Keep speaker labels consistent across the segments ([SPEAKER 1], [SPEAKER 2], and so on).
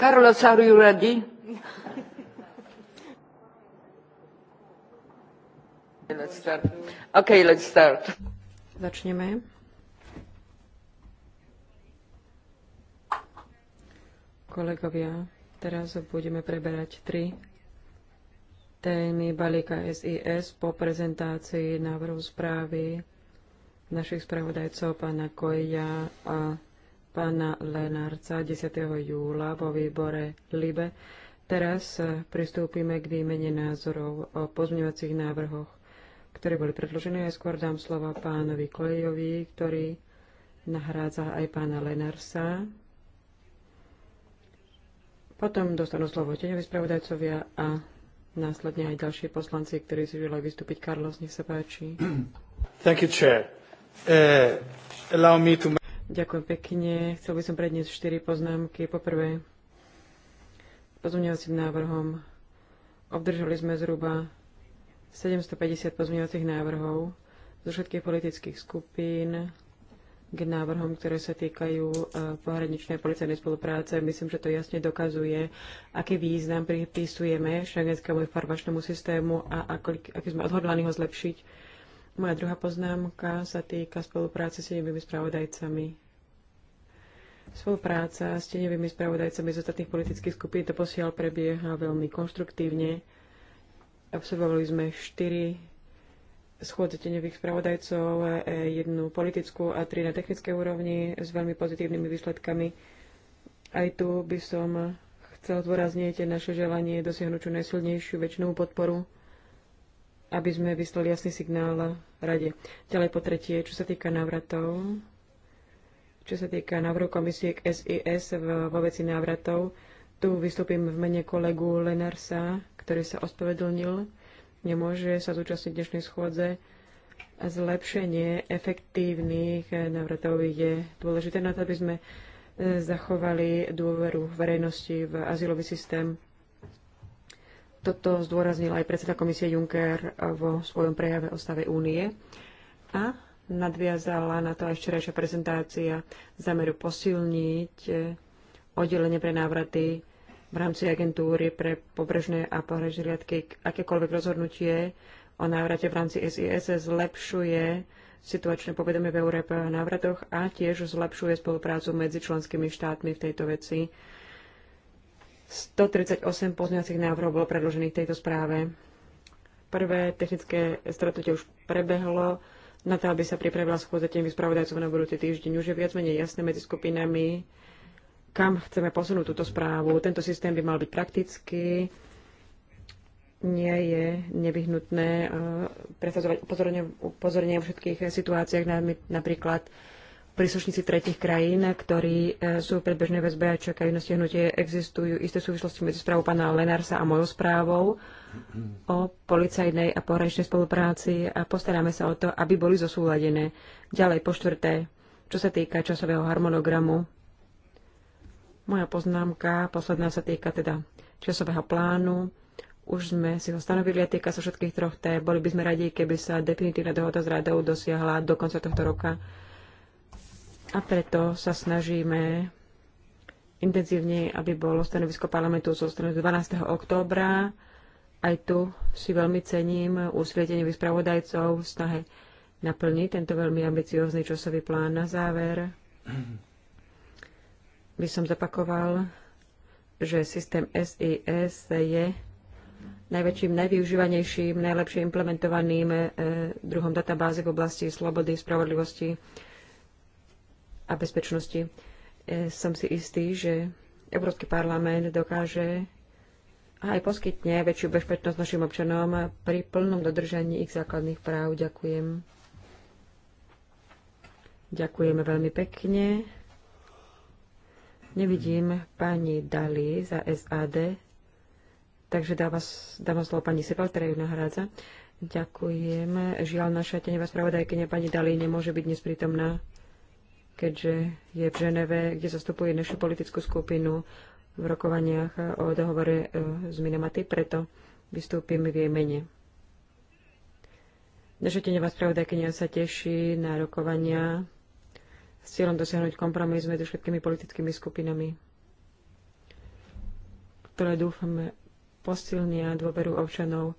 [SPEAKER 1] Carlos, are you ready? let's start. Okay, let's
[SPEAKER 2] start. Začneme. Kolegovia, teraz budeme preberať tri témy balíka SIS po prezentácii návrhu správy našich spravodajcov pána Koja a pána Lenárca 10. júla vo výbore LIBE. Teraz eh, pristúpime k výmene názorov o pozmeňovacích návrhoch, ktoré boli predložené. Ja skôr dám slova pánovi Kolejovi, ktorý nahrádza aj pána Lenarsa. Potom dostanú slovo teňovi spravodajcovia a následne aj ďalší poslanci, ktorí si želajú vystúpiť. Carlos, nech sa páči.
[SPEAKER 3] Thank you, chair. Uh, allow me
[SPEAKER 2] to... Ďakujem pekne. Chcel by som predniesť 4 poznámky. Poprvé, pozmeňovacím návrhom obdržali sme zhruba 750 pozmeňovacích návrhov zo všetkých politických skupín k návrhom, ktoré sa týkajú e, pohraničnej policajnej spolupráce. Myslím, že to jasne dokazuje, aký význam pripisujeme šengenskému informačnému systému a aký sme odhodlaní ho zlepšiť moja druhá poznámka sa týka spolupráce s tieňovými spravodajcami. Spolupráca s tieňovými spravodajcami z ostatných politických skupín to posiaľ prebieha veľmi konštruktívne. Absolvovali sme štyri schôdze tieňových spravodajcov, jednu politickú a tri na technickej úrovni s veľmi pozitívnymi výsledkami. Aj tu by som chcel zdôrazniť naše želanie dosiahnuť čo najsilnejšiu väčšinovú podporu aby sme vyslali jasný signál rade. Ďalej po tretie, čo sa týka návratov, čo sa týka návrhu komisie k SIS vo veci návratov, tu vystúpim v mene kolegu Lenarsa, ktorý sa ospovedlnil, nemôže sa zúčastniť dnešnej schôdze. Zlepšenie efektívnych návratov je dôležité na to, aby sme e, zachovali dôveru verejnosti v azylový systém toto zdôraznil aj predseda komisie Juncker vo svojom prejave o stave únie a nadviazala na to aj včerajšia prezentácia zameru posilniť e, oddelenie pre návraty v rámci agentúry pre pobrežné a pohrežné riadky. Akékoľvek rozhodnutie o návrate v rámci SIS zlepšuje situačné povedomie v Európe o návratoch a tiež zlepšuje spoluprácu medzi členskými štátmi v tejto veci 138 pozňovacích návrhov bolo predložených tejto správe. Prvé technické stretnutie už prebehlo na to, aby sa pripravila schôdza tými spravodajcov na budúci týždeň. Už je viac menej jasné medzi skupinami, kam chceme posunúť túto správu. Tento systém by mal byť praktický. Nie je nevyhnutné eh, presadzovať upozornenie, upozornenie v všetkých situáciách, napríklad príslušníci tretich krajín, ktorí e, sú predbežné väzbe a čakajú na stiahnutie, existujú isté súvislosti medzi správou pána Lenarsa a mojou správou o policajnej a pohraničnej spolupráci a postaráme sa o to, aby boli zosúladené. Ďalej, po štvrté, čo sa týka časového harmonogramu, moja poznámka, posledná sa týka teda časového plánu už sme si ho stanovili a týka sa všetkých troch té. Boli by sme radi, keby sa definitívna dohoda s radou dosiahla do konca tohto roka. A preto sa snažíme intenzívne, aby bolo stanovisko parlamentu zo strany 12. októbra. Aj tu si veľmi cením úsvietenie vyspravodajcov v snahe naplniť tento veľmi ambiciózny časový plán. Na záver by som zapakoval, že systém SIS je najväčším, najvyužívanejším, najlepšie implementovaným eh, druhom databázy v oblasti slobody, spravodlivosti, a bezpečnosti. E, som si istý, že Európsky parlament dokáže aj poskytne väčšiu bezpečnosť našim občanom pri plnom dodržaní ich základných práv. Ďakujem. Ďakujeme veľmi pekne. Nevidím pani Dali za SAD, takže dávam dá slovo pani Sepal, ktorá ju nahrádza. Ďakujem. Žiaľ, naša tenevá spravodajkynia pani Dali nemôže byť dnes prítomná keďže je v Ženeve, kde zastupuje našu politickú skupinu v rokovaniach o dohovore e, s Minamaty, preto vystúpim v jej mene. Naša teňová spravodajkynia sa teší na rokovania s cieľom dosiahnuť kompromis medzi všetkými politickými skupinami, ktoré dúfame posilnia dôveru občanov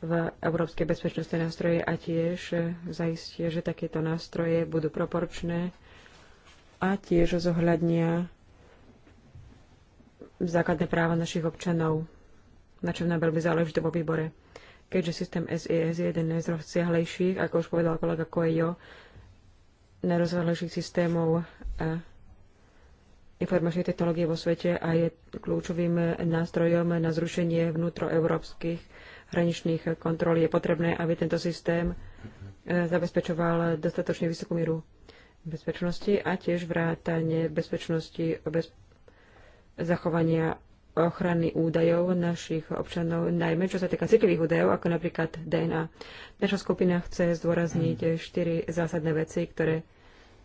[SPEAKER 2] v európske bezpečnostné nástroje a tiež zaistie, že takéto nástroje budú proporčné a tiež zohľadnia základné práva našich občanov, na čo nám veľmi záleží vo výbore. Keďže systém SIS e je jeden z rozsiahlejších, ako už povedal kolega Coelho, najrozsiahlejších systémov e, informačnej technológie vo svete a je kľúčovým nástrojom na zrušenie vnútroeurópskych hraničných kontrol. Je potrebné, aby tento systém e, zabezpečoval dostatočne vysokú míru bezpečnosti a tiež vrátanie bezpečnosti bez zachovania ochrany údajov našich občanov, najmä čo sa týka citlivých údajov, ako napríklad DNA. Naša skupina chce zdôrazniť štyri zásadné veci, ktoré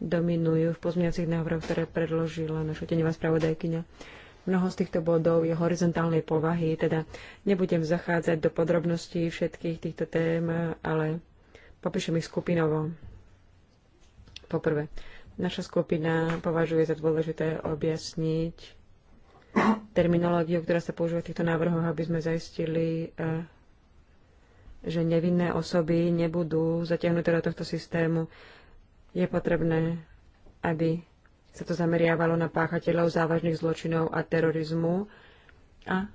[SPEAKER 2] dominujú v pozmiacich návrhoch, ktoré predložila naša tenivá spravodajkyňa. Mnoho z týchto bodov je horizontálnej povahy, teda nebudem zachádzať do podrobností všetkých týchto tém, ale popíšem ich skupinovo Poprvé, naša skupina považuje za dôležité objasniť terminológiu, ktorá sa používa v týchto návrhoch, aby sme zaistili, e, že nevinné osoby nebudú zatiahnuté do tohto systému. Je potrebné, aby sa to zameriavalo na páchateľov závažných zločinov a terorizmu a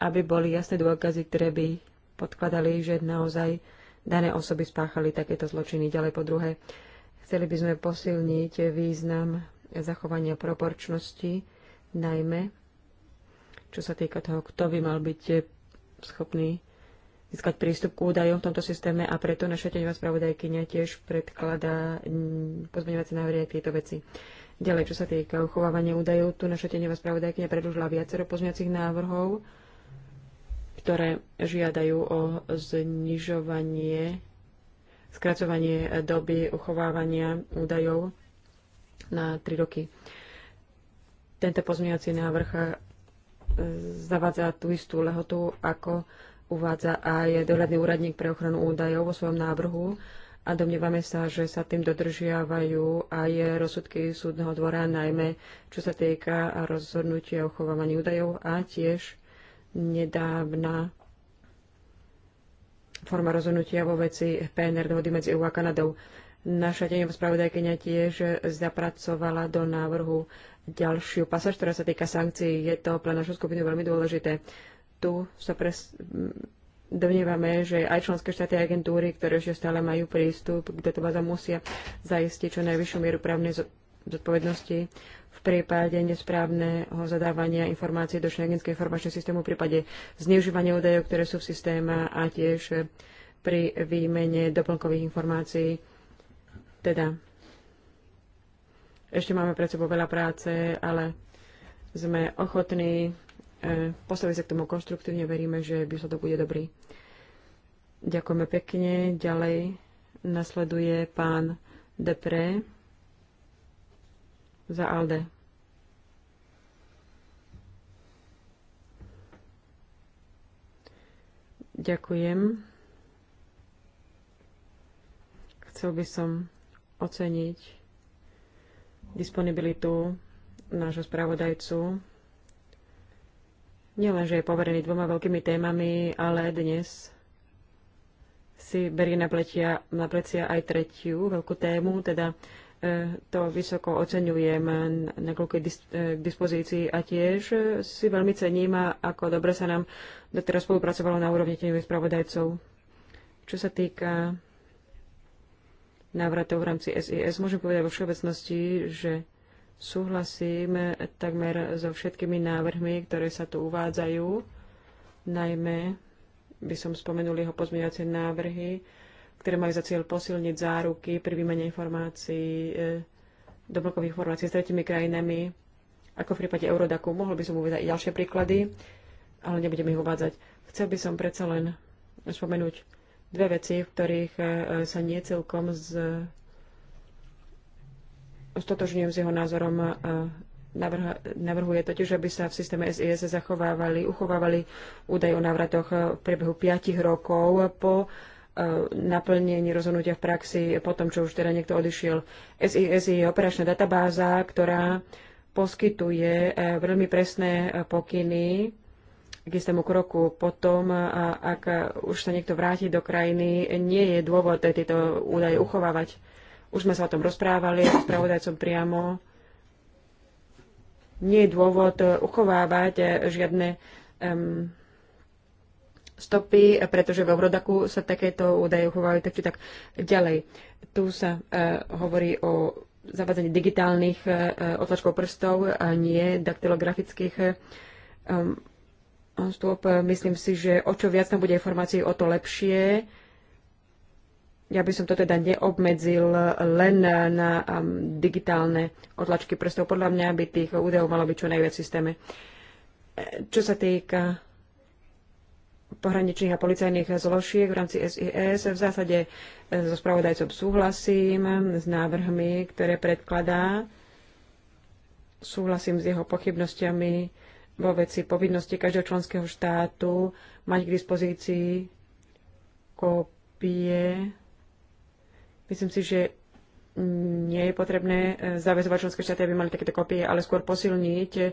[SPEAKER 2] aby boli jasné dôkazy, ktoré by podkladali, že naozaj dané osoby spáchali takéto zločiny. Ďalej po druhé, Chceli by sme posilniť význam zachovania proporčnosti, najmä čo sa týka toho, kto by mal byť schopný získať prístup k údajom v tomto systéme a preto naša teňová spravodajkynia tiež predkladá pozmeňovacie návrhy aj tieto veci. Ďalej, čo sa týka uchovávania údajov, tu naša teňová spravodajkynia predložila viacero pozmeňovacích návrhov, ktoré žiadajú o znižovanie skracovanie doby uchovávania údajov na 3 roky. Tento pozmeňovací návrh e, zavádza tú istú lehotu, ako uvádza aj dohľadný úradník pre ochranu údajov vo svojom návrhu a domnievame sa, že sa tým dodržiavajú aj rozsudky súdneho dvora, najmä čo sa týka rozhodnutia o chovávaní údajov a tiež nedávna forma rozhodnutia vo veci PNR dohody medzi EU a Kanadou. Naša deňová spravodajkynia tiež zapracovala do návrhu ďalšiu pasáž, ktorá sa týka sankcií. Je to pre našu skupinu veľmi dôležité. Tu sa pres... domnievame, že aj členské štáty a agentúry, ktoré ešte stále majú prístup k databázam, musia zaistiť čo najvyššiu mieru právnej zodpovednosti v prípade nesprávneho zadávania informácií do šengenského informačného systému, v prípade zneužívania údajov, ktoré sú v systéme a tiež pri výmene doplnkových informácií. Teda, ešte máme pred sebou veľa práce, ale sme ochotní e, postaviť sa k tomu konstruktívne. Veríme, že výsledok bude dobrý. Ďakujeme pekne. Ďalej nasleduje pán Depre za ALDE. Ďakujem. Chcel by som oceniť disponibilitu nášho spravodajcu. Nielen, že je poverený dvoma veľkými témami, ale dnes si berie na, pletia, na plecia aj tretiu veľkú tému, teda to vysoko oceňujem, na je e, k dispozícii a tiež si veľmi cením, ako dobre sa nám doteraz spolupracovalo na úrovni tenových spravodajcov. Čo sa týka návratov v rámci SIS, môžem povedať vo všeobecnosti, že súhlasím takmer so všetkými návrhmi, ktoré sa tu uvádzajú, najmä by som spomenul jeho pozmeňovacie návrhy, ktoré majú za cieľ posilniť záruky pri výmene informácií, e, doblokových informácií s tretimi krajinami, ako v prípade Eurodaku. Mohol by som uvedať i ďalšie príklady, ale nebudem ich uvádzať. Chcel by som predsa len spomenúť dve veci, v ktorých e, sa nie celkom z stotožňujem s jeho názorom e, navrhuje totiž, aby sa v systéme SIS zachovávali, uchovávali údaje o návratoch v priebehu 5 rokov po E, naplnení rozhodnutia v praxi po tom, čo už teda niekto odišiel. SIS je operačná databáza, ktorá poskytuje e, veľmi presné e, pokyny k istému kroku. Potom, ak už sa niekto vráti do krajiny, nie je dôvod tieto údaje uchovávať. Už sme sa o tom rozprávali s pravodajcom priamo. Nie je dôvod uchovávať žiadne um, stopy, pretože v Eurodaku sa takéto údaje uchovajú tak či tak ďalej. Tu sa uh, hovorí o zavadzení digitálnych uh, otlačkov prstov a nie daktylografických e, um, stôp. Myslím si, že o čo viac tam bude informácií, o to lepšie. Ja by som to teda neobmedzil len na um, digitálne otlačky prstov. Podľa mňa by tých údajov malo byť čo najviac v systéme. Čo sa týka pohraničných a policajných zložiek v rámci SIS. V zásade e, so spravodajcom súhlasím s návrhmi, ktoré predkladá. Súhlasím s jeho pochybnosťami vo veci povinnosti každého členského štátu mať k dispozícii kópie. Myslím si, že nie je potrebné e, záväzovať členské štáty, aby mali takéto kopie, ale skôr posilniť e,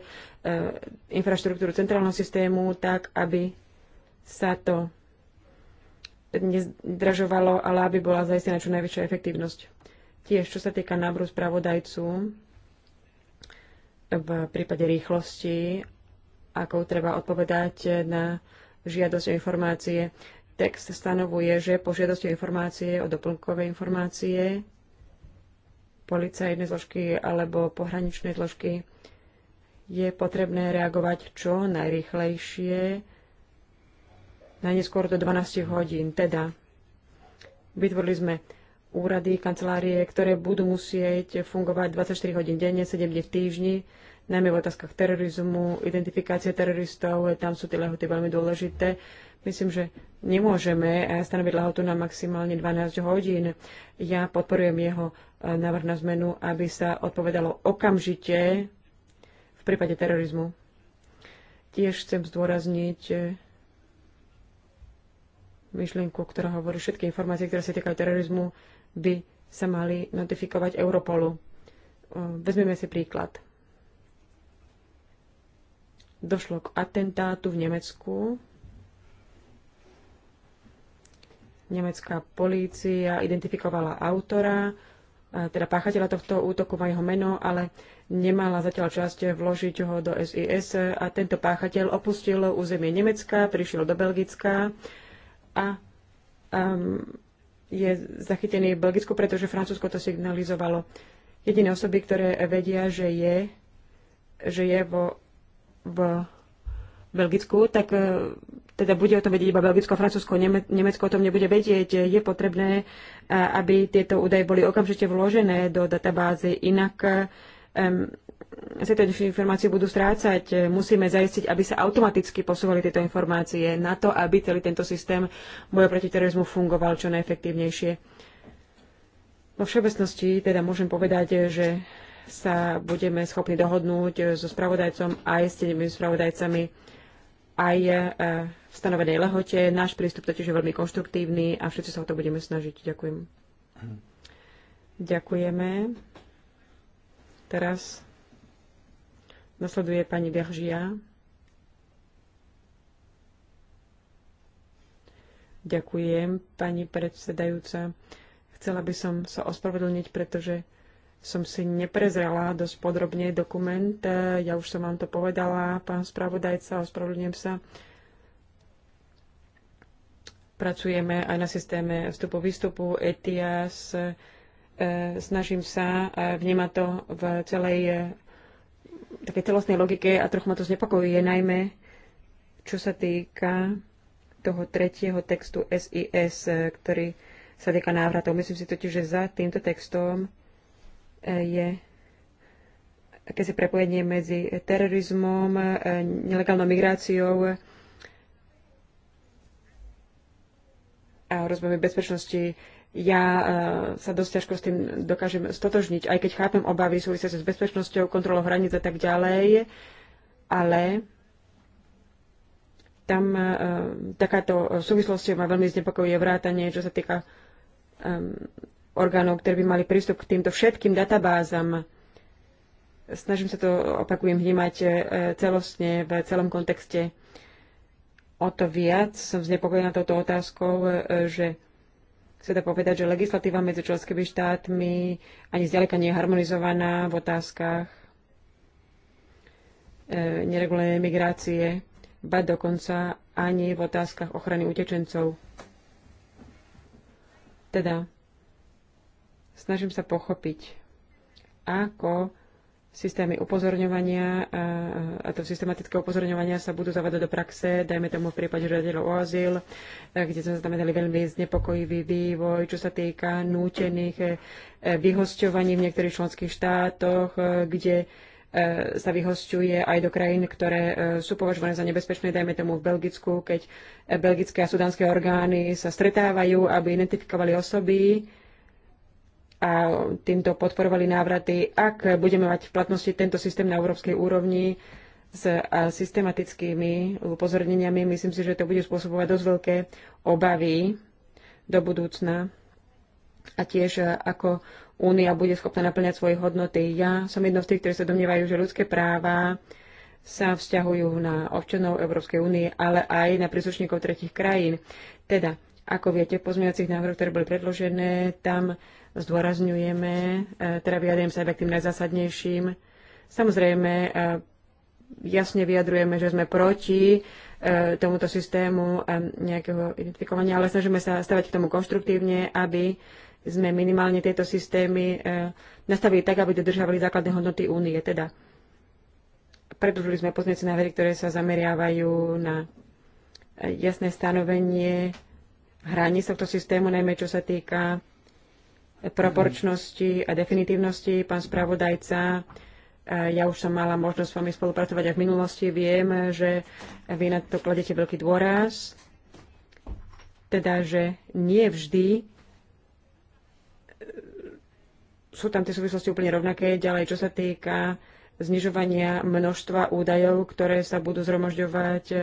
[SPEAKER 2] infraštruktúru centrálneho systému tak, aby sa to nezdražovalo, ale aby bola zaistená čo najväčšia efektívnosť. Tiež, čo sa týka náboru spravodajcu, v prípade rýchlosti, ako treba odpovedať na žiadosť o informácie. Text stanovuje, že po žiadosti o informácie, o doplnkové informácie, policajné zložky alebo pohraničné zložky je potrebné reagovať čo najrýchlejšie najneskôr do 12 hodín. Teda vytvorili sme úrady, kancelárie, ktoré budú musieť fungovať 24 hodín denne, 7 dní v týždni, najmä v otázkach terorizmu, identifikácie teroristov, tam sú tie lehoty veľmi dôležité. Myslím, že nemôžeme stanoviť lehotu na maximálne 12 hodín. Ja podporujem jeho e, návrh na zmenu, aby sa odpovedalo okamžite v prípade terorizmu. Tiež chcem zdôrazniť myšlienku, ktorá hovorí, všetky informácie, ktoré sa týkajú terorizmu, by sa mali notifikovať Europolu. Vezmeme si príklad. Došlo k atentátu v Nemecku. Nemecká polícia identifikovala autora, teda páchateľa tohto útoku má jeho meno, ale nemala zatiaľ časť vložiť ho do SIS a tento páchateľ opustil územie Nemecka, prišiel do Belgická a um, je zachytený v Belgicku, pretože Francúzsko to signalizovalo. Jediné osoby, ktoré vedia, že je, že je vo, v Belgicku, tak e, teda bude o tom vedieť iba Belgicko, Francúzsko, Nemecko o tom nebude vedieť. Je potrebné, e, aby tieto údaje boli okamžite vložené do databázy, inak um, sa tie informácie budú strácať. Musíme zaistiť, aby sa automaticky posúvali tieto informácie na to, aby celý tento systém boja proti terorizmu fungoval čo najefektívnejšie. Vo všeobecnosti teda môžem povedať, že sa budeme schopní dohodnúť so spravodajcom aj s tými spravodajcami aj e, v stanovenej lehote. Náš prístup totiž je veľmi konštruktívny a všetci sa o to budeme snažiť. Ďakujem. Mhm. Ďakujeme. Teraz Nasleduje pani Veržia. Ďakujem, pani predsedajúca. Chcela by som sa ospravedlniť, pretože som si neprezrela dosť podrobne dokument. Ja už som vám to povedala, pán spravodajca, ospravedlňujem sa. Pracujeme aj na systéme vstupu-výstupu, ETIAS. E, snažím sa e, vnímať to v celej e, také celostnej logike a trochu ma to znepokojuje, najmä čo sa týka toho tretieho textu SIS, ktorý sa týka návratov. Myslím si totiž, že za týmto textom e, je akési prepojenie medzi terorizmom, e, nelegálnou migráciou a rozvojmi bezpečnosti ja eh, sa dosť ťažko s tým dokážem stotožniť, aj keď chápem obavy súvisiace s bezpečnosťou, kontrolou hraníc a tak ďalej, ale tam eh, takáto súvislosť ma veľmi znepokojuje vrátanie, čo sa týka eh, orgánov, ktoré by mali prístup k týmto všetkým databázam. Snažím sa to, opakujem, vnímať celostne v celom kontexte. O to viac som znepokojená touto otázkou, že sa dá povedať, že legislatíva medzi členskými štátmi ani zďaleka nie je harmonizovaná v otázkach e, neregulárnej migrácie, ba dokonca ani v otázkach ochrany utečencov. Teda, snažím sa pochopiť, ako systémy upozorňovania a, a to systematické upozorňovania sa budú zavedať do praxe, dajme tomu v prípade žiadateľov o azyl, kde sme znamenali veľmi znepokojivý vývoj, čo sa týka nútených e, vyhosťovaní v niektorých členských štátoch, e, kde e, sa vyhosťuje aj do krajín, ktoré sú považované za nebezpečné, dajme tomu v Belgicku, keď belgické a sudanské orgány sa stretávajú, aby identifikovali osoby, a týmto podporovali návraty. Ak budeme mať v platnosti tento systém na európskej úrovni s systematickými upozorneniami, myslím si, že to bude spôsobovať dosť veľké obavy do budúcna a tiež ako Únia bude schopná naplňať svoje hodnoty. Ja som jednou z tých, ktorí sa domnievajú, že ľudské práva sa vzťahujú na občanov Európskej únie, ale aj na príslušníkov tretich krajín. Teda, ako viete, v pozmeňovacích ktoré boli predložené, tam zdôrazňujeme, e, teda vyjadrujem sa aj k tým najzásadnejším. Samozrejme, e, jasne vyjadrujeme, že sme proti e, tomuto systému nejakého identifikovania, ale snažíme sa stavať k tomu konštruktívne, aby sme minimálne tieto systémy nastavili tak, aby dodržavali základné hodnoty únie. Teda predložili sme pozmeňujúce návrhy, ktoré sa zameriavajú na jasné stanovenie hraníc tohto systému, najmä čo sa týka proporčnosti a definitívnosti. Pán spravodajca, eh, ja už som mala možnosť s vami spolupracovať aj v minulosti. Viem, že vy na to kladete veľký dôraz. Teda, že nie vždy eh, sú tam tie súvislosti úplne rovnaké. Ďalej, čo sa týka znižovania množstva údajov, ktoré sa budú zhromažďovať eh,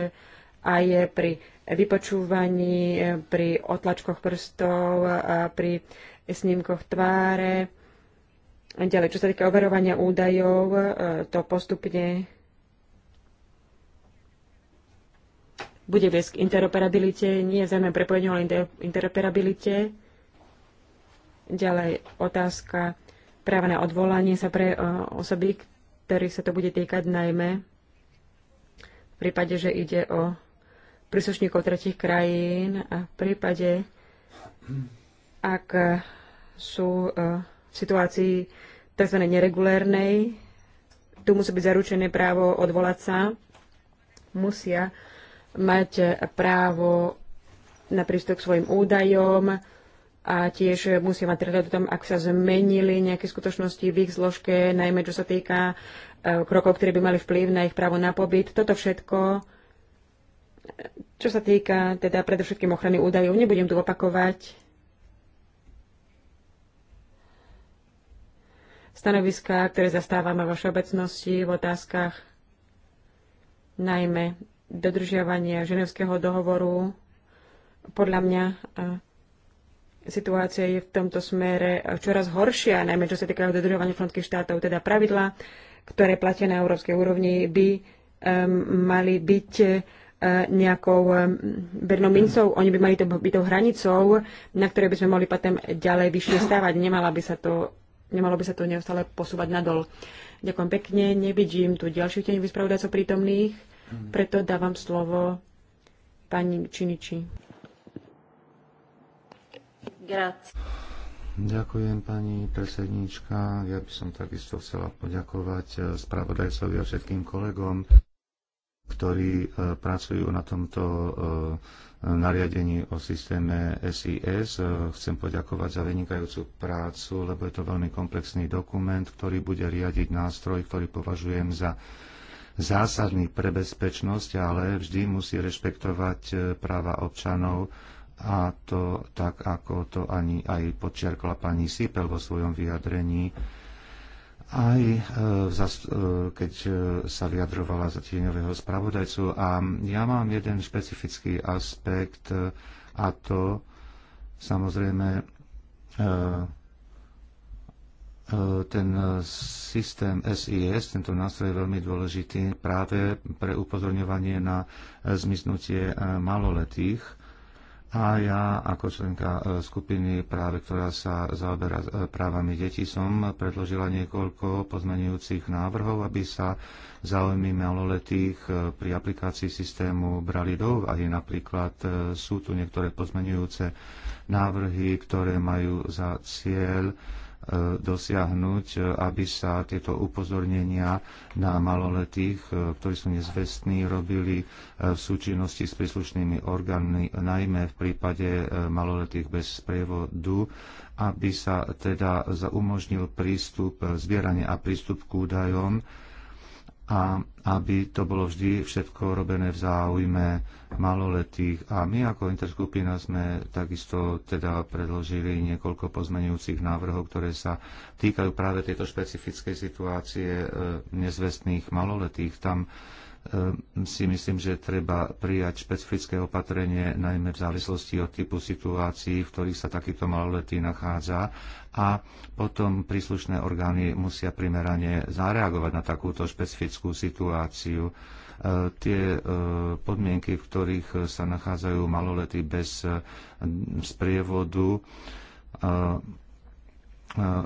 [SPEAKER 2] aj pri vypočúvaní, pri otlačkoch prstov, pri snímkoch tváre. Ďalej, čo sa týka overovania údajov, e, to postupne bude viesť k interoperabilite, nie zaujímavé prepojenie, ale interoperabilite. Ďalej, otázka práva na odvolanie sa pre e, osoby, ktorých sa to bude týkať najmä v prípade, že ide o príslušníkov tretich krajín a v prípade, ak sú e, v situácii tzv. neregulérnej. Tu musí byť zaručené právo odvolať sa. Musia mať právo na prístup k svojim údajom a tiež musia mať prehľad o tom, ak sa zmenili nejaké skutočnosti v ich zložke, najmä čo sa týka e, krokov, ktoré by mali vplyv na ich právo na pobyt. Toto všetko, e, čo sa týka teda predovšetkým ochrany údajov, nebudem tu opakovať stanoviská, ktoré zastávame vo všeobecnosti v otázkach najmä dodržiavania ženevského dohovoru. Podľa mňa situácia je v tomto smere čoraz horšia, najmä čo sa týka dodržiavania členských štátov, teda pravidlá, ktoré platia na európskej úrovni, by mali byť e, nejakou bernou mincov, oni by mali to byť tou hranicou, na ktorej by sme mohli potom ďalej vyššie stávať. Nemala by sa to Nemalo by sa to neustále posúvať nadol. Ďakujem pekne. Nevidím tu ďalšiu teň vyspravodajcov prítomných, preto dávam slovo pani Činiči.
[SPEAKER 1] Grazie.
[SPEAKER 3] Ďakujem pani predsednička. Ja by som takisto chcela poďakovať eh, spravodajcovi a všetkým kolegom, ktorí eh, pracujú na tomto eh, nariadení o systéme SIS. Chcem poďakovať za vynikajúcu prácu, lebo je to veľmi komplexný dokument, ktorý bude riadiť nástroj, ktorý považujem za zásadný pre bezpečnosť, ale vždy musí rešpektovať e, práva občanov a to tak, ako to ani aj podčiarkla pani Sipel vo svojom vyjadrení aj e, e, keď e, sa vyjadrovala za tieňového spravodajcu. A ja mám jeden špecifický aspekt a to samozrejme ten systém SIS, tento nástroj je veľmi dôležitý práve pre upozorňovanie na zmiznutie maloletých a ja ako členka e, skupiny práve, ktorá sa zaoberá e, právami detí, som predložila niekoľko pozmenujúcich návrhov, aby sa záujmy maloletých e, pri aplikácii systému brali do úvahy. Napríklad sú tu niektoré pozmenujúce návrhy, ktoré majú za cieľ dosiahnuť, e, aby sa tieto upozornenia na maloletých, e, ktorí sú nezvestní, robili e, v súčinnosti s príslušnými orgánmi, najmä v prípade maloletých bez sprievodu, aby sa teda umožnil prístup, zbieranie a prístup k údajom, a aby to bolo vždy všetko robené v záujme maloletých. A my ako interskupina sme takisto teda predložili niekoľko pozmenujúcich návrhov, ktoré sa týkajú práve tejto špecifickej situácie e, nezvestných maloletých. Tam Ehm, si myslím, že treba prijať špecifické opatrenie, najmä v závislosti od typu situácií, v ktorých sa takýto maloletý nachádza a potom príslušné orgány musia primerane zareagovať na takúto špecifickú situáciu. Ehm, tie ehm, podmienky, v ktorých sa nachádzajú maloletí bez sprievodu,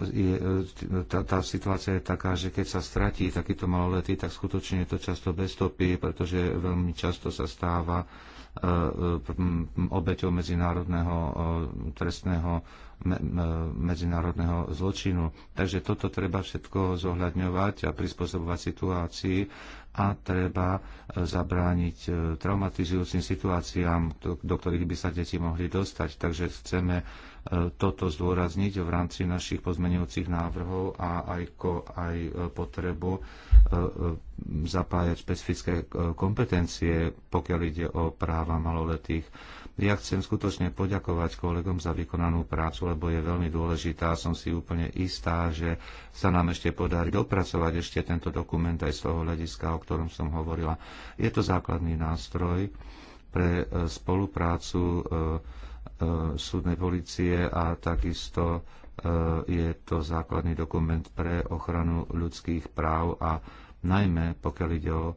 [SPEAKER 3] je, e, tá, tá situácia je taká, že keď sa stratí takýto maloletý, tak skutočne je to často bez stopy, pretože veľmi často sa stáva e, e, obeťou medzinárodného trestného medzinárodného zločinu. Takže toto treba všetko zohľadňovať a prispôsobovať situácii a treba zabrániť traumatizujúcim situáciám, do ktorých by sa deti mohli dostať. Takže chceme toto zdôrazniť v rámci našich pozmenujúcich návrhov a aj, ko, aj e, potrebu e, e, zapájať špecifické kompetencie, pokiaľ ide o práva maloletých. Ja chcem skutočne poďakovať kolegom za vykonanú prácu, lebo je veľmi dôležitá. Som si úplne istá, že sa nám ešte podarí dopracovať ešte tento dokument aj z toho hľadiska, o ktorom som hovorila. Je to základný nástroj pre spoluprácu E, súdnej policie a takisto e, je to základný dokument pre ochranu ľudských práv a najmä pokiaľ ide o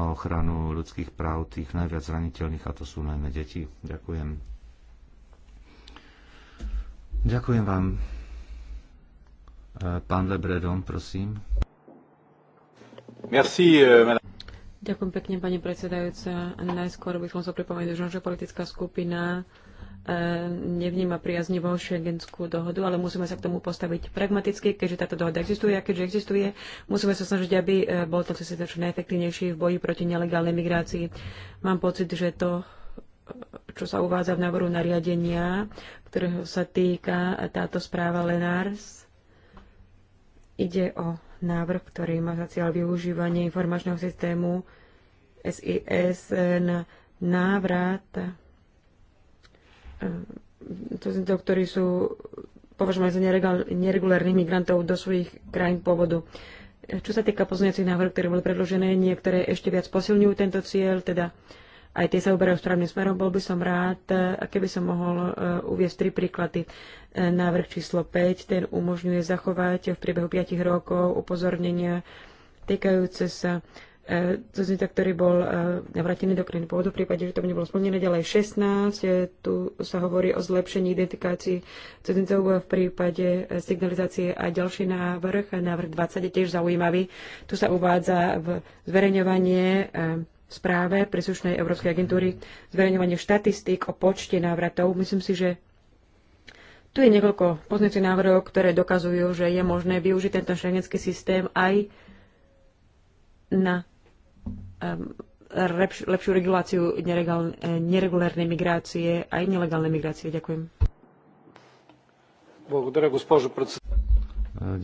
[SPEAKER 3] ochranu ľudských práv tých najviac zraniteľných a to sú najmä deti. Ďakujem. Ďakujem vám. E, pán Lebredon, prosím. Merci,
[SPEAKER 2] Ďakujem pekne, pani predsedajúca. Najskôr by som sa pripomenul, že politická skupina E, nevníma priaznivo šengenskú dohodu, ale musíme sa k tomu postaviť pragmaticky, keďže táto dohoda existuje a keďže existuje, musíme sa snažiť, aby e, bol to čo najefektívnejší v boji proti nelegálnej migrácii. Mám pocit, že to, e, čo sa uvádza v návrhu nariadenia, ktorého sa týka táto správa Lenárs, ide o návrh, ktorý má za cieľ využívanie informačného systému SIS na návrat cudzincov, ehm, ktorí sú považovaní za neregulárnych migrantov do svojich krajín pôvodu. E, čo sa týka pozniacich návrhov, ktoré boli predložené, niektoré ešte viac posilňujú tento cieľ, teda aj tie sa uberajú správnym smerom. Bol by som rád, e, keby som mohol e, uviezť tri príklady. Návrh číslo 5, ten umožňuje zachovať v priebehu 5 rokov upozornenia týkajúce sa cudzinca, e, ktorý bol e, navrátený do krajiny pôvodu, v prípade, že to by nebolo splnené. Ďalej 16, e, tu sa hovorí o zlepšení identifikácií cudzincov v prípade signalizácie a ďalší návrh, návrh 20 je tiež zaujímavý. Tu sa uvádza v zverejňovanie v správe príslušnej Európskej agentúry zverejňovanie štatistík o počte návratov. Myslím si, že tu je niekoľko poznacích návrhov, ktoré dokazujú, že je možné využiť tento šengenský systém aj na lepš- lepšiu reguláciu e, neregulárnej migrácie aj nelegálnej migrácie. Ďakujem.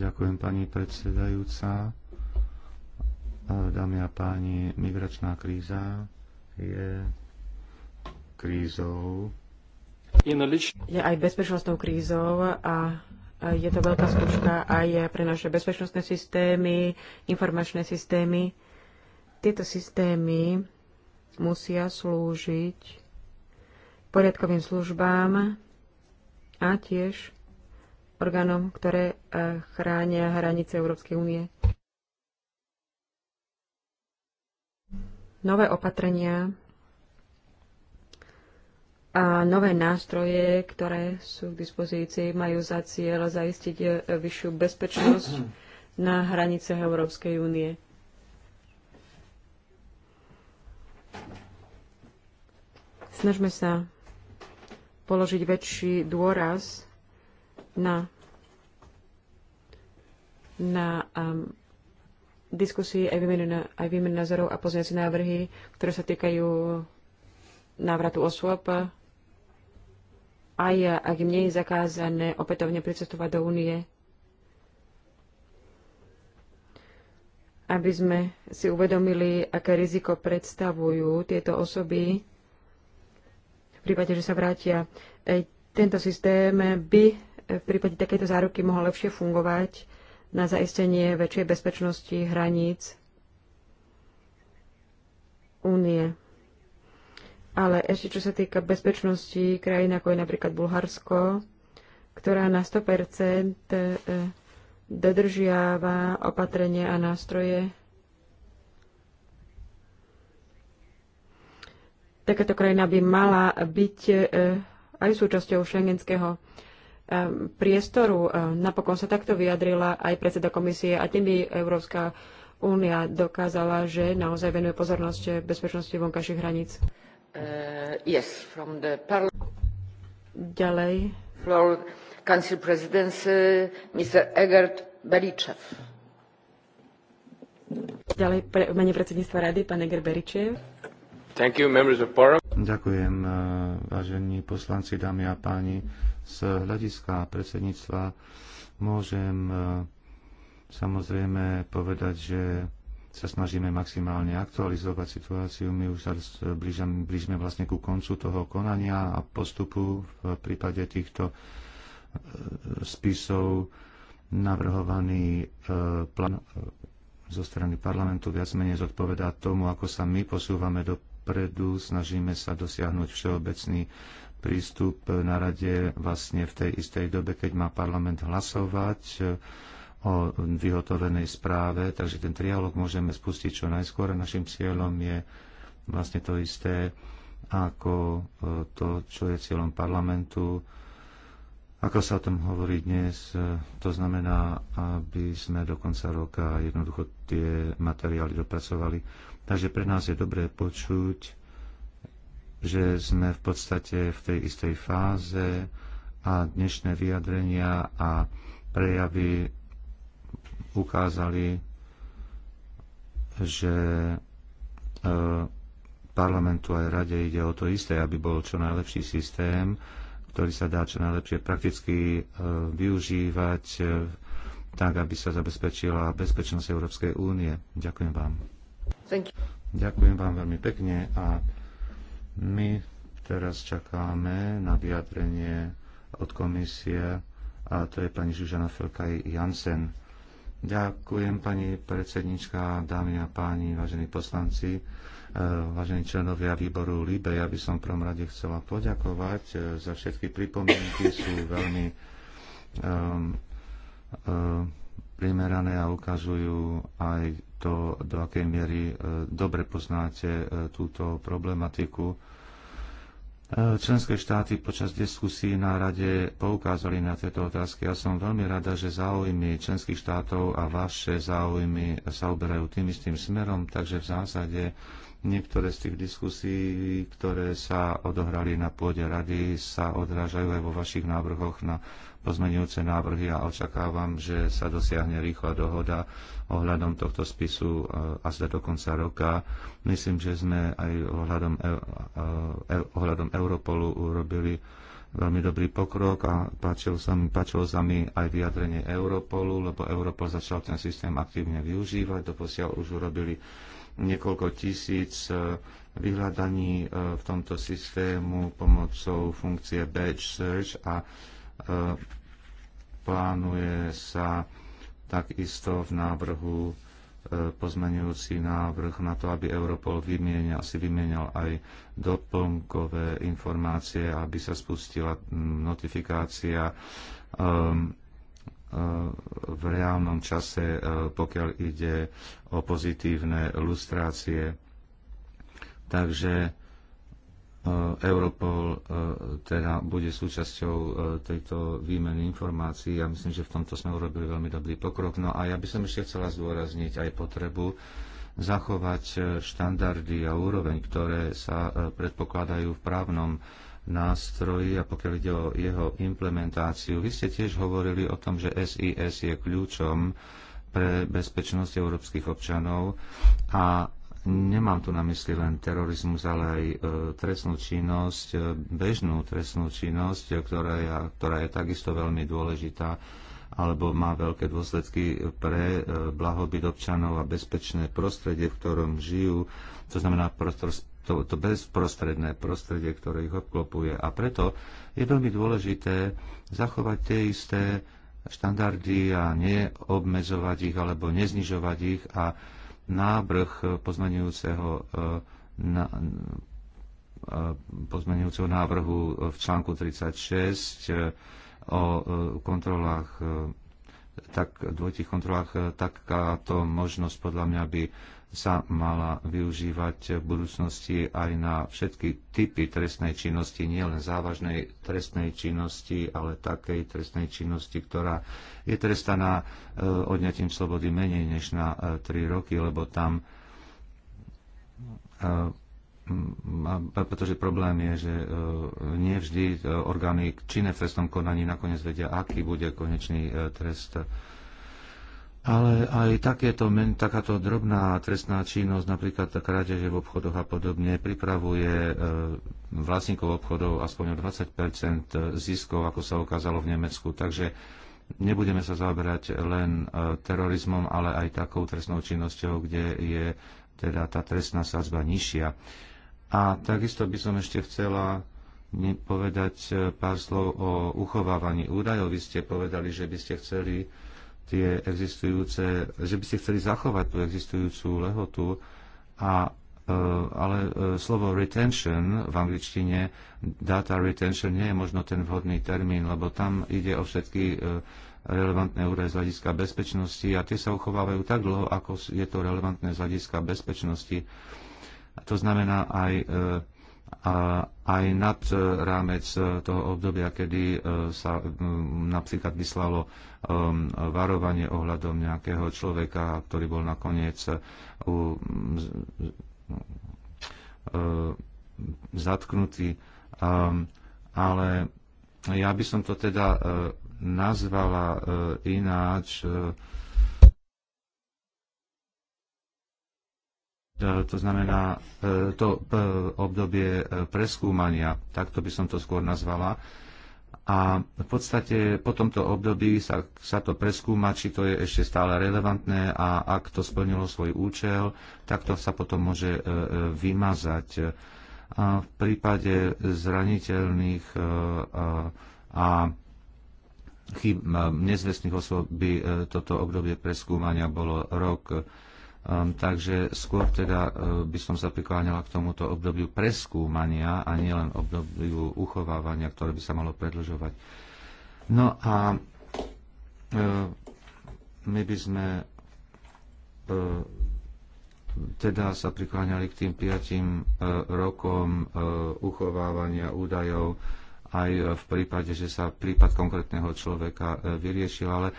[SPEAKER 3] Ďakujem pani predsedajúca. Dámy a páni, migračná kríza je krízou. Je
[SPEAKER 2] aj bezpečnostnou krízou a e, je to veľká skúška aj pre naše bezpečnostné systémy, informačné systémy. Tieto systémy musia slúžiť poriadkovým službám a tiež orgánom, ktoré eh, chránia hranice Európskej únie. Nové opatrenia a nové nástroje, ktoré sú k dispozícii, majú za cieľ zaistiť eh, vyššiu bezpečnosť na hranice Európskej únie. Snažme sa položiť väčší dôraz na, na um, diskusii aj výmenu, aj výmenu názorov a pozniaci návrhy, ktoré sa týkajú návratu osôb, aj ak im nie je zakázané opätovne pricestovať do únie. aby sme si uvedomili, aké riziko predstavujú tieto osoby prípade, že sa vrátia. E, tento systém by e, v prípade takéto záruky mohol lepšie fungovať na zaistenie väčšej bezpečnosti hraníc únie. Ale ešte čo sa týka bezpečnosti krajín, ako je napríklad Bulharsko, ktorá na 100% e, dodržiava opatrenie a nástroje Takáto krajina by mala byť e, aj súčasťou šengenského e, priestoru. E, napokon sa takto vyjadrila aj predseda komisie a tým by Európska únia dokázala, že naozaj venuje pozornosť bezpečnosti vonkajších hraníc. Uh, yes, from the Ďalej. Floor, Council Presidency, uh, Mr. Egert Beričev. Ďalej, pre, mene predsedníctva rady, pán Eger Beričev.
[SPEAKER 1] You,
[SPEAKER 3] Ďakujem, eh, vážení poslanci, dámy a páni. Z hľadiska predsedníctva môžem eh, samozrejme povedať, že sa snažíme maximálne aktualizovať situáciu. My už sa blížame, blížime vlastne ku koncu toho konania a postupu v prípade týchto eh, spisov navrhovaný plán zo strany parlamentu viac menej zodpovedá tomu, ako sa my posúvame do dopredu, snažíme sa dosiahnuť všeobecný prístup na rade vlastne v tej istej dobe, keď má parlament hlasovať o vyhotovenej správe, takže ten trialog môžeme spustiť čo najskôr a našim cieľom je vlastne to isté ako e, to, čo je cieľom parlamentu, ako sa o tom hovorí dnes, e, to znamená, aby sme do konca roka jednoducho tie materiály dopracovali. Takže pre nás je dobré počuť, že sme v podstate v tej istej fáze a dnešné vyjadrenia a prejavy ukázali, že e, parlamentu aj rade ide o to isté, aby bol čo najlepší systém, ktorý sa dá čo najlepšie prakticky e, využívať e, tak, aby sa zabezpečila bezpečnosť Európskej únie. Ďakujem vám. Ďakujem vám veľmi pekne a my teraz čakáme na vyjadrenie od komisie a to je pani Žužana Felkaj Jansen. Ďakujem pani predsednička, dámy a páni, vážení poslanci, e, vážení členovia výboru LIBE. Ja by som v prvom rade chcela poďakovať e, za všetky pripomienky, sú veľmi um, um, primerané a ukazujú aj to, do akej miery e, dobre poznáte e, túto problematiku. E, členské štáty počas diskusí na rade poukázali na tieto otázky. Ja som veľmi rada, že záujmy členských štátov a vaše záujmy sa uberajú tým istým smerom, takže v zásade niektoré z tých diskusí, ktoré sa odohrali na pôde rady, sa odrážajú aj vo vašich návrhoch na pozmenujúce návrhy a očakávam, že sa dosiahne rýchla dohoda ohľadom tohto spisu eh, až do konca roka. Myslím, že sme aj ohľadom, e- eh, eh, ohľadom Europolu urobili veľmi dobrý pokrok a páčilo sa, mi, páčilo sa mi aj vyjadrenie Europolu, lebo Europol začal ten systém aktívne využívať. Doposiaľ už urobili niekoľko tisíc vyhľadaní v tomto systému pomocou funkcie Badge Search a E, plánuje sa takisto v návrhu e, pozmenujúci návrh na to, aby Europol vymienial, si vymienial aj doplnkové informácie, aby sa spustila notifikácia ehm, ehm, v reálnom čase, e, pokiaľ ide o pozitívne lustrácie. Takže E, Europol e, teda bude súčasťou e, tejto výmeny informácií. Ja myslím, že v tomto sme urobili veľmi dobrý pokrok. No a ja by som ešte chcela zdôrazniť aj potrebu zachovať štandardy a úroveň, ktoré sa predpokladajú v právnom nástroji a pokiaľ ide o jeho implementáciu. Vy ste tiež hovorili o tom, že SIS je kľúčom pre bezpečnosť európskych občanov a Nemám tu na mysli len terorizmus, ale aj e, trestnú činnosť, e, bežnú trestnú činnosť, e, ktorá je, ktorá je takisto veľmi dôležitá alebo má veľké dôsledky pre blahobyt občanov a bezpečné prostredie, v ktorom žijú. To znamená to, to bezprostredné prostredie, ktoré ich obklopuje. A preto je veľmi dôležité zachovať tie isté štandardy a neobmedzovať ich alebo neznižovať ich a návrh pozmenujúceho e, na, e, pozmenujúceho návrhu v článku 36 e, o kontrolách tak, dvojitých kontrolách takáto možnosť podľa mňa by sa mala využívať v budúcnosti aj na všetky typy trestnej činnosti, nielen závažnej trestnej činnosti, ale takej trestnej činnosti, ktorá je trestaná e, odňatím slobody menej než na 3 e, roky, lebo tam e, pretože problém je, že nevždy orgány činné v trestnom konaní nakoniec vedia, aký bude konečný trest ale aj takéto, takáto drobná trestná činnosť, napríklad krádeže v obchodoch a podobne, pripravuje e, vlastníkov obchodov aspoň o 20 ziskov, ako sa ukázalo v Nemecku. Takže nebudeme sa zaoberať len e, terorizmom, ale aj takou trestnou činnosťou, kde je teda tá trestná sázba nižšia. A takisto by som ešte chcela povedať e, pár slov o uchovávaní údajov. Vy ste povedali, že by ste chceli tie existujúce, že by ste chceli zachovať tú existujúcu lehotu, a, e, ale e, slovo retention v angličtine, data retention nie je možno ten vhodný termín, lebo tam ide o všetky e, relevantné údaje z hľadiska bezpečnosti a tie sa uchovávajú tak dlho, ako je to relevantné z hľadiska bezpečnosti. A to znamená aj a aj nad e, rámec e, toho obdobia, kedy e, sa napríklad vyslalo varovanie ohľadom nejakého človeka, ktorý bol nakoniec zatknutý. Ale ja by som to teda nazvala ináč E, to znamená e, to e, obdobie preskúmania, takto by som to skôr nazvala. A v podstate po tomto období sa, sa to preskúma, či to je ešte stále relevantné a ak to splnilo svoj účel, tak to sa potom môže vymazať. A v prípade zraniteľných a chyb, nezvestných osôb by toto obdobie preskúmania bolo rok Um, takže skôr teda uh, by som sa prikláňala k tomuto obdobiu preskúmania a nielen obdobiu uchovávania, ktoré by sa malo predlžovať. No a uh, my by sme uh, teda sa prikláňali k tým piatim uh, rokom uh, uchovávania údajov aj e, v prípade, že sa prípad konkrétneho človeka e, vyriešil, ale e,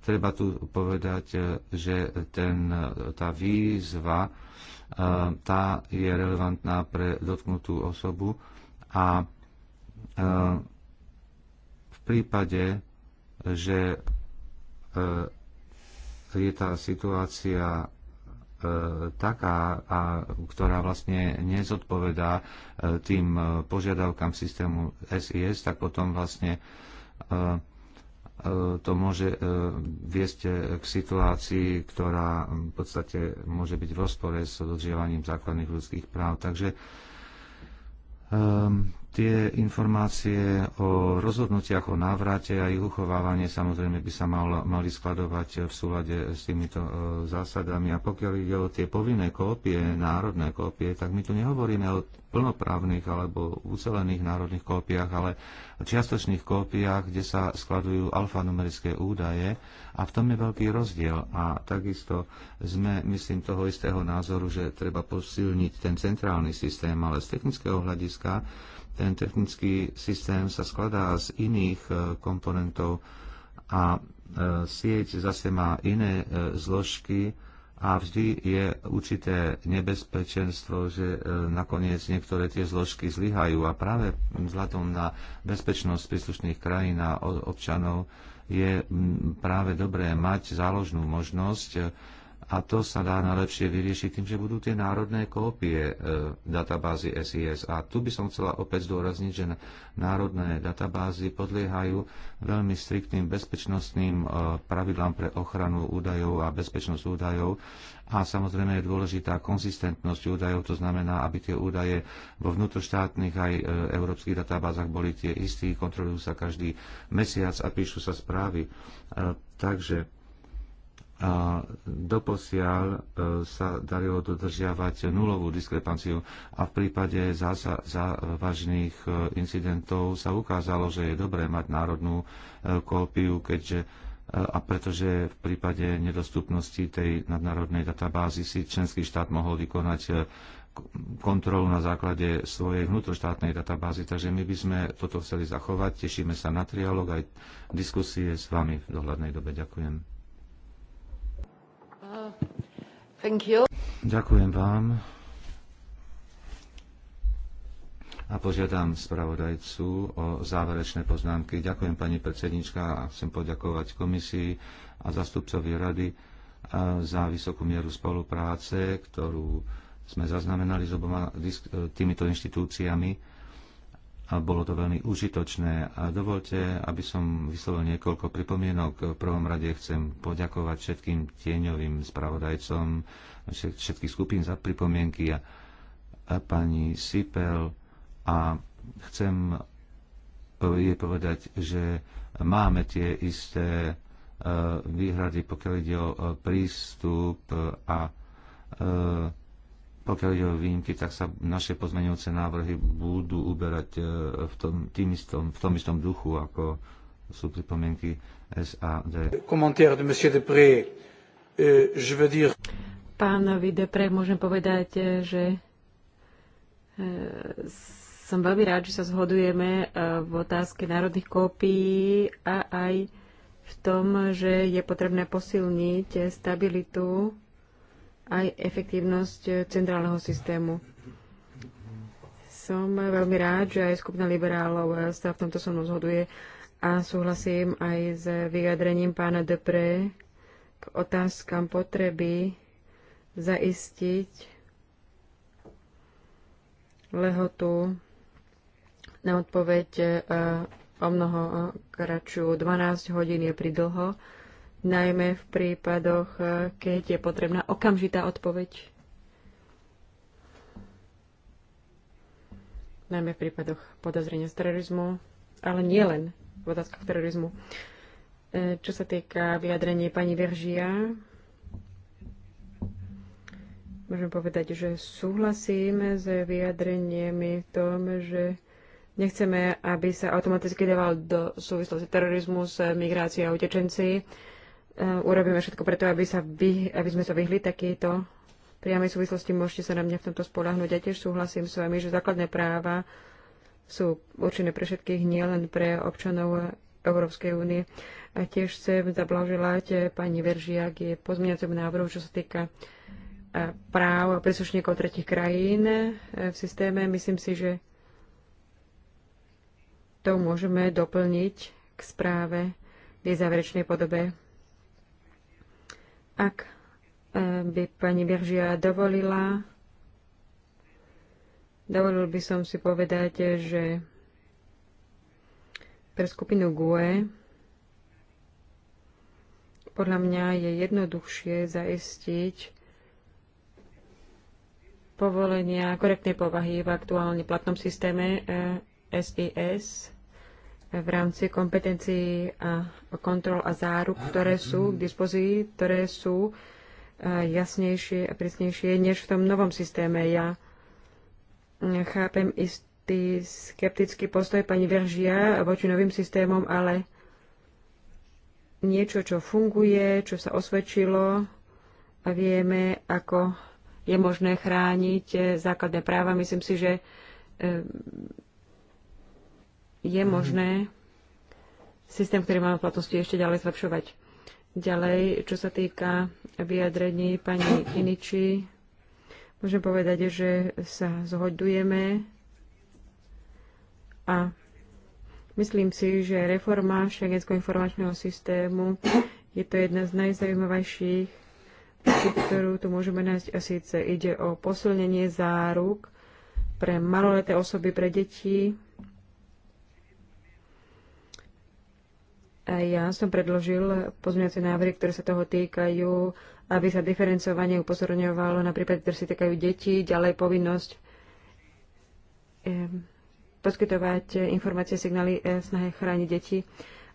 [SPEAKER 3] treba tu povedať, že ten, tá výzva tá je relevantná pre dotknutú osobu a v prípade, že je tá situácia E, taká, a, ktorá vlastne nezodpovedá e, tým e, požiadavkám systému SIS, tak potom vlastne to môže viesť k situácii, ktorá v podstate môže byť v rozpore s dodržiavaním základných ľudských práv. Takže Tie informácie o rozhodnutiach o návrate a ich uchovávanie samozrejme by sa mal, mali skladovať v súlade s týmito e, zásadami. A pokiaľ ide o tie povinné kópie, národné kópie, tak my tu nehovoríme o plnoprávnych alebo ucelených národných kópiách, ale o čiastočných kópiách, kde sa skladujú alfanumerické údaje a v tom je veľký rozdiel. A takisto sme, myslím, toho istého názoru, že treba posilniť ten centrálny systém, ale z technického hľadiska ten technický systém sa skladá z iných e, komponentov a e, sieť zase má iné e, zložky a vždy je určité nebezpečenstvo, že nakoniec niektoré tie zložky zlyhajú a práve vzhľadom na bezpečnosť príslušných krajín a občanov je práve dobré mať záložnú možnosť a to sa dá najlepšie vyriešiť tým, že budú tie národné kópie e, databázy SIS. A tu by som chcela opäť zdôrazniť, že národné databázy podliehajú veľmi striktným bezpečnostným e, pravidlám pre ochranu údajov a bezpečnosť údajov. A samozrejme je dôležitá konzistentnosť údajov, to znamená, aby tie údaje vo vnútroštátnych aj e, európskych databázach boli tie istí, kontrolujú sa každý mesiac a píšu sa správy. E, takže a doposiaľ e, sa darilo dodržiavať nulovú diskrepanciu a v prípade závažných e, incidentov sa ukázalo, že je dobré mať národnú e, kópiu, keďže a pretože v prípade nedostupnosti tej nadnárodnej databázy si členský štát mohol vykonať kontrolu na základe svojej vnútroštátnej databázy, takže my by sme toto chceli zachovať. Tešíme sa na trialog aj diskusie s vami v dohľadnej dobe. Ďakujem. Thank you. Ďakujem vám. A požiadam spravodajcu o záverečné poznámky. Ďakujem pani predsednička a chcem poďakovať komisii a zastupcovi rady za vysokú mieru spolupráce, ktorú sme zaznamenali s oboma e, týmito inštitúciami a bolo to veľmi užitočné. A dovolte, aby som vyslovil niekoľko pripomienok. V prvom rade chcem poďakovať všetkým tieňovým spravodajcom všetkých skupín za pripomienky a, a pani Sipel a chcem e, je povedať, že máme tie isté e, výhrady, pokiaľ ide o e, prístup a pokiaľ ide o výjimky, tak sa naše pozmeňujúce návrhy budú uberať e, v tom, tým istom, v tom istom duchu, ako sú pripomienky SAD. Komentár de monsieur Depré, e, je veux dire...
[SPEAKER 2] Pánovi Depré môžem povedať, že e, som veľmi rád, že sa zhodujeme v otázke národných kópií a aj v tom, že je potrebné posilniť stabilitu aj efektívnosť eh, centrálneho systému. Som veľmi rád, že aj skupina liberálov eh, sa v tomto som zhoduje a súhlasím aj s vyjadrením pána Depre k otázkam potreby zaistiť lehotu na odpoveď eh, o mnoho kračiu. 12 hodín je pridlho. dlho najmä v prípadoch, eh, keď je potrebná okamžitá odpoveď. Najmä v prípadoch podozrenia z terorizmu, ale nie len v otázkach terorizmu. Eh, čo sa týka vyjadrenie pani Veržia, môžem povedať, že súhlasím s vyjadreniemi v tom, že nechceme, aby sa automaticky dával do súvislosti terorizmu s migráciou a utečenci Eh, urobíme všetko preto, aby, sa vy, aby sme sa vyhli takéto priamej súvislosti. Môžete sa na mňa v tomto spolahnuť. Ja tiež súhlasím s vami, že základné práva sú určené pre všetkých, nielen pre občanov Európskej únie. A tiež chcem zablahoželať eh, pani Veržiak je pozmeňacom návrhu, čo sa týka eh, práv a príslušníkov tretich krajín v systéme. Myslím si, že to môžeme doplniť k správe v záverečnej podobe. Ak e, by pani Biržia dovolila, dovolil by som si povedať, že pre skupinu GUE podľa mňa je jednoduchšie zaistiť povolenia korektnej povahy v aktuálne platnom systéme SIS e, v rámci kompetencií a kontrol a záruk, ktoré sú k dispozícii, ktoré sú e, jasnejšie a presnejšie než v tom novom systéme. Ja mm, chápem istý skeptický postoj pani Veržia voči novým systémom, ale niečo, čo funguje, čo sa osvedčilo a vieme, ako je možné chrániť e, základné práva. Myslím si, že e, je mhm. možné systém, ktorý máme v platnosti, ešte ďalej zlepšovať. Ďalej, čo sa týka vyjadrení pani Iniči, môžem povedať, že sa zhodujeme a myslím si, že reforma šengenského informačného systému je to jedna z najzaujímavejších ktorú tu môžeme nájsť a síce ide o posilnenie záruk pre maloleté osoby, pre deti, Ja som predložil pozmeňovacie návrhy, ktoré sa toho týkajú, aby sa diferencovanie upozorňovalo na prípady, ktoré sa týkajú deti ďalej povinnosť poskytovať informácie, signály e, snahe chrániť deti.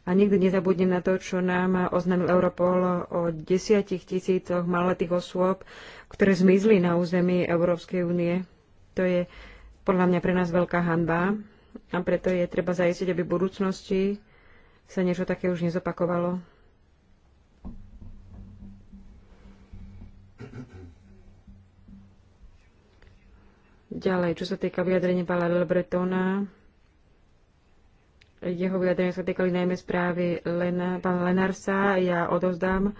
[SPEAKER 2] A nikdy nezabudnem na to, čo nám oznámil Europol o desiatich tisícoch maletých osôb, ktoré zmizli na území Európskej únie. To je podľa mňa pre nás veľká hanba a preto je treba zajistiť, aby v budúcnosti sa niečo také už nezopakovalo. Ďalej, čo sa týka vyjadrenia pána Lebretona, jeho vyjadrenia sa týkali najmä správy Lena, pána Lenarsa. Ja odozdám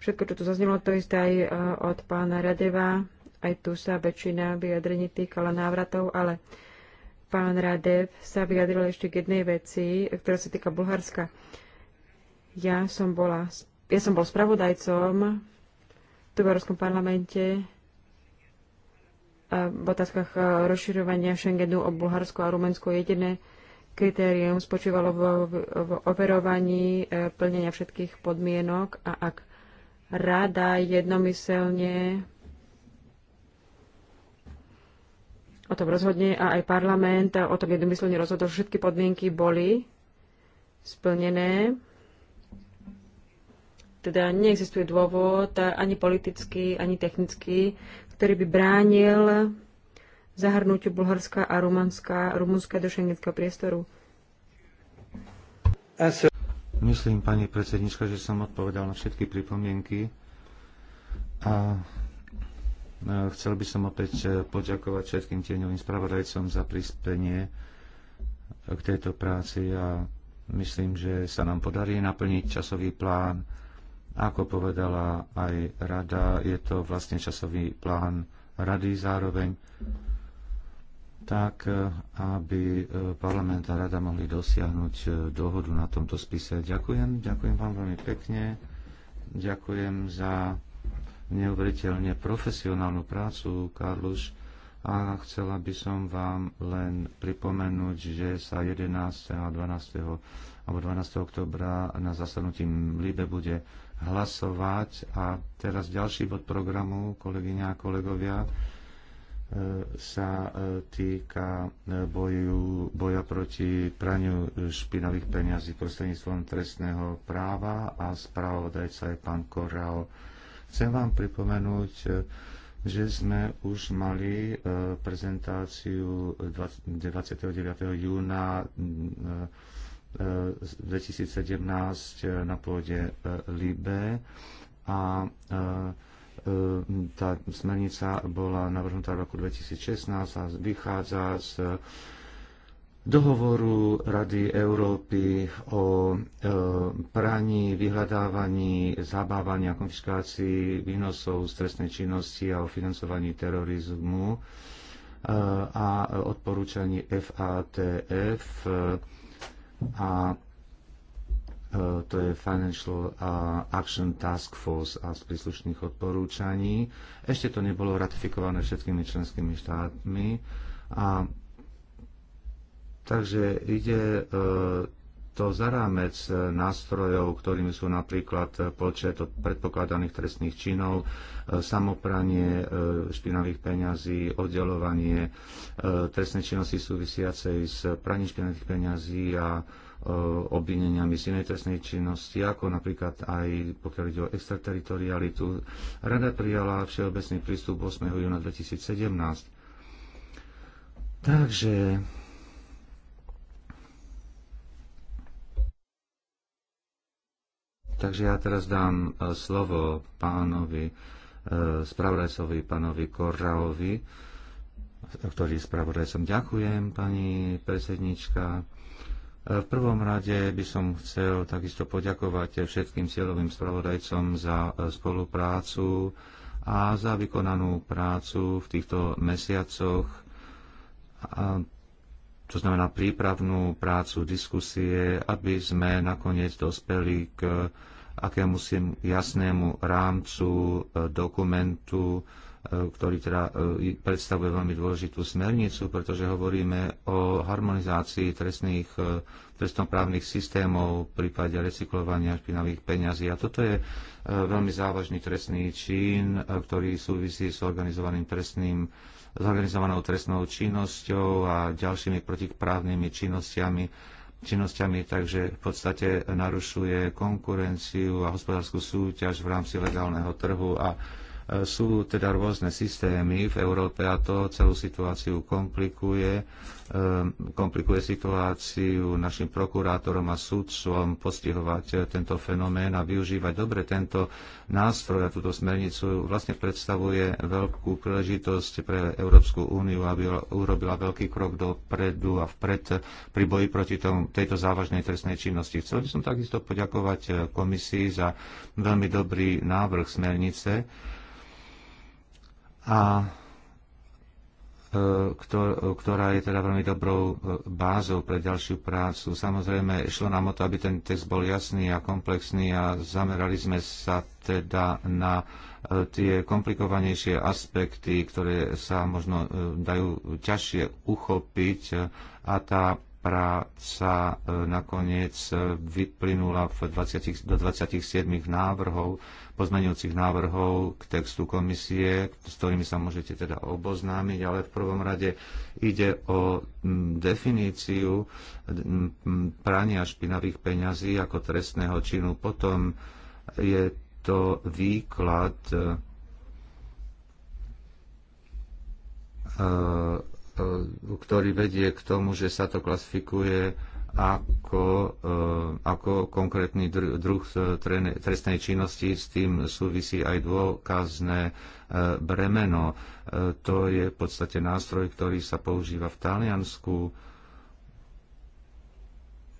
[SPEAKER 2] všetko, čo tu zaznelo, to isté aj e, od pána Radeva. Aj tu sa väčšina vyjadrení týkala návratov, ale Pán Radev sa vyjadril ešte k jednej veci, ktorá sa týka Bulharska. Ja som, bola, ja som bol spravodajcom v Európskom parlamente v otázkach e, rozširovania Schengenu o Bulharsko a Rumensko jediné kritérium spočívalo v, v, v overovaní e, plnenia všetkých podmienok a ak rada jednomyselne o tom rozhodne a aj parlament o tom jednomyslne rozhodol, že všetky podmienky boli splnené. Teda neexistuje dôvod, ani politický, ani technický, ktorý by bránil zahrnutiu Bulharska a Rumunska, Rumunska do šengenského priestoru.
[SPEAKER 3] Myslím, pani predsednička, že som odpovedal na všetky pripomienky. A Chcel by som opäť e, poďakovať všetkým tieňovým spravodajcom za prispenie e, k tejto práci a myslím, že sa nám podarí naplniť časový plán. Ako povedala aj rada, je to vlastne časový plán rady zároveň, tak e, aby parlament a rada mohli dosiahnuť dohodu na tomto spise. Ďakujem, ďakujem vám veľmi pekne, ďakujem za neuveriteľne profesionálnu prácu, Karluš, a chcela by som vám len pripomenúť, že sa 11. a 12. alebo 12. oktobra na zasadnutí Libe bude hlasovať. A teraz ďalší bod programu, kolegyňa a kolegovia, e, sa e, týka e, boju, boja proti praniu špinavých peňazí prostredníctvom trestného práva a spravodajca je pán Korao Chcem vám pripomenúť, e, že sme už mali e, prezentáciu 29. júna 2017 e, na pôde Libe a tá smernica bola navrhnutá v roku 2016 a vychádza z dohovoru Rady Európy o e, praní, vyhľadávaní, zabávaní a konfiskácii výnosov z trestnej činnosti a o financovaní terorizmu e, a odporúčaní FATF a e, to je Financial Action Task Force a z príslušných odporúčaní. Ešte to nebolo ratifikované všetkými členskými štátmi a Takže ide e, to za rámec e, nástrojov, ktorými sú napríklad e, počet predpokladaných trestných činov, samopranie špinavých peňazí, oddelovanie trestnej činnosti súvisiacej s praním špinavých peňazí a obvineniami z inej trestnej činnosti, ako napríklad aj pokiaľ ide o extrateritorialitu. Rada prijala všeobecný prístup 8. júna 2017. Takže Takže ja teraz dám e, slovo pánovi e, spravodajcovi, pánovi Korraovi, ktorý spravodajcom ďakujem, pani predsednička. E, v prvom rade by som chcel takisto poďakovať všetkým cieľovým spravodajcom za spoluprácu a za vykonanú prácu v týchto mesiacoch. A to znamená prípravnú prácu, diskusie, aby sme nakoniec dospeli k si jasnému rámcu e, dokumentu, e, ktorý teda e, predstavuje veľmi dôležitú smernicu, pretože hovoríme o harmonizácii trestných, trestnoprávnych systémov v prípade recyklovania špinavých peňazí. A toto je veľmi závažný trestný čin, ktorý súvisí s organizovaným trestným zorganizovanou trestnou činnosťou a ďalšími protiprávnymi činnosťami, činnosťami, takže v podstate narušuje konkurenciu a hospodárskú súťaž v rámci legálneho trhu a E, sú teda rôzne systémy v Európe a to celú situáciu komplikuje. E, komplikuje situáciu našim prokurátorom a sudcom postihovať e, tento fenomén a využívať dobre tento nástroj a túto smernicu vlastne predstavuje veľkú príležitosť pre Európsku úniu, aby urobila veľký krok dopredu a vpred pri boji proti tom, tejto závažnej trestnej činnosti. Chcel by som takisto poďakovať komisii za veľmi dobrý návrh smernice, a e, ktorá je teda veľmi dobrou e, bázou pre ďalšiu prácu. Samozrejme, išlo nám o to, aby ten text bol jasný a komplexný a zamerali sme sa teda na e, tie komplikovanejšie aspekty, ktoré sa možno dajú ťažšie uchopiť a tá práca nakoniec vyplynula v 20, do 27 návrhov poznaniúcich návrhov k textu komisie, s ktorými sa môžete teda oboznámiť, ale v prvom rade ide o definíciu prania špinavých peňazí ako trestného činu. Potom je to výklad e, e, ktorý vedie k tomu, že sa to klasifikuje ako, eh, ako konkrétny druh trestnej činnosti, s tým súvisí aj dôkazné eh, bremeno. Eh, to je v podstate nástroj, ktorý sa používa v Taliansku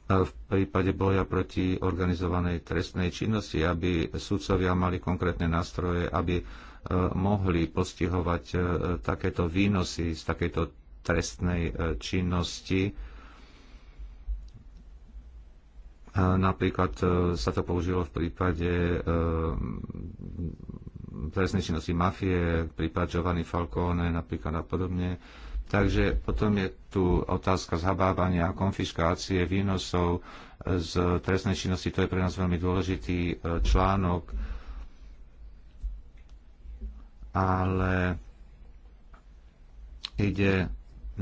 [SPEAKER 3] v prípade boja proti organizovanej trestnej činnosti, aby sudcovia mali konkrétne nástroje, aby mohli postihovať takéto výnosy z takéto trestnej činnosti Napríklad e, sa to použilo v prípade e, trestnej činnosti mafie, prípad Giovanni Falcone napríklad a podobne. Takže potom je tu otázka zhabávania a konfiškácie výnosov e, z trestnej činnosti. To je pre nás veľmi dôležitý článok. Ale ide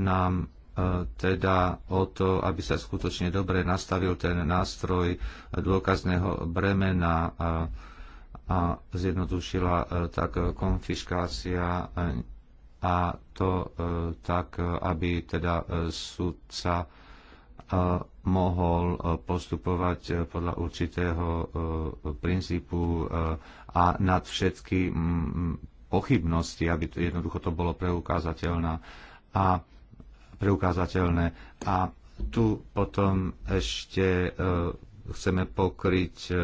[SPEAKER 3] nám E, teda o to, aby sa skutočne dobre nastavil ten nástroj dôkazného bremena a, a zjednodušila e, tak konfiškácia e, a to tak, aby teda sudca mohol postupovať podľa určitého princípu a nad všetky pochybnosti, aby jednoducho to bolo preukázateľné. A preukázateľné. A tu potom ešte e, chceme pokryť e,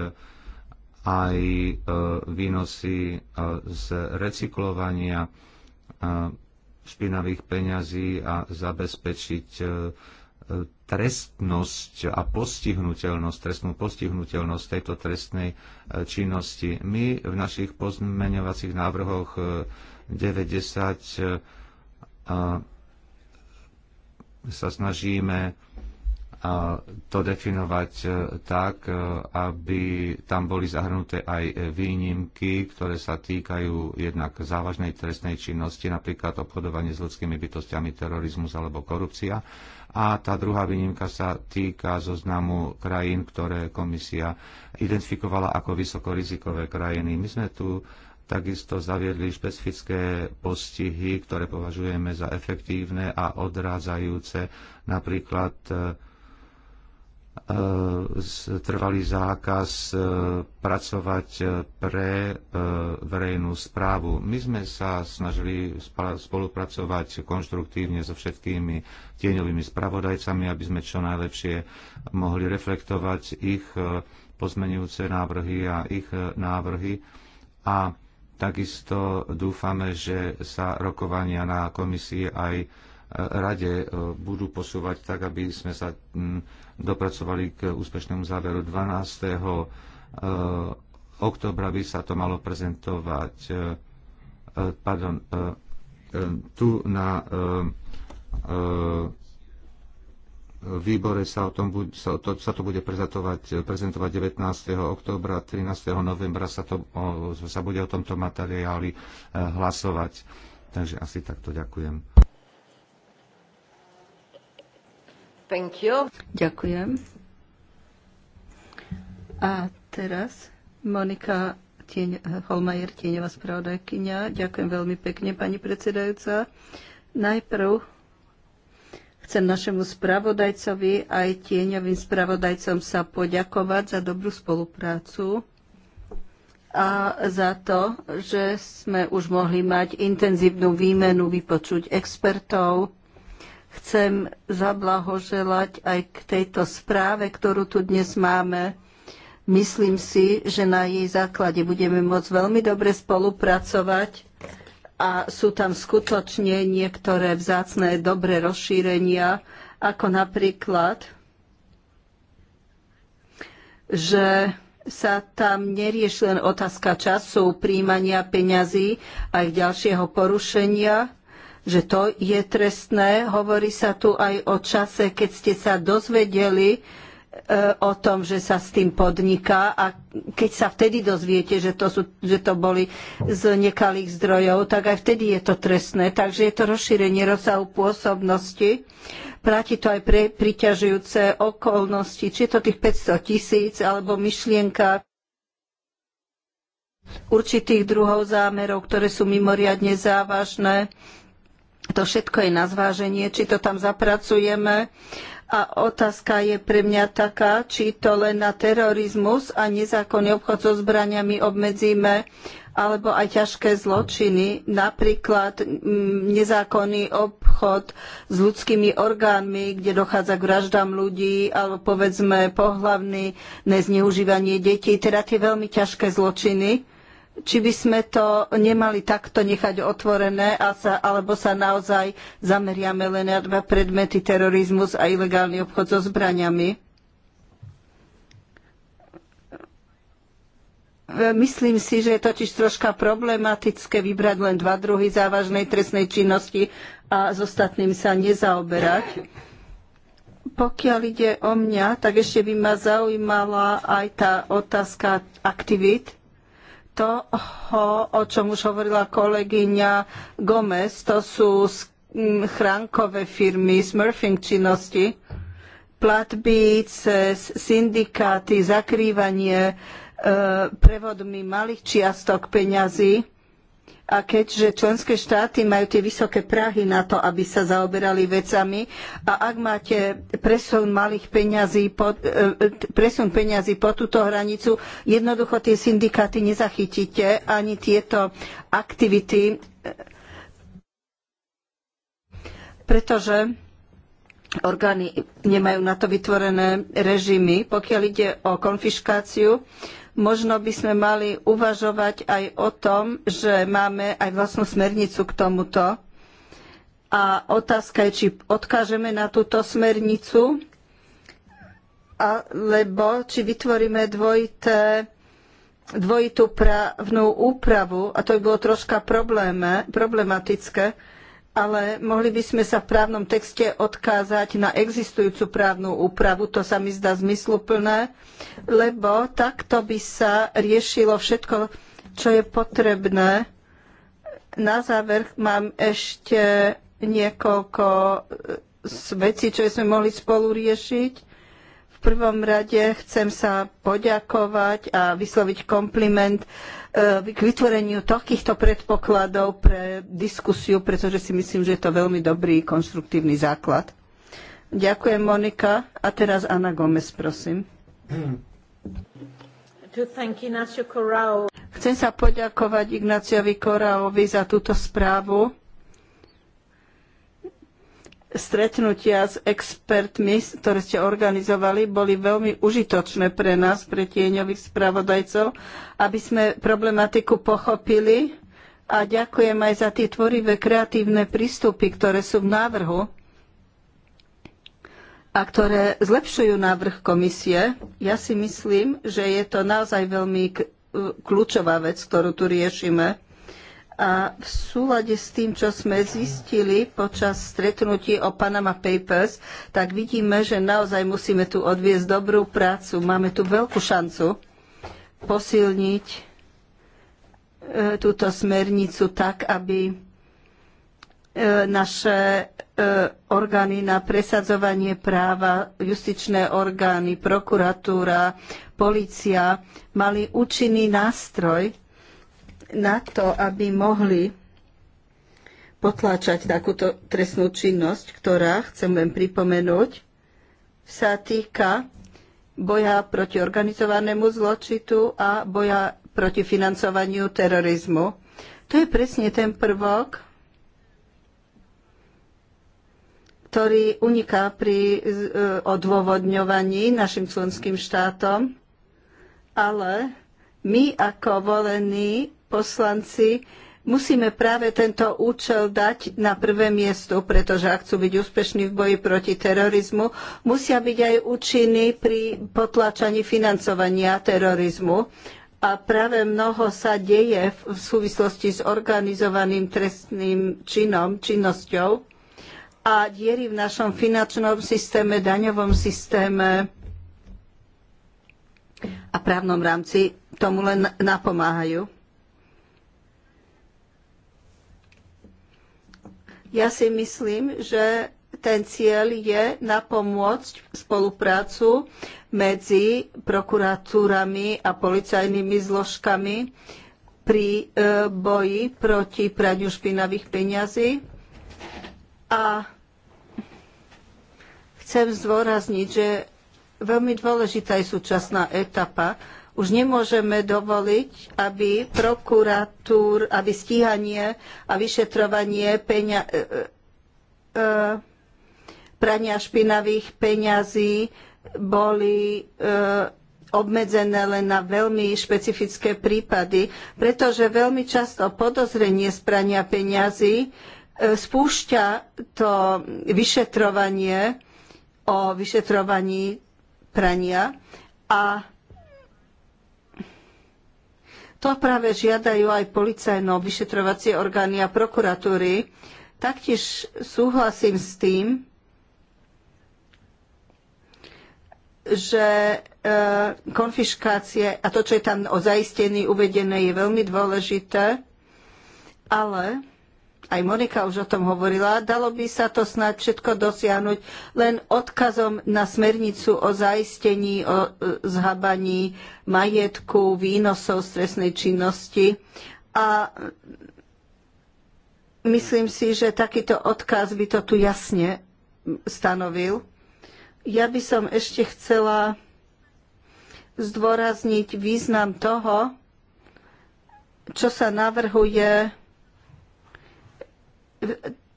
[SPEAKER 3] aj e, výnosy z recyklovania špinavých peňazí a zabezpečiť trestnosť a postihnutelnosť, trestnú postihnutelnosť tejto trestnej činnosti. My v našich pozmeňovacích návrhoch 90 sa snažíme to definovať e, tak, e, aby tam boli zahrnuté aj výnimky, ktoré sa týkajú jednak závažnej trestnej činnosti, napríklad obchodovanie s ľudskými bytostiami, terorizmus alebo korupcia. A tá druhá výnimka sa týka zoznamu krajín, ktoré komisia identifikovala ako vysokorizikové krajiny. My sme tu Takisto zaviedli špecifické postihy, ktoré považujeme za efektívne a odrádzajúce, napríklad e, e, trvalý zákaz e, pracovať pre verejnú správu. My sme sa snažili spolupracovať konštruktívne so všetkými tieňovými spravodajcami, aby sme čo najlepšie mohli reflektovať ich pozmenujúce návrhy a ich návrhy. A Takisto dúfame, že sa rokovania na komisii aj e, rade e, budú posúvať tak, aby sme sa dopracovali k úspešnému záveru 12. E, oktobra by sa to malo prezentovať pardon, tu na výbore sa, o tom, sa, to, sa to bude prezentovať, prezentovať 19. októbra, 13. novembra sa, to, o, sa bude o tomto materiáli e, hlasovať. Takže asi takto ďakujem. Thank you. Ďakujem.
[SPEAKER 1] A teraz Monika Tieň, Holmajer, tieňová spravodajkynia. Ďakujem veľmi pekne, pani predsedajúca. Najprv Chcem našemu spravodajcovi aj tieňovým spravodajcom sa poďakovať za dobrú spoluprácu a za to, že sme už mohli mať intenzívnu výmenu, vypočuť expertov. Chcem zablahoželať aj k tejto správe, ktorú tu dnes máme. Myslím si, že na jej základe budeme môcť veľmi dobre spolupracovať a sú tam skutočne niektoré vzácné dobré rozšírenia, ako napríklad, že sa tam nerieši len otázka času, príjmania peňazí a ich ďalšieho porušenia, že to je trestné. Hovorí sa tu aj o čase, keď ste sa dozvedeli, E, o tom, že sa s tým podniká a keď sa vtedy dozviete, že to, sú, že to boli z nekalých zdrojov, tak aj vtedy je to trestné. Takže je to rozšírenie rozsahu pôsobnosti. Platí to aj pre priťažujúce okolnosti, či je to tých 500 tisíc alebo myšlienka určitých druhov zámerov, ktoré sú mimoriadne závažné. To všetko je na zváženie, či to tam zapracujeme a otázka je pre mňa taká, či to len na terorizmus a nezákonný obchod so zbraniami obmedzíme, alebo aj ťažké zločiny, napríklad mm, nezákonný obchod s ľudskými orgánmi, kde dochádza k vraždám ľudí, alebo povedzme pohlavný, nezneužívanie detí, teda tie veľmi ťažké zločiny či by sme to nemali takto nechať otvorené, sa, alebo sa naozaj zameriame len na dva predmety, terorizmus a ilegálny obchod so zbraniami. Myslím si, že je totiž troška problematické vybrať len dva druhy závažnej trestnej činnosti a s ostatným sa nezaoberať. Pokiaľ ide o mňa, tak ešte by ma zaujímala aj tá otázka aktivít, toho, o čom už hovorila kolegyňa Gomez, to sú chránkové firmy, smurfing činnosti, platby cez syndikáty, zakrývanie e, prevodmi malých čiastok peňazí a keďže členské štáty majú tie vysoké prahy na to, aby sa zaoberali vecami, a ak máte presun malých peňazí pod, e, presun peňazí po túto hranicu, jednoducho tie syndikáty nezachytíte, ani tieto aktivity, e, pretože orgány nemajú na to vytvorené režimy. Pokiaľ ide o konfiškáciu, Možno by sme mali uvažovať aj o tom, že máme aj vlastnú smernicu k tomuto. A otázka je, či odkážeme na túto smernicu, alebo či vytvoríme dvojité dvojitú právnu úpravu a to by bolo troška probléme, problematické ale mohli by sme sa v právnom texte odkázať na existujúcu právnu úpravu. To sa mi zdá zmysluplné, lebo takto by sa riešilo všetko, čo je potrebné. Na záver mám ešte niekoľko eh, vecí, čo sme mohli spolu riešiť prvom rade chcem sa poďakovať a vysloviť kompliment e, k vytvoreniu takýchto predpokladov pre diskusiu, pretože si myslím, že je to veľmi dobrý konštruktívny základ. Ďakujem, Monika. A teraz Ana Gomez, prosím. Chcem sa poďakovať Ignáciovi Koraovi za túto správu stretnutia s expertmi, ktoré ste organizovali, boli veľmi užitočné pre nás, pre tieňových spravodajcov, aby sme problematiku pochopili a ďakujem aj za tie tvorivé kreatívne prístupy, ktoré sú v návrhu a ktoré zlepšujú návrh komisie. Ja si myslím, že je to naozaj veľmi kľúčová vec, ktorú tu riešime. A v súlade s tým, čo sme zistili počas stretnutí o Panama Papers, tak vidíme, že naozaj musíme tu odviesť dobrú prácu. Máme tu veľkú šancu posilniť e, túto smernicu tak, aby e, naše e, orgány na presadzovanie práva, justičné orgány, prokuratúra, policia mali účinný nástroj na to, aby mohli potláčať takúto trestnú činnosť, ktorá, chcem len pripomenúť, sa týka boja proti organizovanému zločitu a boja proti financovaniu terorizmu. To je presne ten prvok, ktorý uniká pri e, odôvodňovaní našim členským štátom, ale my ako volení poslanci musíme práve tento účel dať na prvé miesto, pretože ak chcú byť úspešní v boji proti terorizmu, musia byť aj účinní pri potláčaní financovania terorizmu. A práve mnoho sa deje v súvislosti s organizovaným trestným činom, činnosťou a diery v našom finančnom systéme, daňovom systéme a právnom rámci tomu len napomáhajú. Ja si myslím, že ten cieľ je napomôcť spoluprácu medzi prokuratúrami a policajnými zložkami pri e, boji proti praniu špinavých peňazí. A chcem zdôrazniť, že veľmi dôležitá je súčasná etapa, už nemôžeme dovoliť, aby prokuratúr, aby stíhanie a vyšetrovanie peňa, e, e, e, prania špinavých peňazí boli e, obmedzené len na veľmi špecifické prípady, pretože veľmi často podozrenie z prania peňazí e, spúšťa to vyšetrovanie o vyšetrovaní prania a to práve žiadajú aj policajno vyšetrovacie orgány a prokuratúry. Taktiež súhlasím s tým, že e, konfiškácie a to, čo je tam o zaistení uvedené, je veľmi dôležité, ale aj Monika už o tom hovorila, dalo by sa to snáď všetko dosiahnuť len odkazom na smernicu o zaistení, o e, zhabaní majetku, výnosov stresnej činnosti. A myslím si, že takýto odkaz by to tu jasne stanovil. Ja by som ešte chcela zdôrazniť význam toho, čo sa navrhuje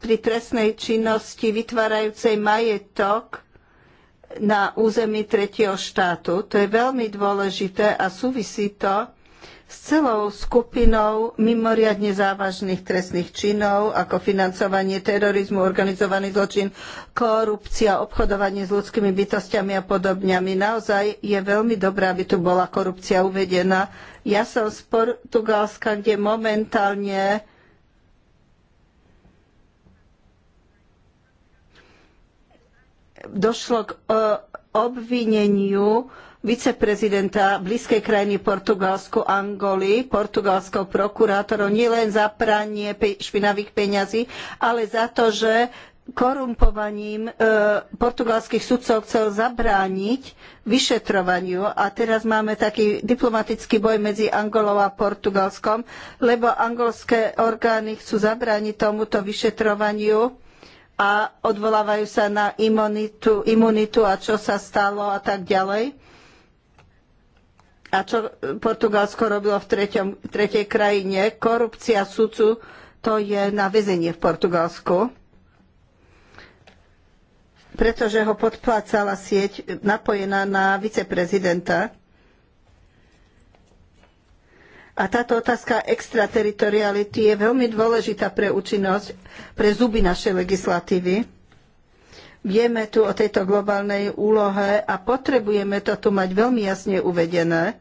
[SPEAKER 1] pri trestnej činnosti vytvárajúcej majetok na území tretieho štátu. To je veľmi dôležité a súvisí to s celou skupinou mimoriadne závažných trestných činov, ako financovanie terorizmu, organizovaný zločin, korupcia, obchodovanie s ľudskými bytostiami a podobne. Naozaj je veľmi dobré, aby tu bola korupcia uvedená. Ja som z Portugalska, kde momentálne došlo k e, obvineniu viceprezidenta blízkej krajiny Portugalsku, Angoly, portugalského prokurátorov nielen za pranie špinavých peňazí, ale za to, že korumpovaním e, portugalských sudcov chcel zabrániť vyšetrovaniu a teraz máme taký diplomatický boj medzi Angolou a Portugalskom, lebo angolské orgány chcú zabrániť tomuto vyšetrovaniu a odvolávajú sa na imunitu, imunitu a čo sa stalo a tak ďalej. A čo Portugalsko robilo v treťom, tretej krajine? Korupcia sudcu, to je na väzenie v Portugalsku pretože ho podplácala sieť napojená na viceprezidenta a táto otázka extrateritoriality je veľmi dôležitá pre účinnosť, pre zuby našej legislatívy. Vieme tu o tejto globálnej úlohe a potrebujeme to tu mať veľmi jasne uvedené.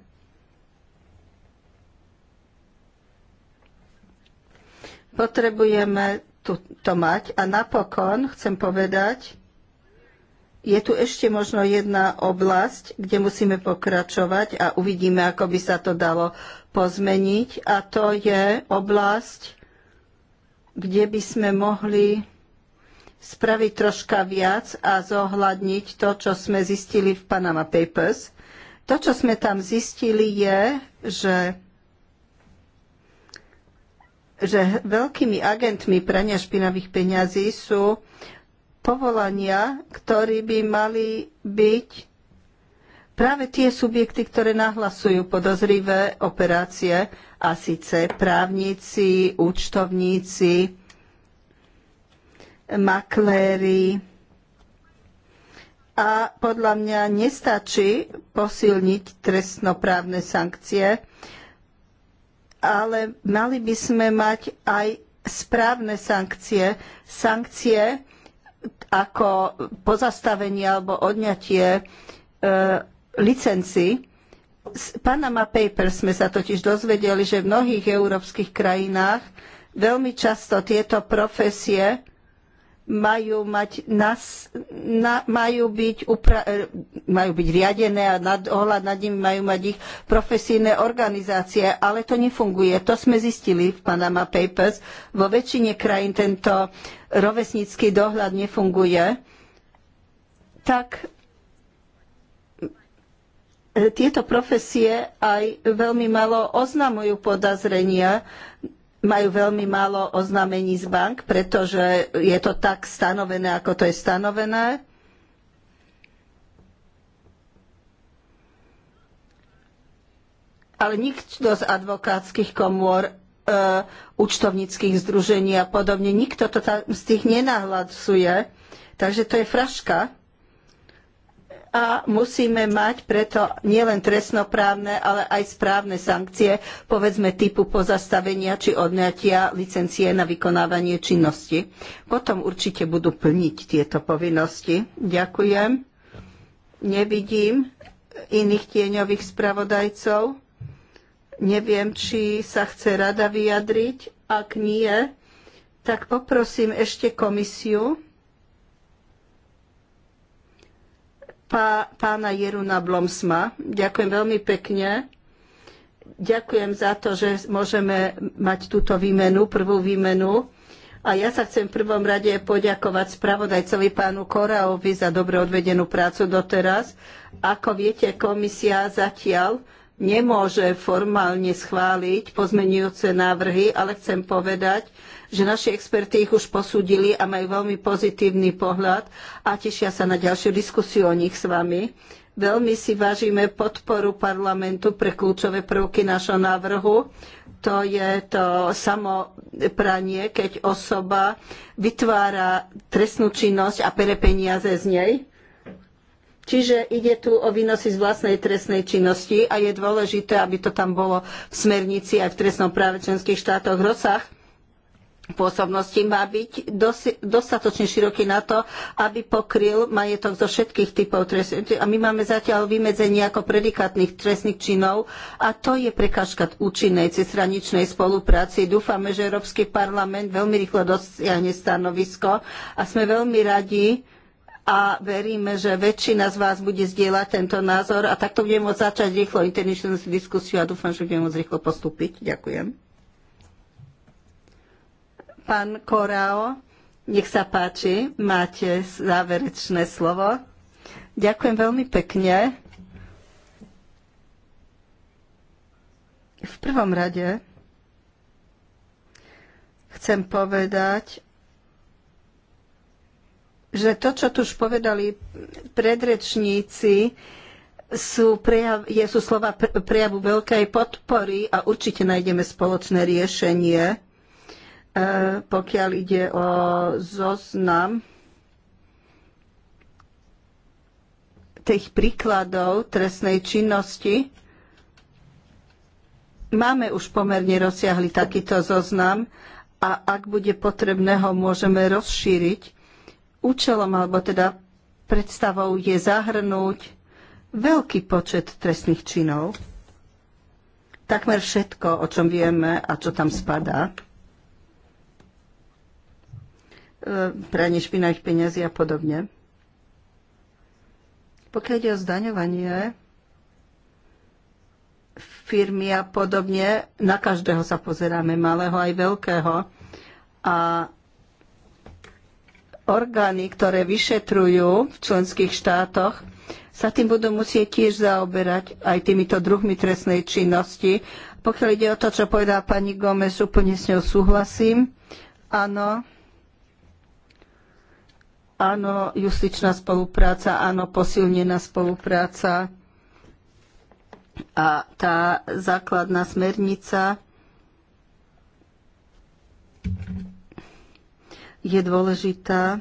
[SPEAKER 1] Potrebujeme tu to mať. A napokon chcem povedať, je tu ešte možno jedna oblasť, kde musíme pokračovať a uvidíme, ako by sa to dalo pozmeniť. A to je oblasť, kde by sme mohli spraviť troška viac a zohľadniť to, čo sme zistili v Panama Papers. To, čo sme tam zistili, je, že že veľkými agentmi prania špinavých peňazí sú povolania, ktorí by mali byť práve tie subjekty, ktoré nahlasujú podozrivé operácie, a síce právnici, účtovníci, makléri. A podľa mňa nestačí posilniť trestnoprávne sankcie, ale mali by sme mať aj správne sankcie. Sankcie, ako pozastavenie alebo odňatie e, licencií. Z Panama Papers sme sa totiž dozvedeli, že v mnohých európskych krajinách veľmi často tieto profesie majú, mať nas, na, majú, byť upra- e, majú byť riadené a nad, ohľad nad nimi majú mať ich profesijné organizácie, ale to nefunguje. To sme zistili v Panama Papers. Vo väčšine krajín tento rovesnícky dohľad nefunguje. Tak e, tieto profesie aj veľmi malo oznamujú podazrenia majú veľmi málo oznámení z bank, pretože je to tak stanovené, ako to je stanovené. Ale nikto z advokátskych komôr, e, účtovníckých združení a podobne, nikto to tam z tých nenahlasuje. Takže to je fraška a musíme mať preto nielen trestnoprávne, ale aj správne sankcie, povedzme typu pozastavenia či odňatia licencie na vykonávanie činnosti. Potom určite budú plniť tieto povinnosti. Ďakujem. Nevidím iných tieňových spravodajcov. Neviem, či sa chce rada vyjadriť. Ak nie, tak poprosím ešte komisiu. pá, pána Jeruna Blomsma. Ďakujem veľmi pekne. Ďakujem za to, že môžeme mať túto výmenu, prvú výmenu. A ja sa chcem v prvom rade poďakovať spravodajcovi pánu Koraovi za dobre odvedenú prácu doteraz. Ako viete, komisia zatiaľ nemôže formálne schváliť pozmenujúce návrhy, ale chcem povedať, že naši experti ich už posúdili a majú veľmi pozitívny pohľad a tešia sa na ďalšiu diskusiu o nich s vami. Veľmi si vážime podporu parlamentu pre kľúčové prvky našho návrhu. To je to samopranie, keď osoba vytvára trestnú činnosť a pere peniaze z nej. Čiže ide tu o výnosy z vlastnej trestnej činnosti a je dôležité, aby to tam bolo v smernici aj v trestnom práve členských štátoch rozsah pôsobnosti má byť dostatočne široký na to, aby pokryl majetok zo všetkých typov trestných. A my máme zatiaľ vymedzenie ako predikátnych trestných činov a to je prekážka účinnej cezhraničnej spolupráci. Dúfame, že Európsky parlament veľmi rýchlo dosiahne stanovisko a sme veľmi radi, a veríme, že väčšina z vás bude zdieľať tento názor a takto budeme môcť začať rýchlo internečnú diskusiu a dúfam, že budeme môcť rýchlo postúpiť. Ďakujem. Pán Korao, nech sa páči, máte záverečné slovo. Ďakujem veľmi pekne. V prvom rade chcem povedať, že to, čo tu už povedali predrečníci, sú, prejav, sú slova prejavu veľkej podpory a určite nájdeme spoločné riešenie E, pokiaľ ide o zoznam tých príkladov trestnej činnosti, máme už pomerne rozsiahli takýto zoznam a ak bude potrebné, ho môžeme rozšíriť. Účelom alebo teda predstavou je zahrnúť veľký počet trestných činov, takmer všetko, o čom vieme a čo tam spadá. E, pranie špinavých peňazí a podobne. Pokiaľ ide o zdaňovanie, firmy a podobne, na každého sa pozeráme, malého aj veľkého. A orgány, ktoré vyšetrujú v členských štátoch, sa tým budú musieť tiež zaoberať aj týmito druhmi trestnej činnosti. Pokiaľ ide o to, čo povedala pani Gomez, úplne s ňou súhlasím. Áno, Áno, justičná spolupráca, áno, posilnená spolupráca a tá základná smernica je dôležitá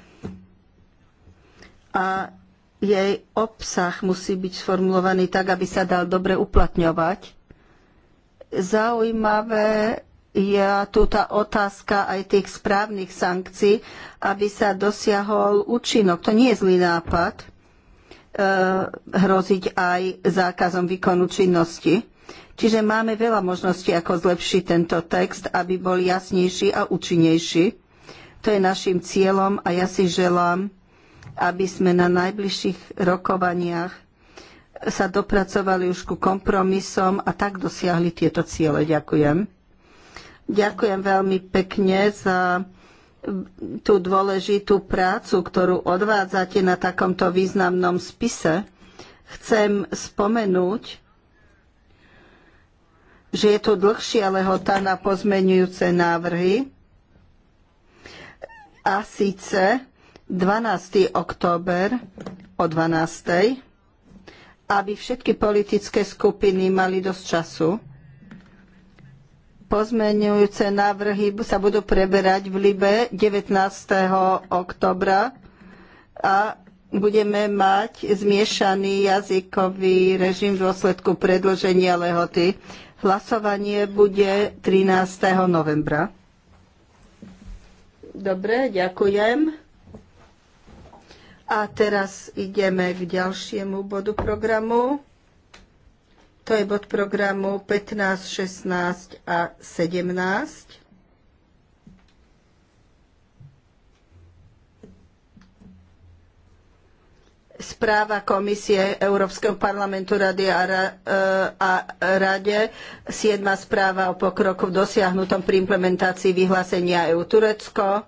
[SPEAKER 1] a jej obsah musí byť sformulovaný tak, aby sa dal dobre uplatňovať. Zaujímavé je tu tá otázka aj tých správnych sankcií, aby sa dosiahol účinok. To nie je zlý nápad e, hroziť aj zákazom výkonu činnosti. Čiže máme veľa možností, ako zlepšiť tento text, aby bol jasnejší a účinnejší. To je našim cieľom a ja si želám, aby sme na najbližších rokovaniach sa dopracovali už ku kompromisom a tak dosiahli tieto ciele. Ďakujem. Ďakujem veľmi pekne za tú dôležitú prácu, ktorú odvádzate na takomto významnom spise. Chcem spomenúť, že je tu dlhšia lehota na pozmenujúce návrhy a síce 12. október o 12. aby všetky politické skupiny mali dosť času pozmeňujúce návrhy sa budú preberať v Libe 19. oktobra a budeme mať zmiešaný jazykový režim v dôsledku predloženia lehoty. Hlasovanie bude 13. novembra. Dobre, ďakujem. A teraz ideme k ďalšiemu bodu programu. To je bod programu 15, 16 a 17. správa Komisie Európskeho parlamentu Rady a, ra, e, a, Rade, siedma správa o pokroku v dosiahnutom pri implementácii vyhlásenia EU Turecko,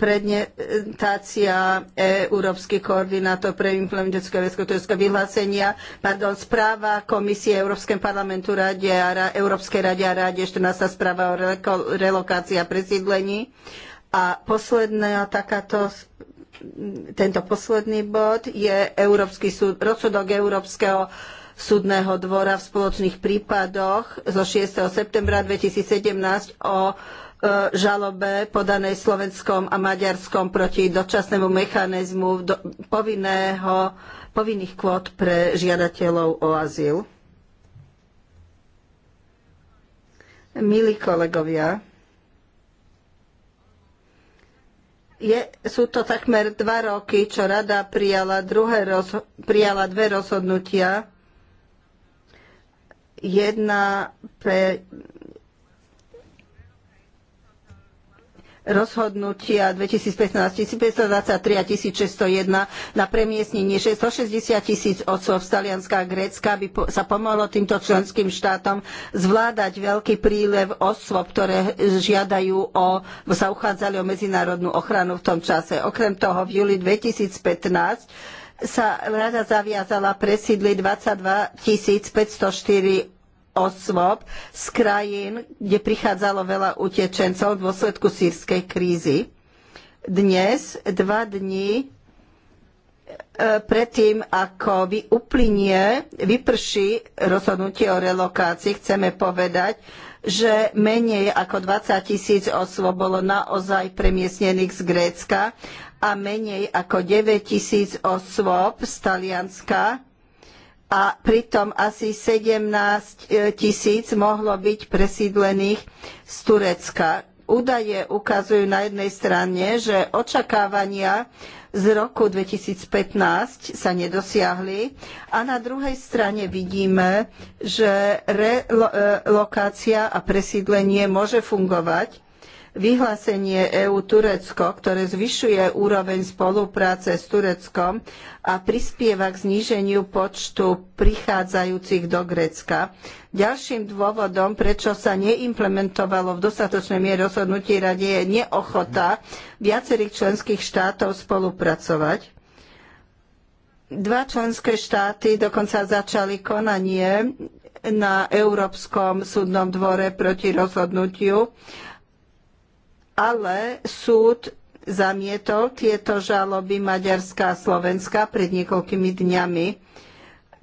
[SPEAKER 1] prezentácia Európsky koordinátor pre implementačné legislatorské vyhlásenia, pardon, správa Komisie Európskej parlamentu Rade a Európskej rade a Rade 14. správa o relokácii a presídlení. A posledná takáto tento posledný bod je Európsky súd, rozsudok Európskeho súdneho dvora v spoločných prípadoch zo 6. septembra 2017 o E, žalobe podanej Slovenskom a Maďarskom proti dočasnému mechanizmu do, povinného, povinných kvót pre žiadateľov o azyl. Milí kolegovia, je, sú to takmer dva roky, čo rada prijala, druhé prijala dve rozhodnutia. Jedna pre rozhodnutia 2015 1523 a 1601 na premiestnenie 660 tisíc osôb z Talianska a Grécka by sa pomohlo týmto členským štátom zvládať veľký prílev osôb, ktoré žiadajú o, sa uchádzali o medzinárodnú ochranu v tom čase. Okrem toho v júli 2015 sa rada zaviazala presídliť 22 504 osôb z krajín, kde prichádzalo veľa utečencov v dôsledku sírskej krízy. Dnes, dva dni e, predtým, ako uplynie, vyprší rozhodnutie o relokácii, chceme povedať, že menej ako 20 tisíc osôb bolo naozaj premiestnených z Grécka a menej ako 9 tisíc osôb z Talianska a pritom asi 17 e, tisíc mohlo byť presídlených z Turecka. Údaje ukazujú na jednej strane, že očakávania z roku 2015 sa nedosiahli a na druhej strane vidíme, že relokácia a presídlenie môže fungovať vyhlásenie EÚ Turecko, ktoré zvyšuje úroveň spolupráce s Tureckom a prispieva k zníženiu počtu prichádzajúcich do Grécka. Ďalším dôvodom, prečo sa neimplementovalo v dostatočnej miere rozhodnutie rady je neochota viacerých členských štátov spolupracovať. Dva členské štáty dokonca začali konanie na Európskom súdnom dvore proti rozhodnutiu ale súd zamietol tieto žaloby Maďarska a Slovenska pred niekoľkými dňami.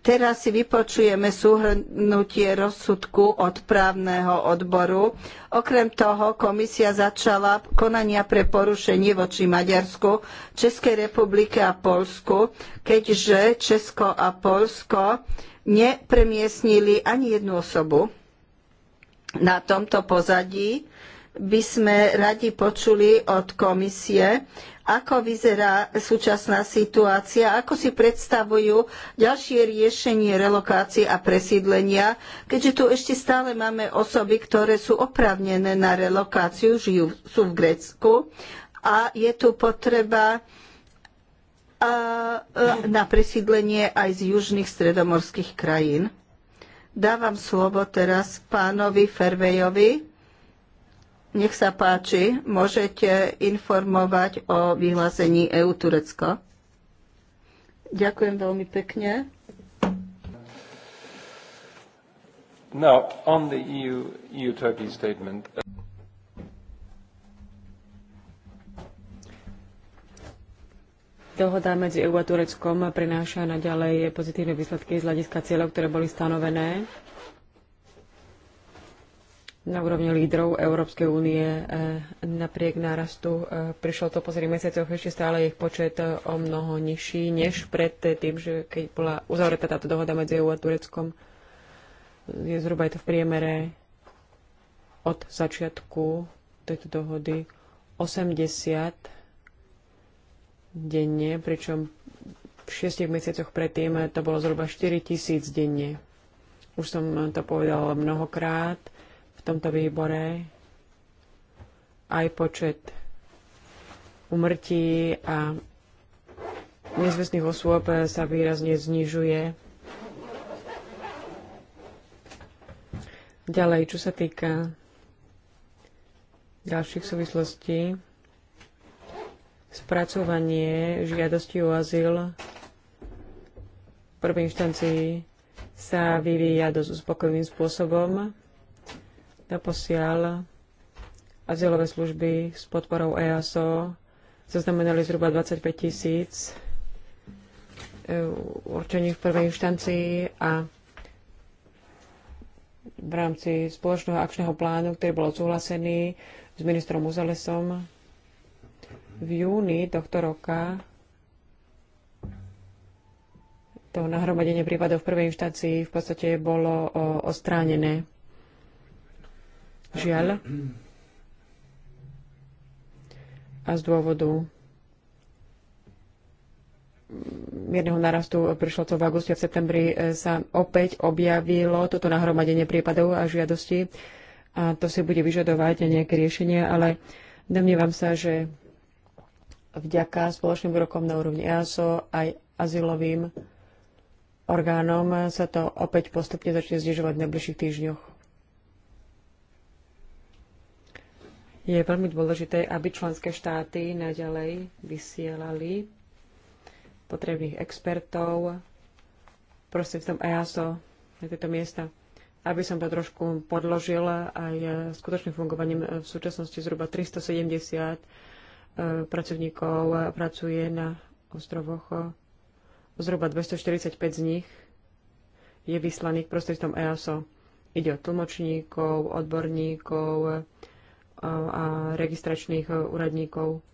[SPEAKER 1] Teraz si vypočujeme súhrnutie rozsudku od právneho odboru. Okrem toho komisia začala konania pre porušenie voči Maďarsku, Českej republike a Polsku, keďže Česko a Polsko nepremiestnili ani jednu osobu. Na tomto pozadí by sme radi počuli od komisie, ako vyzerá súčasná situácia, ako si predstavujú ďalšie riešenie relokácie a presídlenia, keďže tu ešte stále máme osoby, ktoré sú oprávnené na relokáciu, žijú, sú v Grécku a je tu potreba na presídlenie aj z južných stredomorských krajín. Dávam slovo teraz pánovi Fervejovi nech sa páči, môžete informovať o vyhlásení EU Turecko. Ďakujem veľmi pekne.
[SPEAKER 3] Now, on the EU, EU Turkey statement.
[SPEAKER 2] Dohoda medzi EU a Tureckom prináša naďalej pozitívne výsledky z hľadiska cieľov, ktoré boli stanovené na úrovni lídrov Európskej únie e, napriek nárastu. E, prišlo to po 7 mesiacoch, ešte stále ich počet e, o mnoho nižší, než pred tým, že keď bola uzavretá táto dohoda medzi EU a Tureckom. Je zhruba je to v priemere od začiatku tejto dohody 80 denne, pričom v šiestich mesiacoch predtým to bolo zhruba 4 tisíc denne. Už som to povedala mnohokrát tomto výbore aj počet umrtí a nezvestných osôb sa výrazne znižuje. Ďalej, čo sa týka ďalších súvislostí, spracovanie žiadosti o azyl v prvej inštancii sa vyvíja dosť uspokojivým spôsobom. Doposiaľ azylové služby s podporou EASO zaznamenali zhruba 25 tisíc e, určení v prvej inštancii a v rámci spoločného akčného plánu, ktorý bol odsúhlasený s ministrom Uzalesom v júni tohto roka to nahromadenie prípadov v prvej inštancii v podstate bolo ostránené. Žiaľ. A z dôvodu mierneho narastu prišlo v auguste a v septembri sa opäť objavilo toto nahromadenie prípadov a žiadosti a to si bude vyžadovať nejaké riešenie, ale domnievam sa, že vďaka spoločným rokom na úrovni EASO aj azylovým orgánom sa to opäť postupne začne znižovať v najbližších týždňoch. je veľmi dôležité, aby členské štáty naďalej vysielali potrebných expertov prostredstvom EASO na tieto miesta. Aby som to trošku podložila aj skutočným fungovaním, v súčasnosti zhruba 370 e, pracovníkov pracuje na ostrovoch. Zhruba 245 z nich je vyslaných prostredstvom EASO. Ide o tlmočníkov, odborníkov, a registračných e, úradníkov.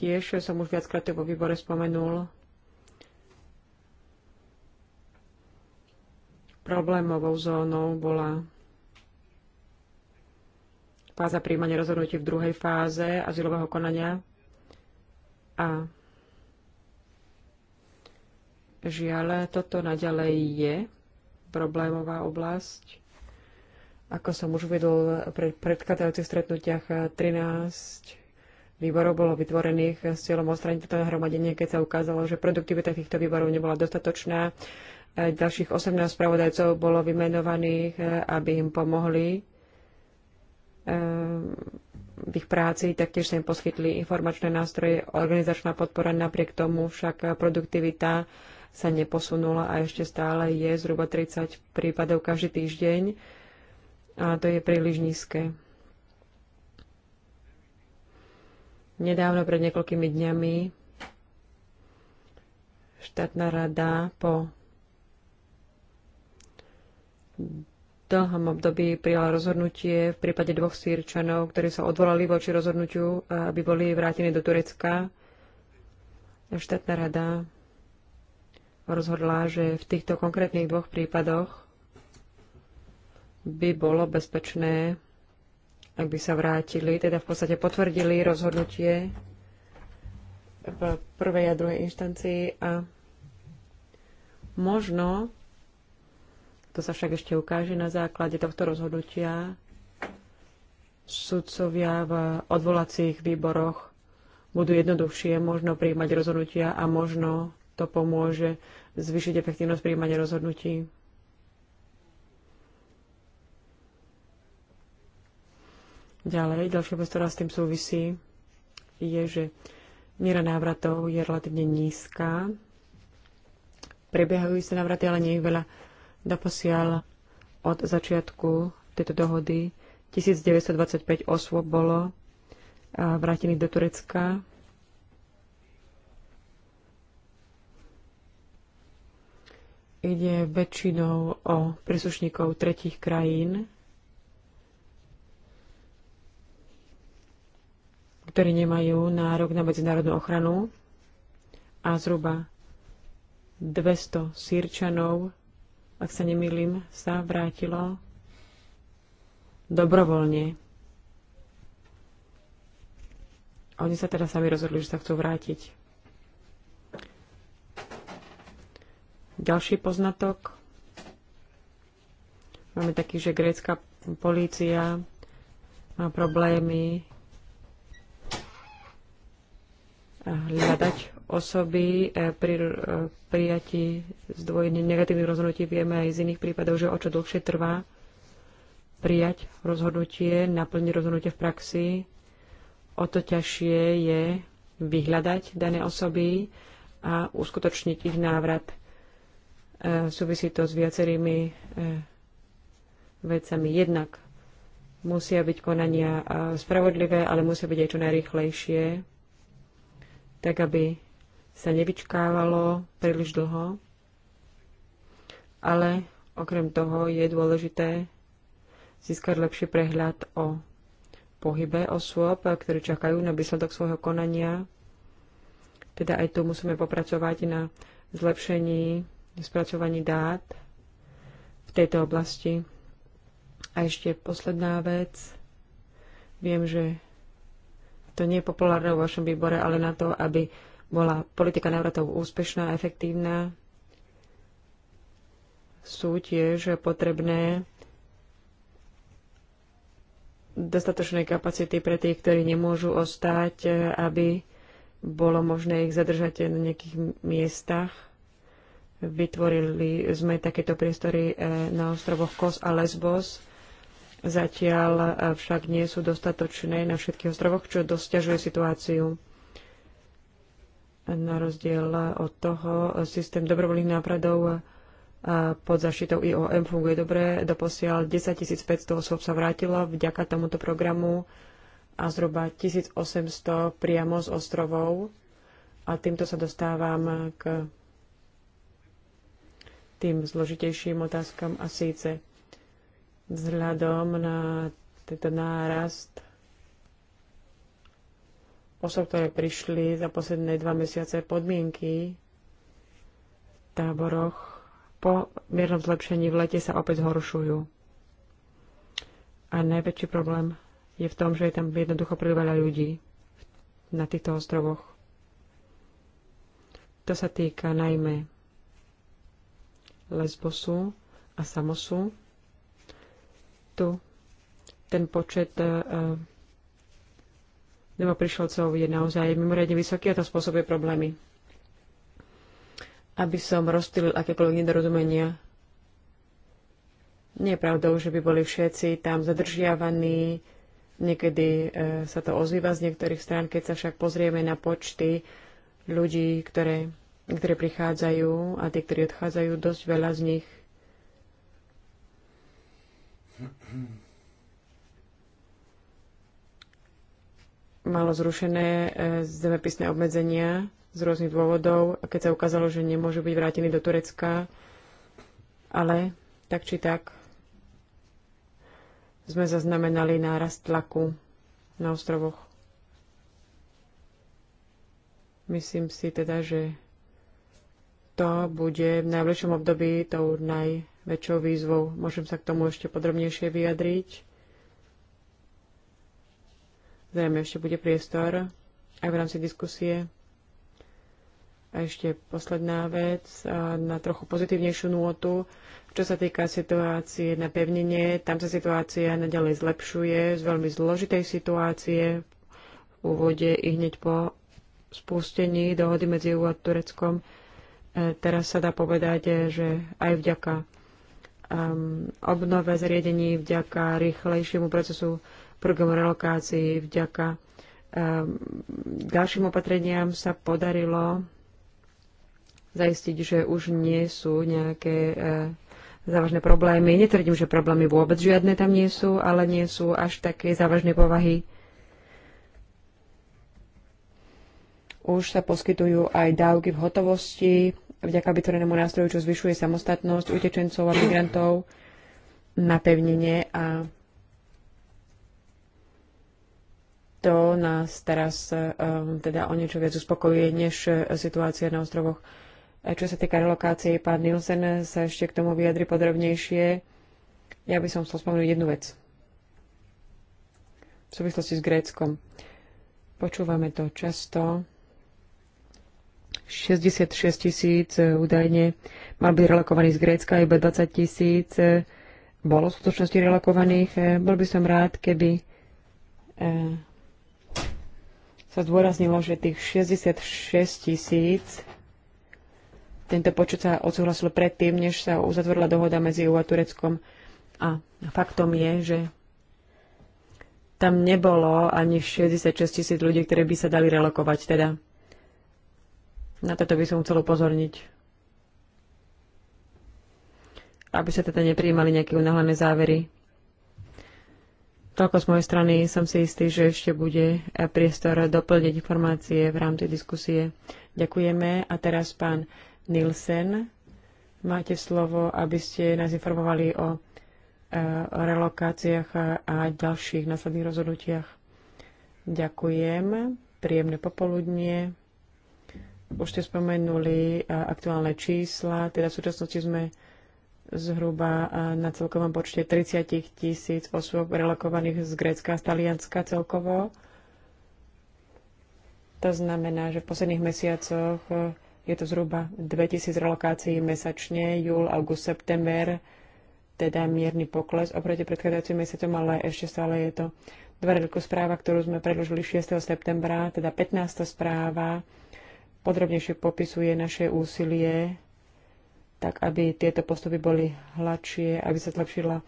[SPEAKER 2] Tiež som už viackrát vo výbore spomenul problémovou zónou bola fáza príjmania rozhodnutí v druhej fáze azylového konania a žiaľ, toto naďalej je problémová oblasť. Ako som už uvedol pri predchádzajúcich stretnutiach, 13 eh, výborov bolo vytvorených s cieľom odstrániť toto nahromadenie, keď sa ukázalo, že produktivita týchto výborov nebola dostatočná. Eh, ďalších 18 spravodajcov bolo vymenovaných, eh, aby im pomohli v ich práci, taktiež sa im poskytli informačné nástroje, organizačná podpora, napriek tomu však produktivita sa neposunula a ešte stále je zhruba 30 prípadov každý týždeň a to je príliš nízke. Nedávno, pred niekoľkými dňami, štátna rada po dlhom období prijala rozhodnutie v prípade dvoch sírčanov, ktorí sa odvolali voči rozhodnutiu, aby boli vrátení do Turecka. Štátna rada rozhodla, že v týchto konkrétnych dvoch prípadoch by bolo bezpečné, ak by sa vrátili, teda v podstate potvrdili rozhodnutie v prvej a druhej inštancii a možno, to sa však ešte ukáže na základe tohto rozhodnutia, sudcovia v odvolacích výboroch budú jednoduchšie možno príjmať rozhodnutia a možno to pomôže zvýšiť efektívnosť príjmania rozhodnutí. Ďalej, ďalšia vec, ktorá s tým súvisí, je, že miera návratov je relatívne nízka. Prebiehajú sa návraty, ale nie je veľa. Doposiaľ od začiatku tejto dohody 1925 osôb bolo vrátených do Turecka. Ide väčšinou o príslušníkov tretích krajín, ktorí nemajú nárok na medzinárodnú ochranu a zhruba 200 sírčanov, ak sa nemýlim, sa vrátilo dobrovoľne. Oni sa teda sami rozhodli, že sa chcú vrátiť. Ďalší poznatok. Máme taký, že grécka polícia má problémy hľadať osoby eh, pri eh, prijatí zdvojení negatívnych rozhodnutí. Vieme aj z iných prípadov, že o čo dlhšie trvá prijať rozhodnutie, naplniť rozhodnutie v praxi, o to ťažšie je vyhľadať dané osoby a uskutočniť ich návrat. Eh, súvisí to s viacerými vecami. Jednak musia byť konania spravodlivé, ale musia byť aj čo najrychlejšie tak aby sa nevyčkávalo príliš dlho. Ale okrem toho je dôležité získať lepší prehľad o pohybe osôb, ktoré čakajú na výsledok svojho konania. Teda aj tu musíme popracovať na zlepšení, spracovaní dát v tejto oblasti. A ešte posledná vec. Viem, že to nie je populárne vo vašom výbore, ale na to, aby bola politika návratov úspešná a efektívna, sú tiež potrebné dostatočné kapacity pre tých, ktorí nemôžu ostať, aby bolo možné ich zadržať na nejakých miestach. Vytvorili sme takéto priestory eh, na ostrovoch Kos a Lesbos Zatiaľ eh, však nie sú dostatočné na všetkých ostrovoch, čo dosťažuje situáciu. Na rozdiel eh, od toho, eh, systém dobrovoľných nápradov pod zaštitou IOM funguje dobre. Doposiaľ 10 500 osôb sa vrátilo vďaka tomuto programu a zhruba 1800 priamo z ostrovov. A týmto sa dostávam k tým zložitejším otázkam a síce vzhľadom na tento nárast osob, ktoré prišli za posledné dva mesiace podmienky v táboroch po miernom zlepšení v lete sa opäť zhoršujú. A najväčší problém je v tom, že je tam jednoducho veľa ľudí na týchto ostrovoch. To sa týka najmä Lesbosu a Samosu, tu ten počet e, prišlocov je naozaj mimoriadne vysoký a to spôsobuje problémy. Aby som rozptýlil akékoľvek nedorozumenia, nie je pravdou, že by boli všetci tam zadržiavaní. Niekedy uh, sa to ozýva z niektorých strán, keď sa však pozrieme na počty ľudí, ktoré, ktoré prichádzajú a tí, ktorí odchádzajú, dosť veľa z nich malo zrušené e, zemepisné obmedzenia z rôznych dôvodov, keď sa ukázalo, že nemôžu byť vrátení do Turecka, ale tak či tak sme zaznamenali nárast tlaku na ostrovoch. Myslím si teda, že to bude v najbližšom období tou najväčšou výzvou. Môžem sa k tomu ešte podrobnejšie vyjadriť. Zrejme ešte bude priestor aj v rámci diskusie. A ešte posledná vec na trochu pozitívnejšiu nôtu. Čo sa týka situácie na pevnenie, tam sa situácia naďalej zlepšuje z veľmi zložitej situácie v úvode i hneď po spustení dohody medzi EU a Tureckom E, teraz sa dá povedať, e, že aj vďaka um, obnove zriedení, vďaka rýchlejšiemu procesu programu relokácií, vďaka um, ďalším opatreniam sa podarilo zaistiť, že už nie sú nejaké e, závažné problémy. Netvrdím, že problémy vôbec žiadne tam nie sú, ale nie sú až také závažné povahy. Už sa poskytujú aj dávky v hotovosti vďaka vytvorenému nástroju, čo zvyšuje samostatnosť utečencov a migrantov na pevnenie a to nás teraz um, teda o niečo viac uspokojuje, než situácia na ostrovoch. Čo sa týka relokácie, pán Nielsen sa ešte k tomu vyjadri podrobnejšie. Ja by som chcel spomenúť jednu vec. V súvislosti s Gréckom. Počúvame to často. 66 tisíc e, údajne mal byť relokovaný z Grécka, iba 20 tisíc e, bolo v skutočnosti relokovaných. E, bol by som rád, keby sa zdôraznilo, že tých 66 tisíc tento počet sa odsúhlasil predtým, než sa uzatvorila dohoda medzi EU a Tureckom. A faktom je, že tam nebolo ani 66 tisíc ľudí, ktoré by sa dali relokovať. Teda na toto by som chcel upozorniť. Aby sa teda neprijímali nejaké unáhlené závery. Toľko z mojej strany. Som si istý, že ešte bude priestor doplniť informácie v rámci diskusie. Ďakujeme. A teraz pán Nilsen, máte slovo, aby ste nás informovali o, e, o relokáciách a ďalších následných rozhodnutiach. Ďakujem. Príjemné popoludnie. Už ste spomenuli aktuálne čísla, teda v súčasnosti sme zhruba na celkovom počte 30 tisíc osôb relokovaných z Grécka a z Talianska celkovo. To znamená, že v posledných mesiacoch e, je to zhruba 2000 relokácií mesačne, júl, august, september, teda mierny pokles oproti predchádzajúcim mesiacom, ale ešte stále je to dva správa, ktorú sme predložili 6. septembra, teda 15. správa podrobnejšie popisuje naše úsilie, tak aby tieto postupy boli hladšie, aby sa zlepšila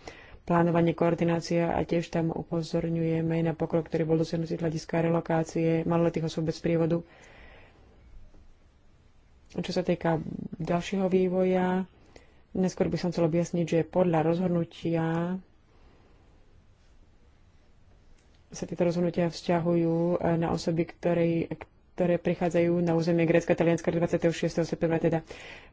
[SPEAKER 2] plánovanie, koordinácia a tiež tam upozorňujeme na pokrok, ktorý bol dosiahnutý hľadiska relokácie maloletých osôb bez prívodu. Čo sa týka ďalšieho vývoja, neskôr by som chcel objasniť, že podľa rozhodnutia sa tieto rozhodnutia vzťahujú na osoby, ktorej, ktoré prichádzajú na územie Grécka, Talianska 26. septembra. Teda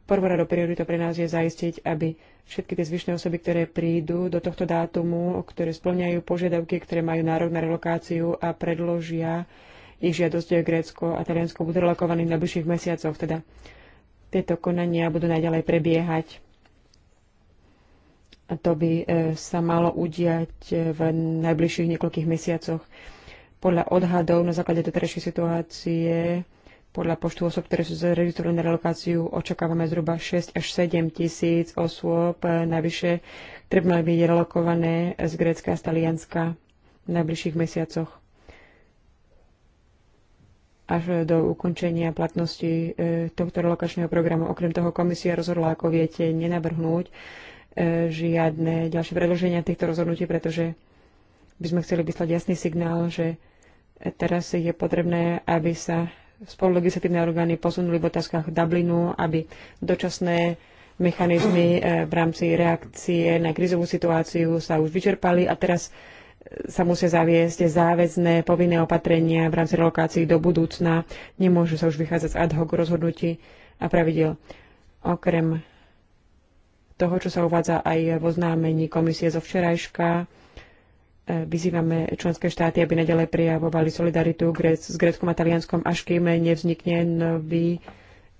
[SPEAKER 2] prvoradou prioritou pre nás je zaistiť, aby všetky tie zvyšné osoby, ktoré prídu do tohto dátumu, ktoré splňajú požiadavky, ktoré majú nárok na relokáciu a predložia ich žiadosť Grécko a Taliansko budú relokovaní v najbližších mesiacoch. Teda tieto konania budú naďalej prebiehať. A to by e, sa malo udiať e, v najbližších niekoľkých mesiacoch. Podľa odhadov na základe doterajšej situácie, podľa počtu osob, ktoré sú zaregistrované na relokáciu, očakávame zhruba 6 až 7 tisíc osôb. Navyše treba byť relokované z Grécka a z Talianska v najbližších mesiacoch až do ukončenia platnosti e, tohto relokačného programu. Okrem toho komisia rozhodla, ako viete, nenavrhnúť e, žiadne ďalšie predloženia týchto rozhodnutí, pretože by sme chceli vyslať jasný signál, že Teraz je potrebné, aby sa spolulegislatívne orgány posunuli v otázkach Dublinu, aby dočasné mechanizmy eh, v rámci reakcie na krizovú situáciu sa už vyčerpali a teraz eh, sa musia zaviesť záväzné povinné opatrenia v rámci relokácií do budúcna. Nemôžu sa už vychádzať z ad hoc rozhodnutí a pravidel. Okrem toho, čo sa uvádza aj v oznámení komisie zo včerajška, E, vyzývame členské štáty, aby nadalej prijavovali solidaritu s Gréckom a Talianskom, až kým nevznikne nový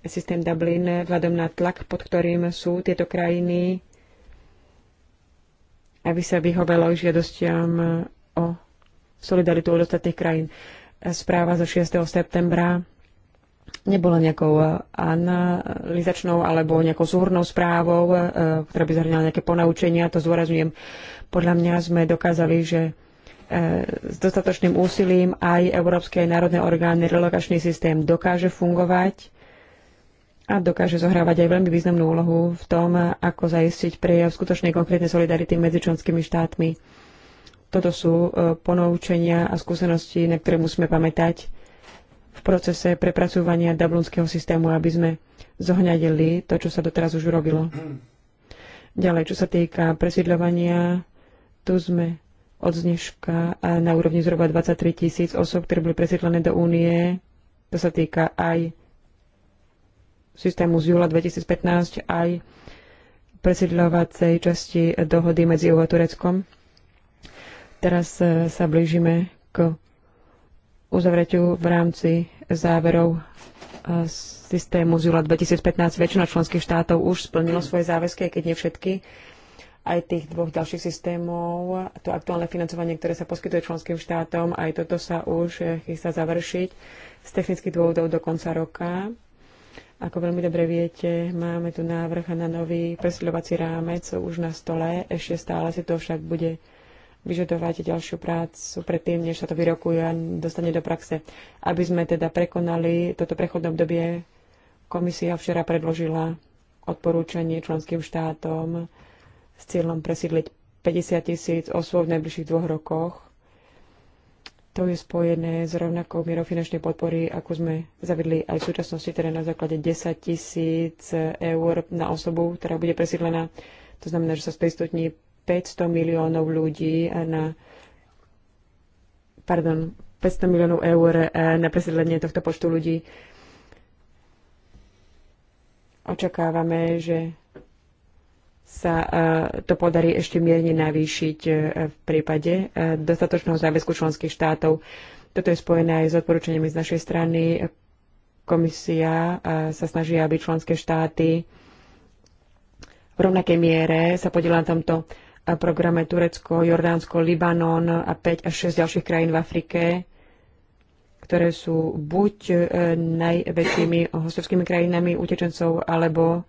[SPEAKER 2] systém Dublin vzhľadom na tlak, pod ktorým sú tieto krajiny, aby sa vyhovelo žiadostiam o solidaritu od ostatných krajín. E, správa zo 6. septembra nebola nejakou analizačnou alebo nejakou súhrnou správou, e, ktorá by zahrňala nejaké ponaučenia, to zdôrazňujem. Podľa mňa sme dokázali, že e, s dostatočným úsilím aj európske aj národné orgány relokačný systém dokáže fungovať a dokáže zohrávať aj veľmi významnú úlohu v tom, ako zaistiť prejav skutočnej konkrétnej solidarity medzi členskými štátmi. Toto sú e, ponoučenia a skúsenosti, na ktoré musíme pamätať v procese prepracúvania dublinského systému, aby sme zohňadili to, čo sa doteraz už urobilo. Ďalej, čo sa týka presídľovania tu sme od dneška na úrovni zhruba 23 tisíc osob, ktoré boli presiedlené do únie. To sa týka aj systému z júla 2015, aj presiedľovacej časti dohody medzi EU a Tureckom. Teraz e, sa blížime k uzavretiu v rámci záverov e, systému z júla 2015. Väčšina členských štátov už splnilo svoje záväzky, aj keď nie všetky aj tých dvoch ďalších systémov, to aktuálne financovanie, ktoré sa poskytuje členským štátom, aj toto sa už chystá završiť z technických dôvodov do konca roka. Ako veľmi dobre viete, máme tu návrh na nový presľovací rámec už na stole. Ešte stále si to však bude vyžadovať ďalšiu prácu predtým, než sa to vyrokuje a dostane do praxe. Aby sme teda prekonali toto prechodné obdobie, komisia včera predložila odporúčanie členským štátom s cieľom presídliť 50 tisíc osôb v najbližších dvoch rokoch. To je spojené s rovnakou mierou finančnej podpory, ako sme zavedli aj v súčasnosti, teda na základe 10 tisíc eur na osobu, ktorá bude presídlená. To znamená, že sa sprístupní 500 miliónov ľudí na pardon, 500 miliónov eur eh, na presídlenie tohto počtu ľudí. Očakávame, že sa e, to podarí ešte mierne navýšiť e, v prípade e, dostatočného záväzku členských štátov. Toto je spojené aj s odporúčaniami z našej strany. Komisia sa snaží, aby členské štáty v rovnakej miere sa podielali na tomto programe Turecko, Jordánsko, Libanon a 5 až 6 ďalších krajín v Afrike, ktoré sú buď najväčšími hostovskými krajinami utečencov alebo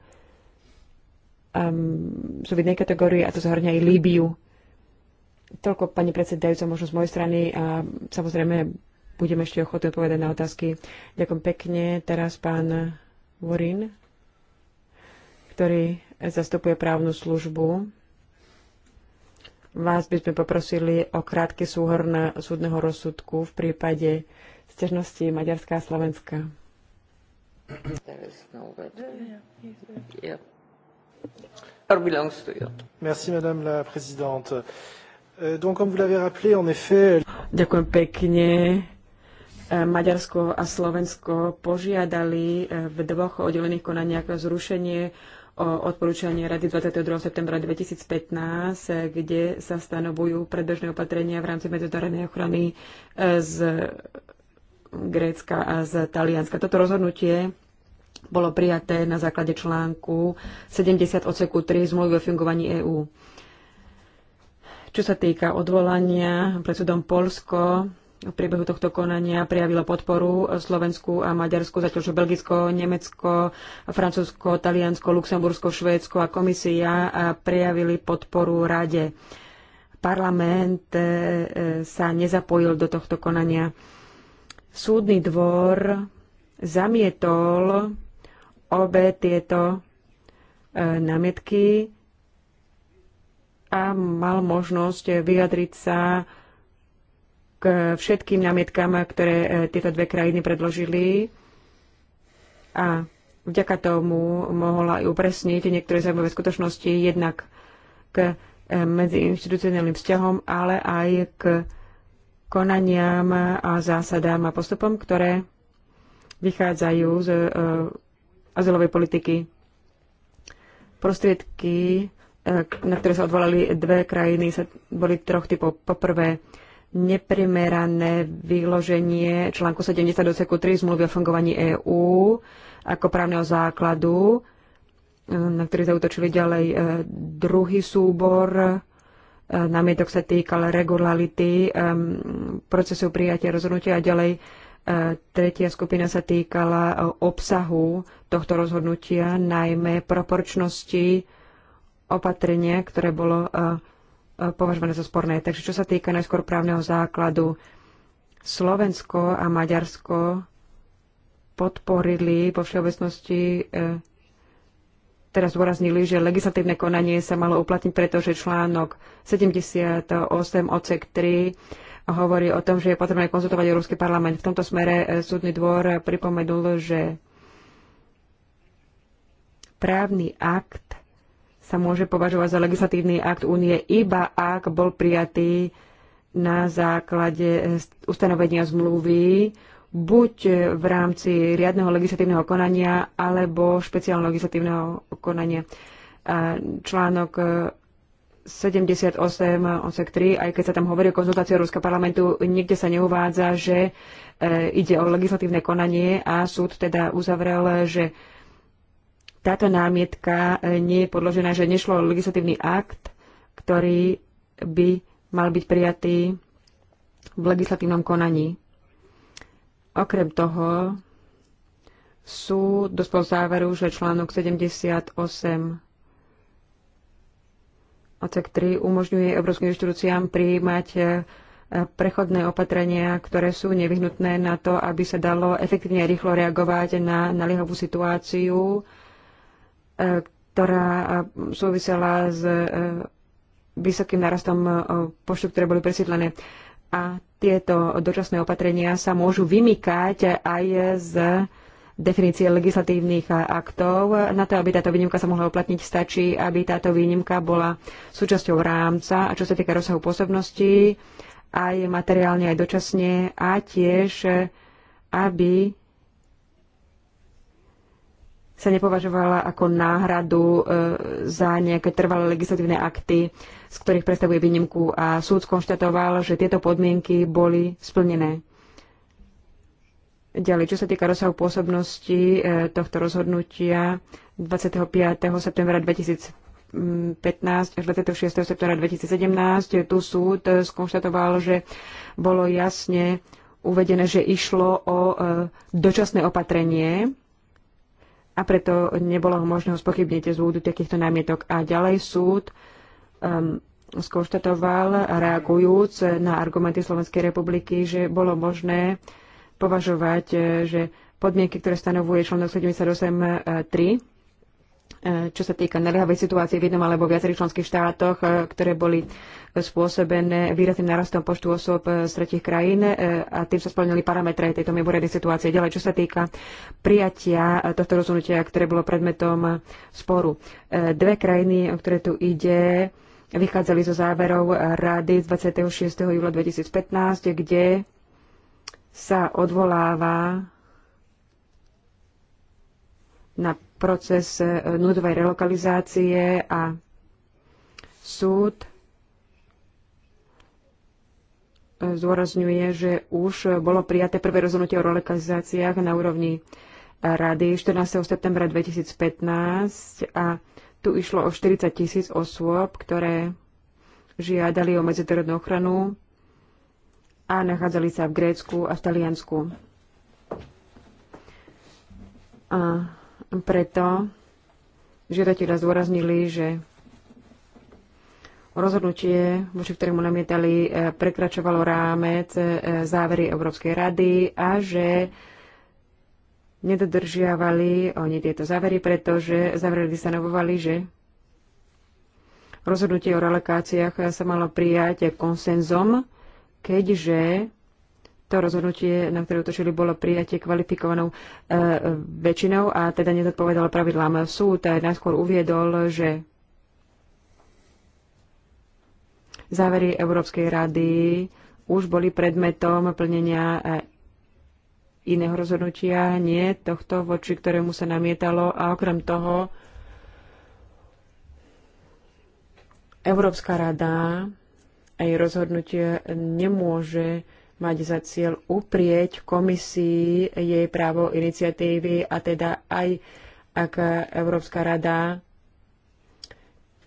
[SPEAKER 2] um, sú v jednej kategórii a to zahrňa aj Líbiu. Toľko, pani predsedajúca, možno z mojej strany a samozrejme budeme ešte ochotní odpovedať na otázky. Ďakujem pekne. Teraz pán Vorin, ktorý zastupuje právnu službu. Vás by sme poprosili o krátky súhrn súdneho rozsudku v prípade stežnosti Maďarská a Slovenska. There is no Madame la Présidente. Euh, donc, comme vous l'avez rappelé, en effet... Ďakujem pekne. E, Maďarsko a Slovensko požiadali e, v dvoch oddelených konaniach zrušenie o odporúčanie Rady 22. septembra 2015, e, kde sa stanovujú predbežné opatrenia v rámci medzinárodnej ochrany z Grécka a z Talianska. Toto rozhodnutie bolo prijaté na základe článku 70 odseku 3 zmluvy o fungovaní EÚ. Čo sa týka odvolania pred súdom Polsko, v priebehu tohto konania prijavilo podporu Slovensku a Maďarsku, zatiaľ čo Belgicko, Nemecko, Francúzsko, Taliansko, Luxembursko, Švédsko a komisia prijavili podporu rade. Parlament e, sa nezapojil do tohto konania. Súdny dvor zamietol obe tieto e, námietky a mal možnosť vyjadriť sa k všetkým námietkám, ktoré e, tieto dve krajiny predložili a vďaka tomu mohla aj upresniť niektoré zaujímavé skutočnosti jednak k e, medziinstitucionálnym vzťahom, ale aj k konaniam a zásadám a postupom, ktoré vychádzajú z azylovej politiky. Prostriedky, e, na ktoré sa odvolali dve krajiny, sa boli troch typov. Poprvé, neprimerané vyloženie článku 70 odseku 3 zmluvy o fungovaní EÚ ako právneho základu, e, na ktorý zautočili ďalej e, druhý súbor. Namietok sa týkal regularity procesu prijatia rozhodnutia a ďalej E, tretia skupina sa týkala e, obsahu tohto rozhodnutia, najmä proporčnosti opatrenia, ktoré bolo e, považované za sporné. Takže čo sa týka najskôr právneho základu, Slovensko a Maďarsko podporili vo všeobecnosti, teraz zdôraznili, že legislatívne konanie sa malo uplatniť, pretože článok 78 odsek 3 hovorí o tom, že je potrebné konzultovať Európsky parlament. V tomto smere e, súdny dvor pripomenul, že právny akt sa môže považovať za legislatívny akt únie iba ak bol prijatý na základe e, ustanovenia zmluvy buď e, v rámci riadneho legislatívneho konania alebo špeciálneho legislatívneho konania. Článok 78 odsek 3, aj keď sa tam hovorí o konzultácii Ruského parlamentu, nikde sa neuvádza, že e, ide o legislatívne konanie a súd teda uzavrel, že táto námietka e, nie je podložená, že nešlo o legislatívny akt, ktorý by mal byť prijatý v legislatívnom konaní. Okrem toho sú dospel záveru, že článok 78 Odsek 3 umožňuje európskym inštitúciám prijímať e, prechodné opatrenia, ktoré sú nevyhnutné na to, aby sa dalo efektívne a rýchlo reagovať na naliehavú situáciu, e, ktorá e, súvisela s vysokým narastom poštu, ktoré boli presídlené. A tieto dočasné opatrenia sa môžu vymykať aj z definície legislatívnych aktov. Na to, aby táto výnimka sa mohla uplatniť, stačí, aby táto výnimka bola súčasťou rámca a čo sa týka rozsahu pôsobnosti, aj materiálne, aj dočasne a tiež, aby sa nepovažovala ako náhradu e, za nejaké trvalé legislatívne akty, z ktorých predstavuje výnimku a súd skonštatoval, že tieto podmienky boli splnené. Ďalej, čo sa týka rozsahu pôsobnosti e, tohto rozhodnutia 25. septembra 2015 až 26. septembra 2017, tu súd e, skonštatoval, že bolo jasne uvedené, že išlo o e, dočasné opatrenie a preto nebolo možné ho spochybniť z úvodu takýchto námietok. A ďalej súd um, skonštatoval, reagujúc na argumenty Slovenskej republiky, že bolo možné uh, považovať, e, že podmienky, ktoré stanovuje článok 78.3, e, čo sa týka naliehavej situácie v jednom alebo viacerých členských štátoch, e, ktoré boli spôsobené výrazným narastom počtu osôb z tretich krajín a tým sa splnili parametre tejto mimoriadnej situácie. Ďalej, čo sa týka prijatia tohto rozhodnutia, ktoré bolo predmetom sporu. Dve krajiny, o ktoré tu ide, vychádzali zo záverov rady z 26. júla 2015, kde sa odvoláva na proces e, núdovej relokalizácie a súd e, zdôrazňuje, že už bolo prijaté prvé rozhodnutie o relokalizáciách na úrovni e, rady 14. septembra 2015 a tu išlo o 40 tisíc osôb, ktoré žiadali o medzinárodnú ochranu a nachádzali sa v Grécku a v Taliansku. A preto žiadatelia zdôraznili, že rozhodnutie, voči ktorému namietali, e, prekračovalo rámec e, závery Európskej rady a že nedodržiavali oni tieto závery, pretože závery stanovovali, že rozhodnutie o relokáciách sa malo prijať konsenzom keďže to rozhodnutie, na ktoré utočili, bolo prijatie kvalifikovanou e, e väčšinou a teda nezodpovedalo pravidlám. Súd najskôr uviedol, že závery Európskej rady už boli predmetom plnenia e, iného rozhodnutia, nie tohto, voči ktorému sa namietalo a okrem toho Európska rada a jej rozhodnutie nemôže mať za cieľ uprieť komisii jej právo iniciatívy a teda aj ak Európska rada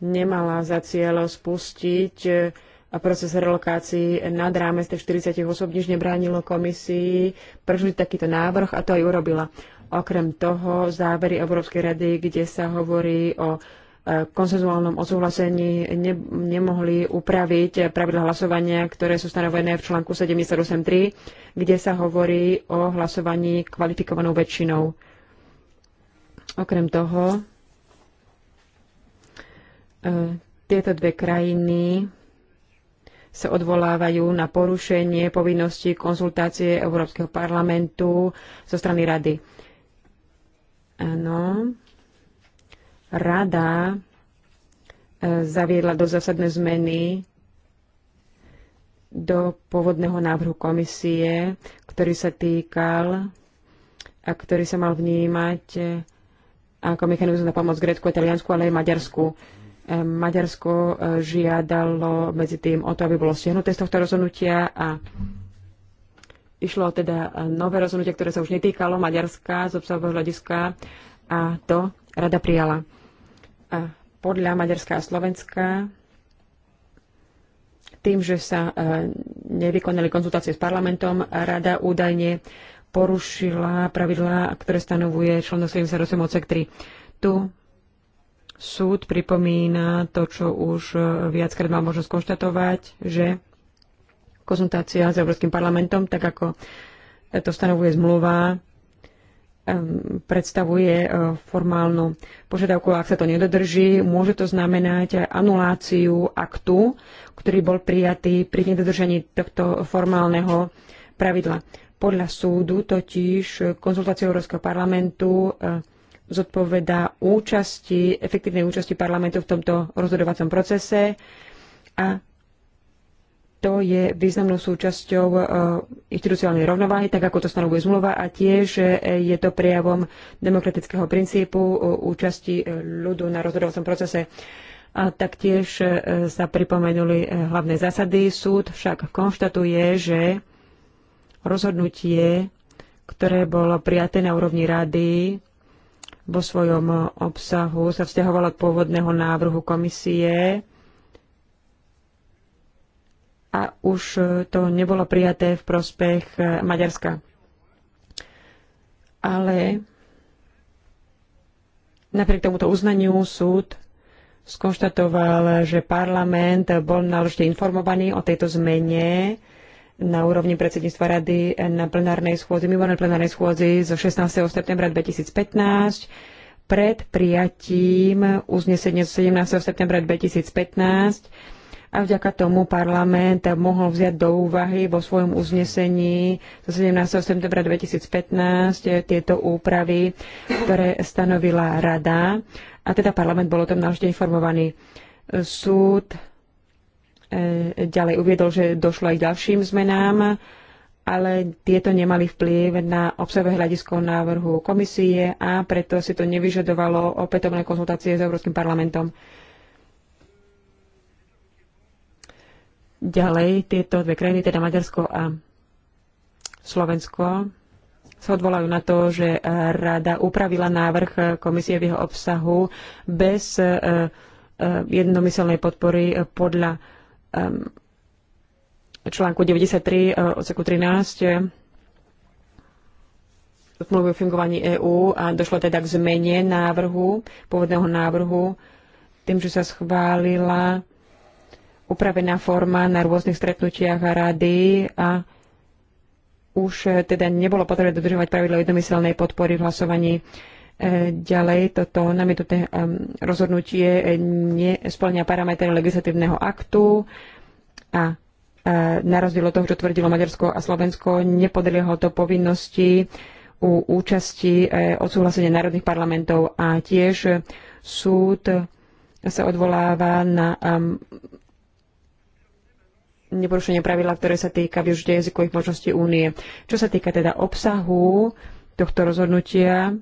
[SPEAKER 2] nemala za cieľ spustiť eh, proces relokácií nad z tých 40 osob, nič nebránilo komisii prežiť takýto návrh a to aj urobila. Okrem toho závery Európskej rady, kde sa hovorí o konsenzuálnom odsúhlasení ne, nemohli upraviť pravidla hlasovania, ktoré sú stanovené v článku 78.3, kde sa hovorí o hlasovaní kvalifikovanou väčšinou. Okrem toho, e, tieto dve krajiny sa odvolávajú na porušenie povinnosti konzultácie Európskeho parlamentu zo strany Rady. Áno rada e, zaviedla do zásadné zmeny do pôvodného návrhu komisie, ktorý sa týkal a ktorý sa mal vnímať e, ako mechanizmus na pomoc Grécku, Taliansku, ale aj Maďarsku. E, Maďarsko žiadalo medzi tým o to, aby bolo stiahnuté z tohto rozhodnutia a išlo teda nové rozhodnutie, ktoré sa už netýkalo Maďarska z obsahového hľadiska a to rada prijala. A podľa Maďarska a Slovenska tým, že sa e, nevykonali konzultácie s parlamentom, rada údajne porušila pravidlá, ktoré stanovuje článok 78 odsek 3. Tu súd pripomína to, čo už e, viackrát mal možnosť konštatovať, že konzultácia s Európskym parlamentom, tak ako to stanovuje zmluva, predstavuje e, formálnu požiadavku, ak sa to nedodrží, môže to znamenať anuláciu aktu, ktorý bol prijatý pri nedodržaní tohto formálneho pravidla. Podľa súdu totiž konzultácia Európskeho parlamentu e, zodpoveda účasti, efektívnej účasti parlamentu v tomto rozhodovacom procese a to je významnou súčasťou eh, inštitúciálnej rovnováhy, tak ako to stanovuje zmluva a tiež eh, je to prejavom demokratického princípu eh, účasti ľudu na rozhodovacom procese. A taktiež sa pripomenuli hlavné zásady. Súd však konštatuje, že rozhodnutie, ktoré bolo prijaté na úrovni rady, vo svojom obsahu sa vzťahovalo k pôvodného návrhu komisie a už e, to nebolo prijaté v prospech e, Maďarska. Ale napriek tomuto uznaniu súd skonštatoval, že parlament bol náležite informovaný o tejto zmene na úrovni predsedníctva rady e, na plenárnej schôdzi, mimoriadnej plenárnej schôdzi zo 16. septembra 2015 pred prijatím uznesenia z 17. septembra 2015 a vďaka tomu parlament mohol vziať do úvahy vo svojom uznesení zo 17. septembra 2015 tieto úpravy, ktoré stanovila rada a teda parlament bol o tom navždy informovaný. Súd e, ďalej uviedol, že došlo aj k ďalším zmenám, ale tieto nemali vplyv na obsahové hľadisko návrhu komisie a preto si to nevyžadovalo opätovné konzultácie s Európskym parlamentom. Ďalej tieto dve krajiny, teda Maďarsko a Slovensko, sa odvolajú na to, že rada upravila návrh komisie v jeho obsahu bez e, e, jednomyselnej podpory podľa e, článku 93 odseku 13 zmluvy o fungovaní EÚ a došlo teda k zmene návrhu, pôvodného návrhu, tým, že sa schválila upravená forma na rôznych stretnutiach a rady a už e, teda nebolo potrebné dodržovať pravidlo jednomyselnej podpory v hlasovaní. E, ďalej toto namietnuté e, rozhodnutie nesplňa parametre legislatívneho aktu a na rozdiel od toho, čo tvrdilo Maďarsko a Slovensko, nepodrieho to povinnosti u účasti odsúhlasenia národných parlamentov a tiež súd sa odvoláva na neporušenie pravidla, ktoré sa týka využitia jazykových možností únie. Čo sa týka teda obsahu tohto rozhodnutia,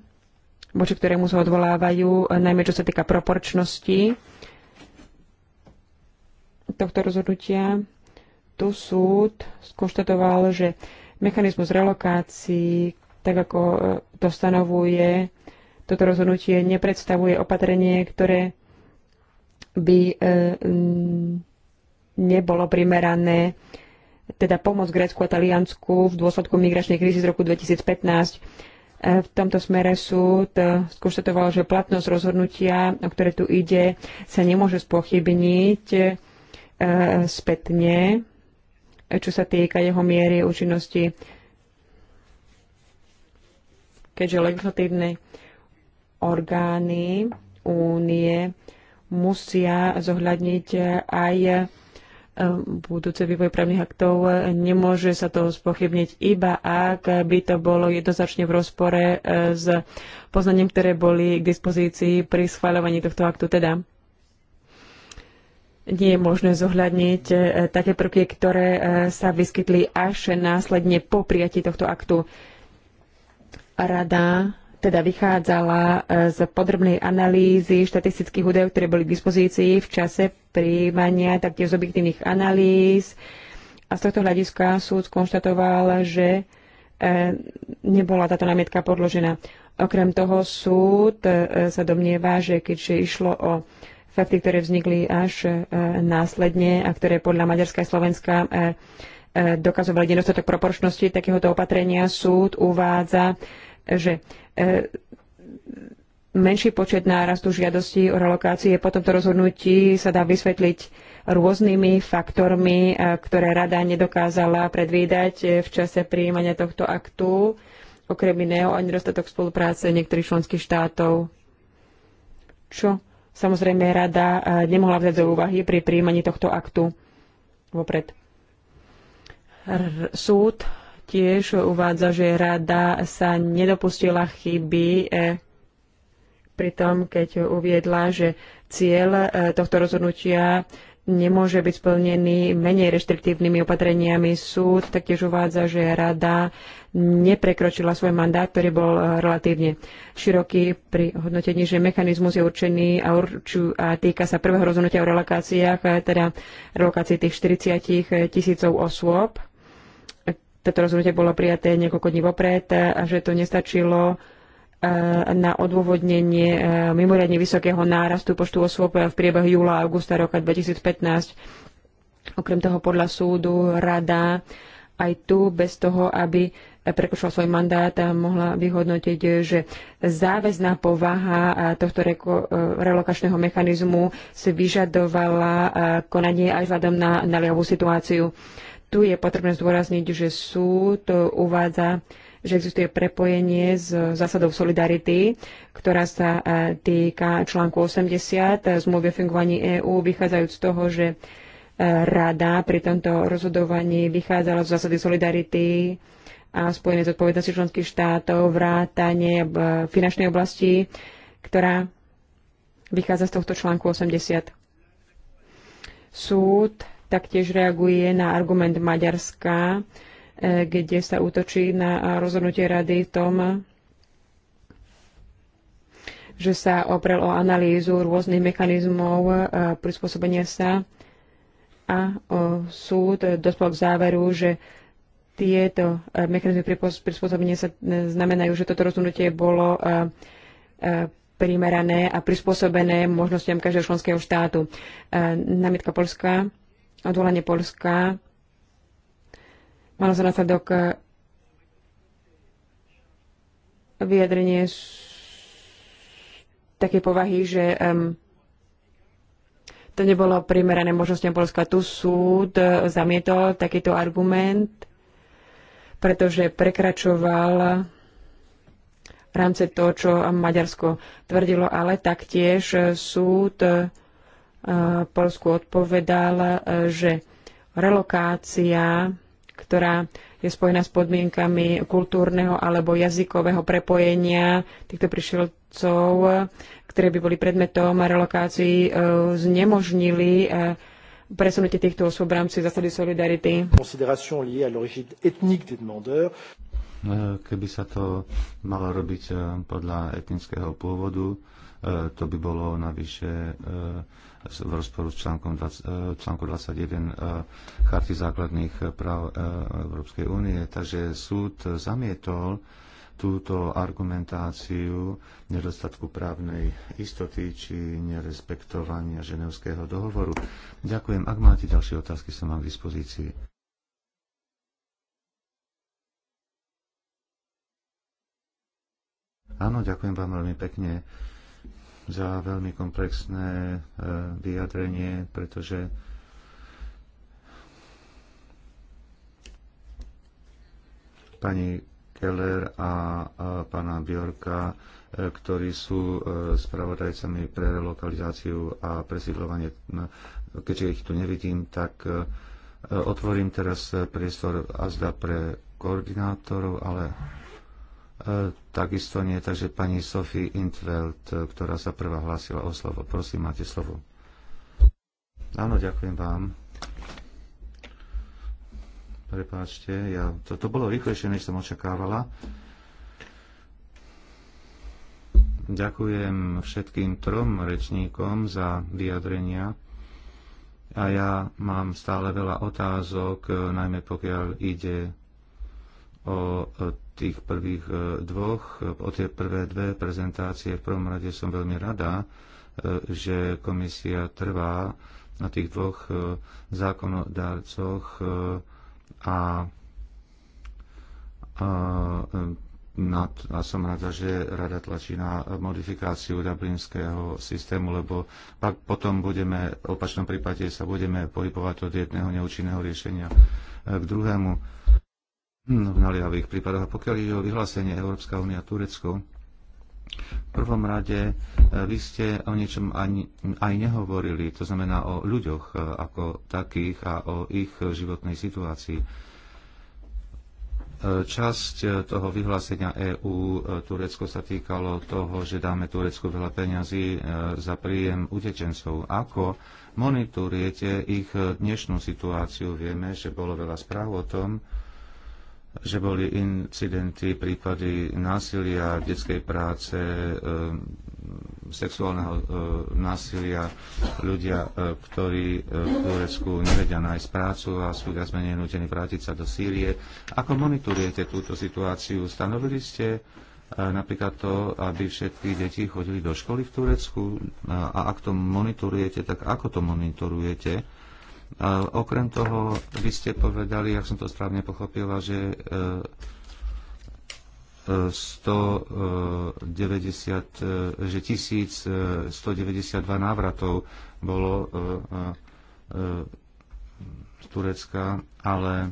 [SPEAKER 2] voči ktorému sa odvolávajú, najmä čo sa týka proporčnosti tohto rozhodnutia, tu súd skonštatoval, že mechanizmus relokácií, tak ako e, to stanovuje toto rozhodnutie, nepredstavuje opatrenie, ktoré by e, m, nebolo primerané teda pomoc Grécku a Taliansku v dôsledku migračnej krízy z roku 2015. E, v tomto smere súd skúštatoval, že platnosť rozhodnutia, o ktoré tu ide, sa nemôže spochybniť e, spätne, čo sa týka jeho miery účinnosti, keďže legislatívne orgány únie musia zohľadniť aj budúce vývoj právnych aktov. E, nemôže sa to spochybniť iba ak by to bolo jednoznačne v rozpore e, s poznaním, ktoré boli k dispozícii pri schváľovaní tohto aktu. Teda nie je možné zohľadniť e, také prvky, ktoré sa vyskytli až následne po prijatí tohto aktu. Rada teda vychádzala e, z podrobnej analýzy štatistických údajov, ktoré boli k dispozícii v čase príjmania taktiež z objektívnych analýz. A z tohto hľadiska súd skonštatoval, že e, nebola táto námietka podložená. Okrem toho súd e, sa domnieva, že keďže išlo o fakty, ktoré vznikli až následne a ktoré podľa Maďarska a Slovenska dokazovali nedostatok proporčnosti takéhoto opatrenia, súd uvádza že e, menší počet nárastu žiadostí o relokácie po tomto rozhodnutí sa dá vysvetliť rôznymi faktormi, e, ktoré rada nedokázala predvídať e, v čase prijímania tohto aktu, okrem iného ani nedostatok spolupráce niektorých členských štátov, čo samozrejme rada nemohla vziať do úvahy pri prijímaní tohto aktu vopred. R súd tiež uvádza, že rada sa nedopustila chyby e, pri tom, keď uviedla, že cieľ e, tohto rozhodnutia nemôže byť splnený menej reštriktívnymi opatreniami. Súd taktiež uvádza, že rada neprekročila svoj mandát, ktorý bol e, relatívne široký pri hodnotení, že mechanizmus je určený a, urču, a týka sa prvého rozhodnutia o relokáciách, teda relokácii tých 40 tisícov osôb toto rozhodnutie bolo prijaté niekoľko dní vopred a že to nestačilo e, na odôvodnenie e, mimoriadne vysokého nárastu počtu osôb v priebehu júla a augusta roka 2015. Okrem toho podľa súdu rada aj tu bez toho, aby prekošla svoj mandát a mohla vyhodnotiť, že záväzná povaha e, tohto relokačného mechanizmu si vyžadovala konanie aj vzhľadom na naliavú situáciu. Tu je potrebné zdôrazniť, že súd uvádza, že existuje prepojenie s zásadou solidarity, ktorá sa e, týka článku 80 zmluvy o fungovaní EÚ, vychádzajúc z toho, že e, rada pri tomto rozhodovaní vychádzala z zásady solidarity a spojené s odpovednosti členských štátov, vrátanie v e, finančnej oblasti, ktorá vychádza z tohto článku 80. Súd taktiež reaguje na argument Maďarska, e, kde sa útočí na rozhodnutie rady v tom, že sa oprel o analýzu rôznych mechanizmov e, prispôsobenia sa a súd dospel k záveru, že tieto e, mechanizmy prispôsobenia sa znamenajú, že toto rozhodnutie bolo primerané a prispôsobené možnostiam každého členského štátu. Námietka Polska odvolanie Polska malo za následok eh, vyjadrenie také povahy, že um, to nebolo primerané možnostiam Polska. Tu súd eh, zamietol takýto argument, pretože prekračoval v rámce toho, čo Maďarsko tvrdilo, ale taktiež eh, súd Eh, Polsku odpovedal, eh, že relokácia, ktorá je spojená s podmienkami kultúrneho alebo jazykového prepojenia týchto prišielcov, ktoré by boli predmetom relokácií, eh, znemožnili presunutie týchto osôb v rámci zásady solidarity.
[SPEAKER 3] Keby sa to malo robiť podľa etnického pôvodu, to by bolo navyše v rozporu s článkom, 20, článkom 21 Charty základných e, práv e, Európskej únie. Takže súd zamietol túto argumentáciu nedostatku právnej istoty či nerespektovania ženevského dohovoru. Ďakujem. Ak máte ďalšie otázky, som vám k dispozícii. Áno, ďakujem vám veľmi pekne za veľmi komplexné e, vyjadrenie, pretože pani Keller a pána Bjorka, e, ktorí sú e, spravodajcami pre lokalizáciu a presídlovanie. No, keďže ich tu nevidím, tak otvorím teraz priestor azda pre koordinátorov, ale E, takisto nie, takže pani Sophie Intveld, e, ktorá sa prvá hlásila o slovo. Prosím, máte slovo. Áno, ďakujem vám. Prepáčte, ja, to, to bolo rýchlejšie, než som očakávala. Ďakujem všetkým trom rečníkom za vyjadrenia. A ja mám stále veľa otázok, e, najmä pokiaľ ide o tých prvých e, dvoch, e, o tie prvé dve prezentácie. V prvom rade som veľmi rada, e, že komisia trvá na tých dvoch zákonodárcoch a, a, nad, a som rada, že rada tlačí na modifikáciu dublinského systému, lebo pak potom budeme, v opačnom prípade sa budeme pohybovať od jedného neúčinného riešenia k druhému. Hm, v naliehavých prípadoch. A pokiaľ ide o vyhlásenie Európska únia Turecko, v prvom rade e, vy ste o niečom ani, aj nehovorili, to znamená o ľuďoch e, ako takých a o ich životnej situácii. E, časť toho vyhlásenia EÚ Turecko sa týkalo toho, že dáme Turecku veľa peňazí za príjem utečencov. Ako monitorujete ich dnešnú situáciu? Vieme, že bolo veľa správ o tom, že boli incidenty, prípady násilia, detskej práce, e, sexuálneho e, násilia, ľudia, e, ktorí v Turecku nevedia nájsť prácu a sú viac menej nutení vrátiť sa do Sýrie. Ako monitorujete túto situáciu? Stanovili ste napríklad to, aby všetky deti chodili do školy v Turecku a ak to monitorujete, tak ako to monitorujete? A okrem toho, vy ste povedali, ak som to správne pochopila, že 190, e, e, e, že 1192 návratov bolo z Turecka, ale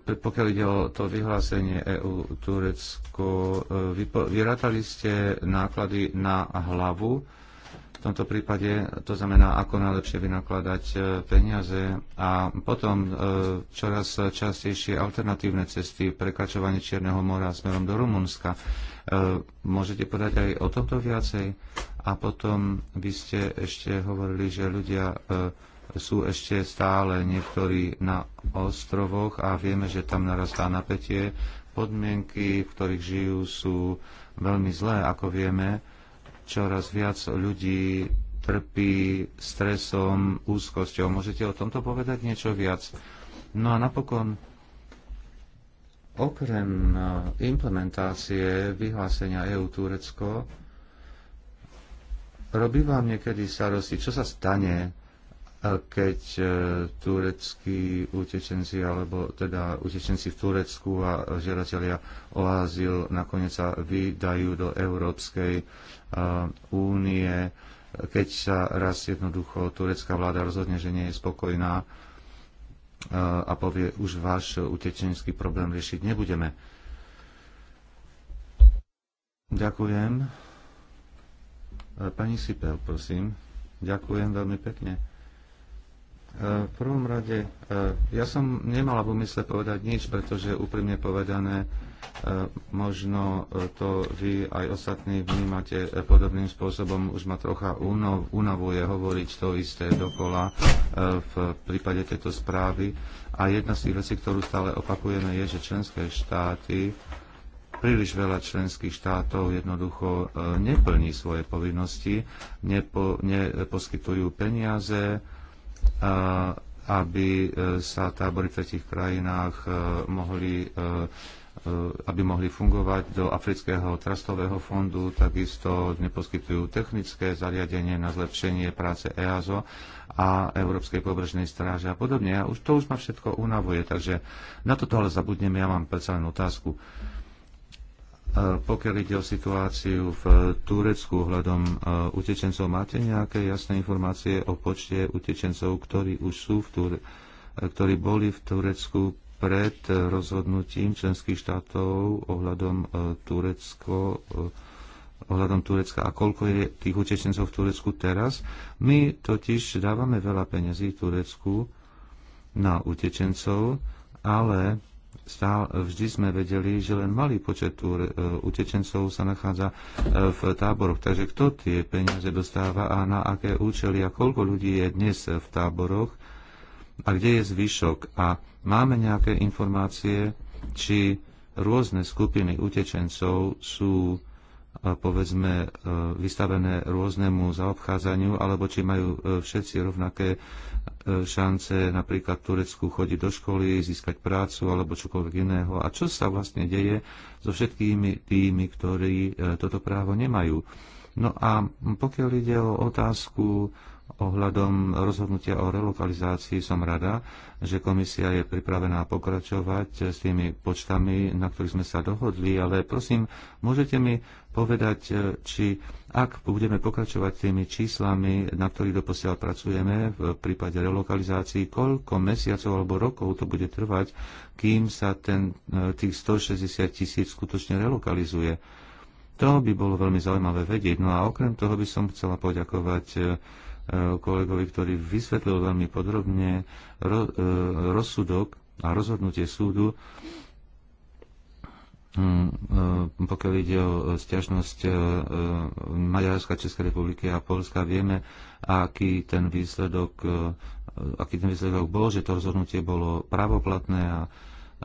[SPEAKER 3] pokiaľ ide o to vyhlásenie EU Turecko, vyrátali ste náklady na hlavu tomto prípade to znamená, ako najlepšie vynakladať e, peniaze a potom e, čoraz častejšie alternatívne cesty, prekračovanie Čierneho mora smerom do Rumunska. E, môžete povedať aj o tomto viacej? A potom by ste ešte hovorili, že ľudia sú ešte stále niektorí na ostrovoch a vieme, že tam narastá napätie. Podmienky, v ktorých žijú, sú veľmi zlé, ako vieme Čoraz viac ľudí trpí stresom, úzkosťou. Môžete o tomto povedať niečo viac? No a napokon, okrem eh, implementácie vyhlásenia EU Turecko, robí vám niekedy starosti, čo sa stane, keď e, tureckí utečenci, alebo teda utečenci v Turecku a žiadatelia o azyl nakoniec sa vydajú do Európskej e, únie, keď sa raz jednoducho turecká vláda rozhodne, že nie je spokojná e, a povie, už váš utečenský problém riešiť nebudeme. Ďakujem. Pani Sipel, prosím. Ďakujem veľmi pekne. E, v prvom rade, e, ja som nemala v úmysle povedať nič, pretože úprimne povedané, e, možno to vy aj ostatní vnímate podobným spôsobom. Už ma trocha unavuje hovoriť to isté dokola v prípade tejto správy. A jedna z tých vecí, ktorú stále opakujeme, je, že členské štáty príliš veľa členských štátov jednoducho neplní svoje povinnosti, nepo, neposkytujú peniaze, aby e, sa tábory v tretich krajinách e, mohli e, aby mohli fungovať do Afrického trastového fondu, takisto neposkytujú technické zariadenie na zlepšenie práce EASO a Európskej pobrežnej stráže a podobne. A už to už ma všetko unavuje, takže na toto ale zabudneme, ja mám predsa len otázku. Pokiaľ ide o situáciu v Turecku ohľadom e, utečencov, máte nejaké jasné informácie o počte utečencov, ktorí už sú v Ture- e, ktorí boli v Turecku pred rozhodnutím členských štátov ohľadom e, Turecko ohľadom Turecka a koľko je tých utečencov v Turecku teraz. My totiž dávame veľa peňazí Turecku na utečencov, ale stál, vždy sme vedeli, že len malý počet e, utečencov sa nachádza e, v táboroch. Takže kto tie peniaze dostáva a na aké účely a koľko ľudí je dnes v táboroch a kde je zvyšok. A máme nejaké informácie, či rôzne skupiny utečencov sú e, povedzme vystavené rôznemu zaobchádzaniu, alebo či majú všetci rovnaké šance napríklad v Turecku chodiť do školy, získať prácu alebo čokoľvek iného. A čo sa vlastne deje so všetkými tými, ktorí e, toto právo nemajú? No a pokiaľ ide o otázku Ohľadom rozhodnutia o relokalizácii som rada, že komisia je pripravená pokračovať s tými počtami, na ktorých sme sa dohodli, ale prosím, môžete mi povedať, e, či ak budeme pokračovať tými číslami, na ktorých doposiaľ pracujeme v prípade relokalizácií, koľko mesiacov alebo rokov to bude trvať, kým sa ten, e, tých 160 tisíc skutočne relokalizuje. To by bolo veľmi zaujímavé vedieť. No a okrem toho by som chcela poďakovať e, Eh, kolegovi, ktorý vysvetlil veľmi podrobne eh, rozsudok a rozhodnutie súdu, hm, eh, pokiaľ ide o stiažnosť Maďarska, Českej republiky a Polska, vieme, aký ten výsledok, aký ten výsledok bol, že to rozhodnutie bolo právoplatné a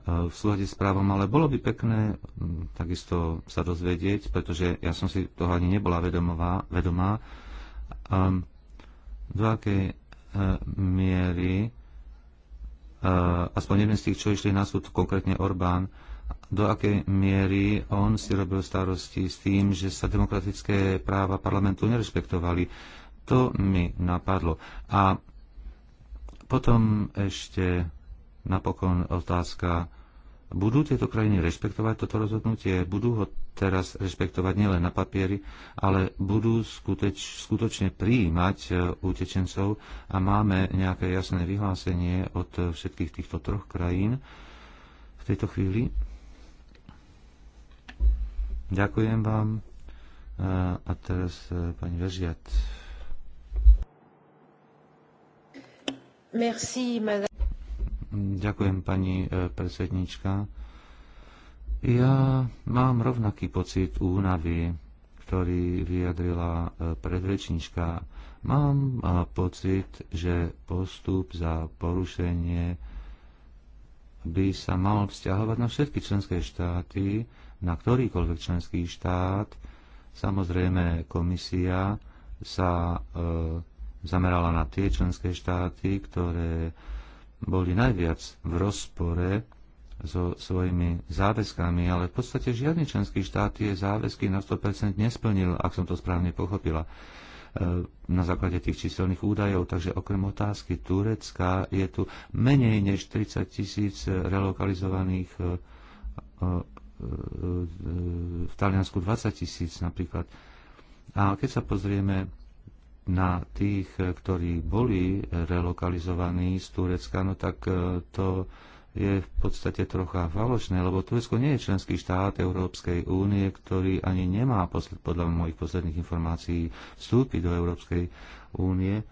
[SPEAKER 3] v súhľade s právom, ale bolo by pekné hm, takisto sa dozvedieť, pretože ja som si toho ani nebola vedomová, vedomá, um, do akej e, miery e, aspoň jeden z tých, čo išli na súd, konkrétne Orbán, do akej miery on si robil starosti s tým, že sa demokratické práva parlamentu nerespektovali, To mi napadlo. A potom ešte napokon otázka budú tieto krajiny rešpektovať toto rozhodnutie? Budú ho teraz rešpektovať nielen na papieri, ale budú skuteč, skutočne prijímať e, utečencov a máme nejaké jasné vyhlásenie od všetkých týchto troch krajín v tejto chvíli? Ďakujem vám. E, a teraz e, pani Vežiat.
[SPEAKER 2] Merci, madame.
[SPEAKER 3] Ďakujem, pani e, predsednička. Ja mám rovnaký pocit únavy, ktorý vyjadrila e, predrečnička. Mám e, pocit, že postup za porušenie by sa mal vzťahovať na všetky členské štáty, na ktorýkoľvek členský štát. Samozrejme, komisia sa e, zamerala na tie členské štáty, ktoré boli najviac v rozpore so svojimi záväzkami, ale v podstate žiadny členský štát tie záväzky na 100% nesplnil, ak som to správne pochopila e, na základe tých číselných údajov. Takže okrem otázky Turecka je tu menej než 30 tisíc relokalizovaných e, e, v Taliansku 20 tisíc napríklad. A keď sa pozrieme na tých, ktorí boli relokalizovaní z Turecka, no tak e, to je v podstate trocha falošné, lebo Turecko nie je členský štát Európskej únie, ktorý ani nemá, podľa mojich posledných informácií, vstúpiť do Európskej únie.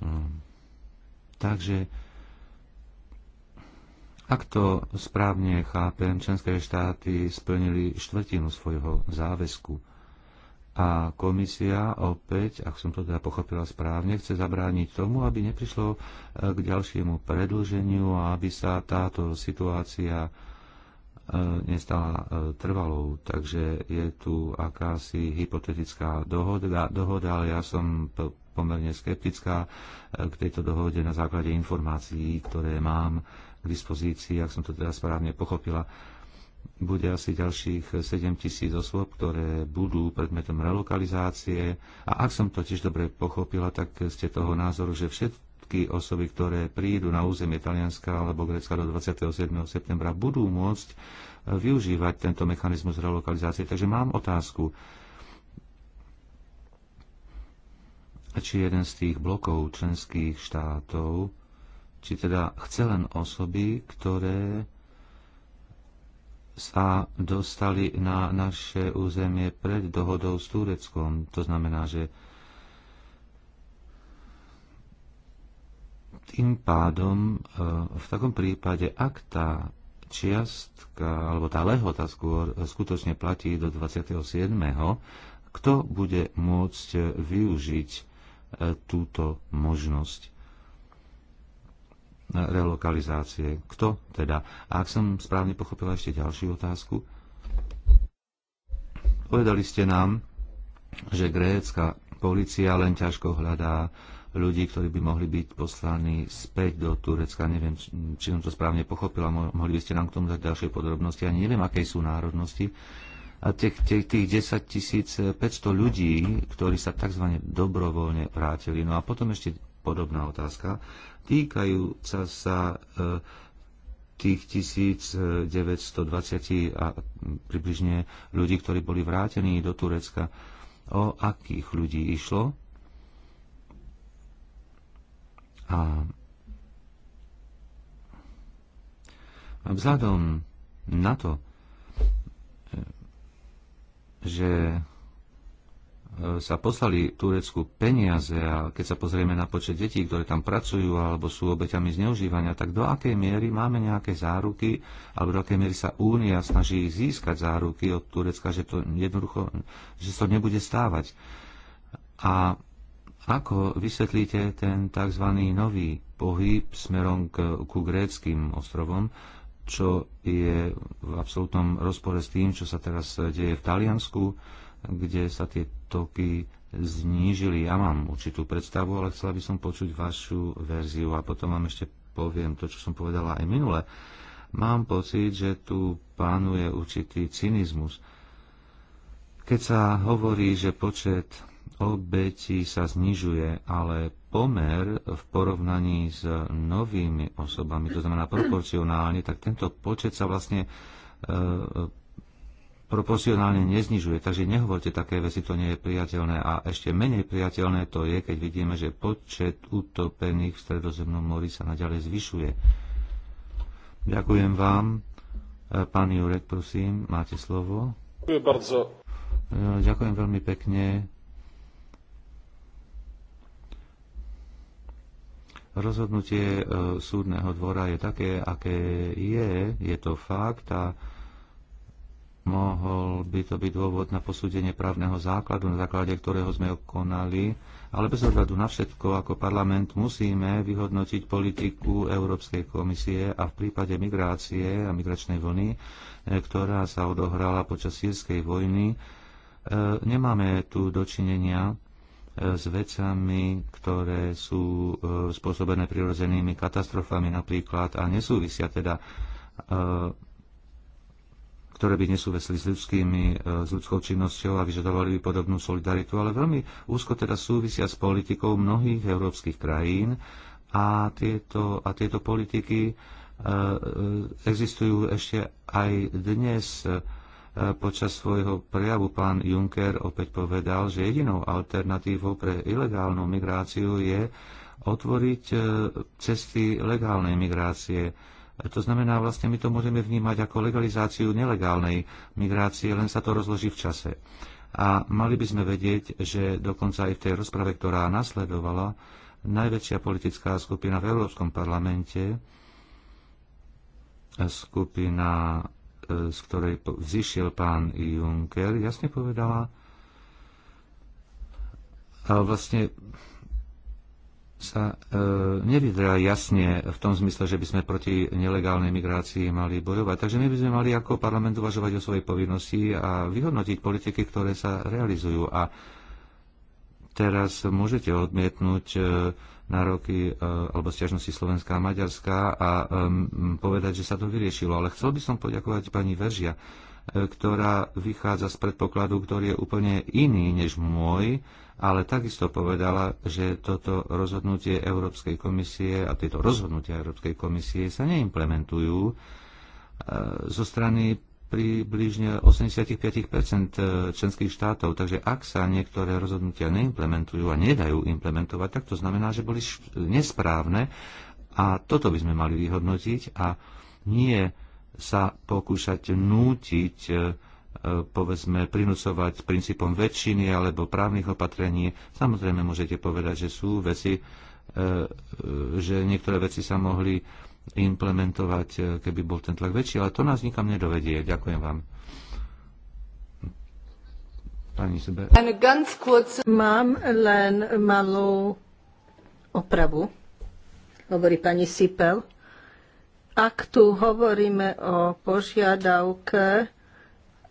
[SPEAKER 3] Mm. Takže ak to správne chápem, členské štáty splnili štvrtinu svojho záväzku. A komisia opäť, ak som to teda pochopila správne, chce zabrániť tomu, aby neprišlo e, k ďalšiemu predlženiu a aby sa táto situácia e, nestala e, trvalou. Takže je tu akási hypotetická dohoda, dohoda ale ja som pomerne skeptická k tejto dohode na základe informácií, ktoré mám k dispozícii, ak som to teraz správne pochopila. Bude asi ďalších 7 tisíc osôb, ktoré budú predmetom relokalizácie. A ak som to tiež dobre pochopila, tak ste toho názoru, že všetky osoby, ktoré prídu na územie Talianska alebo Grécka do 27. septembra, budú môcť využívať tento mechanizmus relokalizácie. Takže mám otázku. či jeden z tých blokov členských štátov či teda chce len osoby, ktoré sa dostali na naše územie pred dohodou s Tureckom. To znamená, že tým pádom e, v takom prípade, ak tá čiastka, alebo tá lehota skôr skutočne platí do 27. Kto bude môcť využiť e, túto možnosť? relokalizácie. Kto teda? A ak som správne pochopila ešte ďalšiu otázku, povedali ste nám, že grécka policia len ťažko hľadá ľudí, ktorí by mohli byť poslaní späť do Turecka. Neviem, či som to správne pochopila. Mohli by ste nám k tomu dať ďalšie podrobnosti. Ani neviem, aké sú národnosti. A tých, tých, tých 10 500 eh, ľudí, ktorí sa tzv. dobrovoľne vrátili. No a potom ešte podobná otázka týkajúca sa e, tých 1920 a približne ľudí, ktorí boli vrátení do Turecka. O akých ľudí išlo? A vzhľadom na to, e, že sa poslali Turecku peniaze a keď sa pozrieme na počet detí, ktoré tam pracujú alebo sú obeťami zneužívania, tak do akej miery máme nejaké záruky alebo do akej miery sa Únia snaží získať záruky od Turecka, že to jednoducho, že to nebude stávať. A ako vysvetlíte ten tzv. nový pohyb smerom k, ku gréckým ostrovom, čo je v absolútnom rozpore s tým, čo sa teraz deje v Taliansku? kde sa tie toky znížili. Ja mám určitú predstavu, ale chcela by som počuť vašu verziu a potom vám ešte poviem to, čo som povedala aj minule. Mám pocit, že tu pánuje určitý cynizmus. Keď sa hovorí, že počet obetí sa znižuje, ale pomer v porovnaní s novými osobami, to znamená proporcionálne, tak tento počet sa vlastne e, proporcionálne neznižuje. Takže nehovorte také veci, to nie je priateľné. A ešte menej priateľné to je, keď vidíme, že počet utopených v Stredozemnom mori sa naďalej zvyšuje. Ďakujem vám. E, pán Jurek, prosím, máte slovo. Ďakujem bardzo. E, ďakujem veľmi pekne. Rozhodnutie e, súdneho dvora je také, aké je. Je to fakt a mohol by to byť dôvod na posúdenie právneho základu, na základe ktorého sme konali, ale bez ohľadu na všetko ako parlament musíme vyhodnotiť politiku Európskej komisie a v prípade migrácie a migračnej vlny, e, ktorá sa odohrala počas sírskej vojny, e, nemáme tu dočinenia e, s vecami, ktoré sú spôsobené prirodzenými katastrofami napríklad a nesúvisia teda ktoré by nesúvisli s, ľudskými, e, s ľudskou činnosťou a vyžadovali by podobnú solidaritu, ale veľmi úzko teda súvisia s politikou mnohých európskych krajín a tieto, a tieto politiky e, e, existujú ešte aj dnes. Počas svojho prejavu pán Juncker opäť povedal, že jedinou alternatívou pre ilegálnu migráciu je otvoriť cesty legálnej migrácie to znamená, vlastne my to môžeme vnímať ako legalizáciu nelegálnej migrácie, len sa to rozloží v čase. A mali by sme vedieť, že dokonca aj v tej rozprave, ktorá nasledovala, najväčšia politická skupina v Európskom parlamente, skupina, e, z ktorej vzýšiel pán Juncker, jasne povedala, a vlastne sa e, nevydrá jasne v tom zmysle, že by sme proti nelegálnej migrácii mali bojovať. Takže my by sme mali ako parlament uvažovať o svojej povinnosti a vyhodnotiť politiky, ktoré sa realizujú. A teraz môžete odmietnúť e, nároky e, alebo stiažnosti Slovenska a Maďarska a e, povedať, že sa to vyriešilo. Ale chcel by som poďakovať pani Veržia, e, ktorá vychádza z predpokladu, ktorý je úplne iný než môj ale takisto povedala, že toto rozhodnutie Európskej komisie a tieto rozhodnutia Európskej komisie sa neimplementujú e, zo strany približne 85 e, členských štátov. Takže ak sa niektoré rozhodnutia neimplementujú a nedajú implementovať, tak to znamená, že boli nesprávne a toto by sme mali vyhodnotiť a nie sa pokúšať nútiť e, E, povedzme, prinúcovať princípom väčšiny alebo právnych opatrení. Samozrejme, môžete povedať, že sú veci, e, e, že niektoré veci sa mohli implementovať, keby bol ten tlak väčší, ale to nás nikam nedovedie. Ďakujem vám. Pani Sebe.
[SPEAKER 1] Mám len malú opravu, hovorí pani Sipel. Ak tu hovoríme o požiadavke,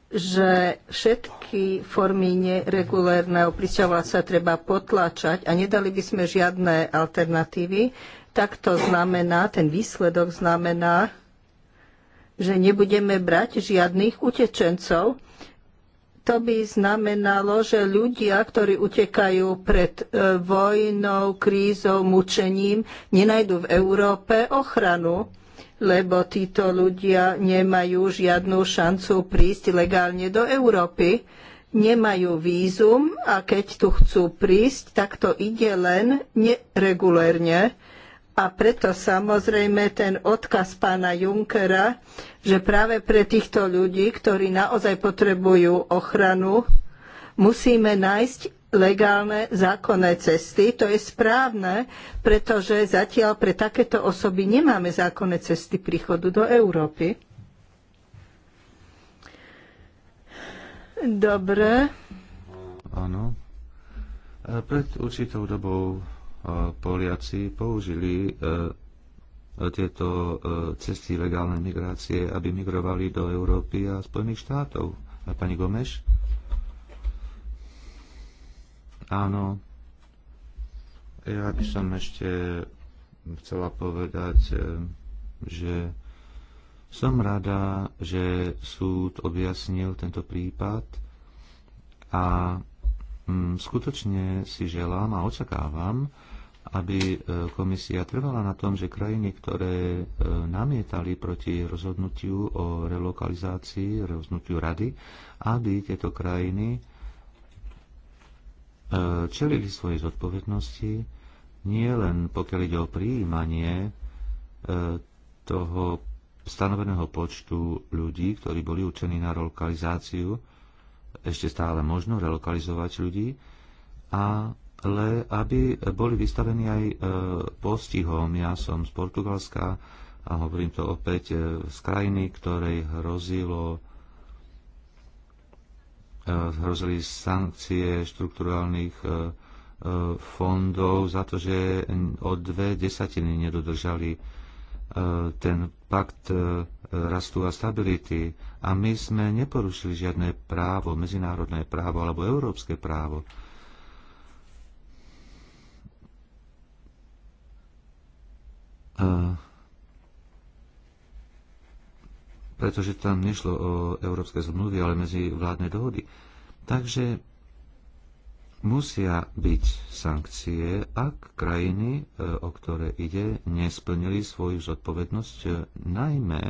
[SPEAKER 1] že všetky formy neregulérneho sa treba potláčať a nedali by sme žiadne alternatívy, tak to znamená, ten výsledok znamená, že nebudeme brať žiadnych utečencov. To by znamenalo, že ľudia, ktorí utekajú pred e, vojnou, krízou, mučením, nenajdu v Európe ochranu lebo títo ľudia nemajú žiadnu šancu prísť legálne do Európy. Nemajú vízum a keď tu chcú prísť, tak to ide len neregulérne. A preto samozrejme ten odkaz pána Junckera, že práve pre týchto ľudí, ktorí naozaj potrebujú ochranu, musíme nájsť legálne zákonné cesty. To je správne, pretože zatiaľ pre takéto osoby nemáme zákonné cesty príchodu do Európy. Dobre.
[SPEAKER 3] Áno. E, pred určitou dobou e, Poliaci použili e, tieto cesty legálnej migrácie, aby migrovali do Európy a Spojených štátov. A pani Gomeš? Áno. Ja by som ešte chcela povedať, e, že som rada, že súd objasnil tento prípad a mm, skutočne si želám a očakávam, aby e, komisia trvala na tom, že krajiny, ktoré e, namietali proti rozhodnutiu o relokalizácii, rozhodnutiu rady, aby tieto krajiny čelili svojej zodpovednosti, nie len pokiaľ ide o prijímanie e, toho stanoveného počtu ľudí, ktorí boli učení na relokalizáciu, ešte stále možno relokalizovať ľudí, ale aby boli vystavení aj e, postihom. Ja som z Portugalska a hovorím to opäť e, z krajiny, ktorej hrozilo hrozili sankcie štrukturálnych e, e, fondov za to, že o dve desatiny nedodržali e, ten pakt rastu a stability. A my sme neporušili žiadne právo, medzinárodné právo alebo európske právo. Uh, pretože tam nešlo o európske zmluvy, ale medzi vládne dohody. Takže musia byť sankcie, ak krajiny, e, o ktoré ide, nesplnili svoju zodpovednosť, e, najmä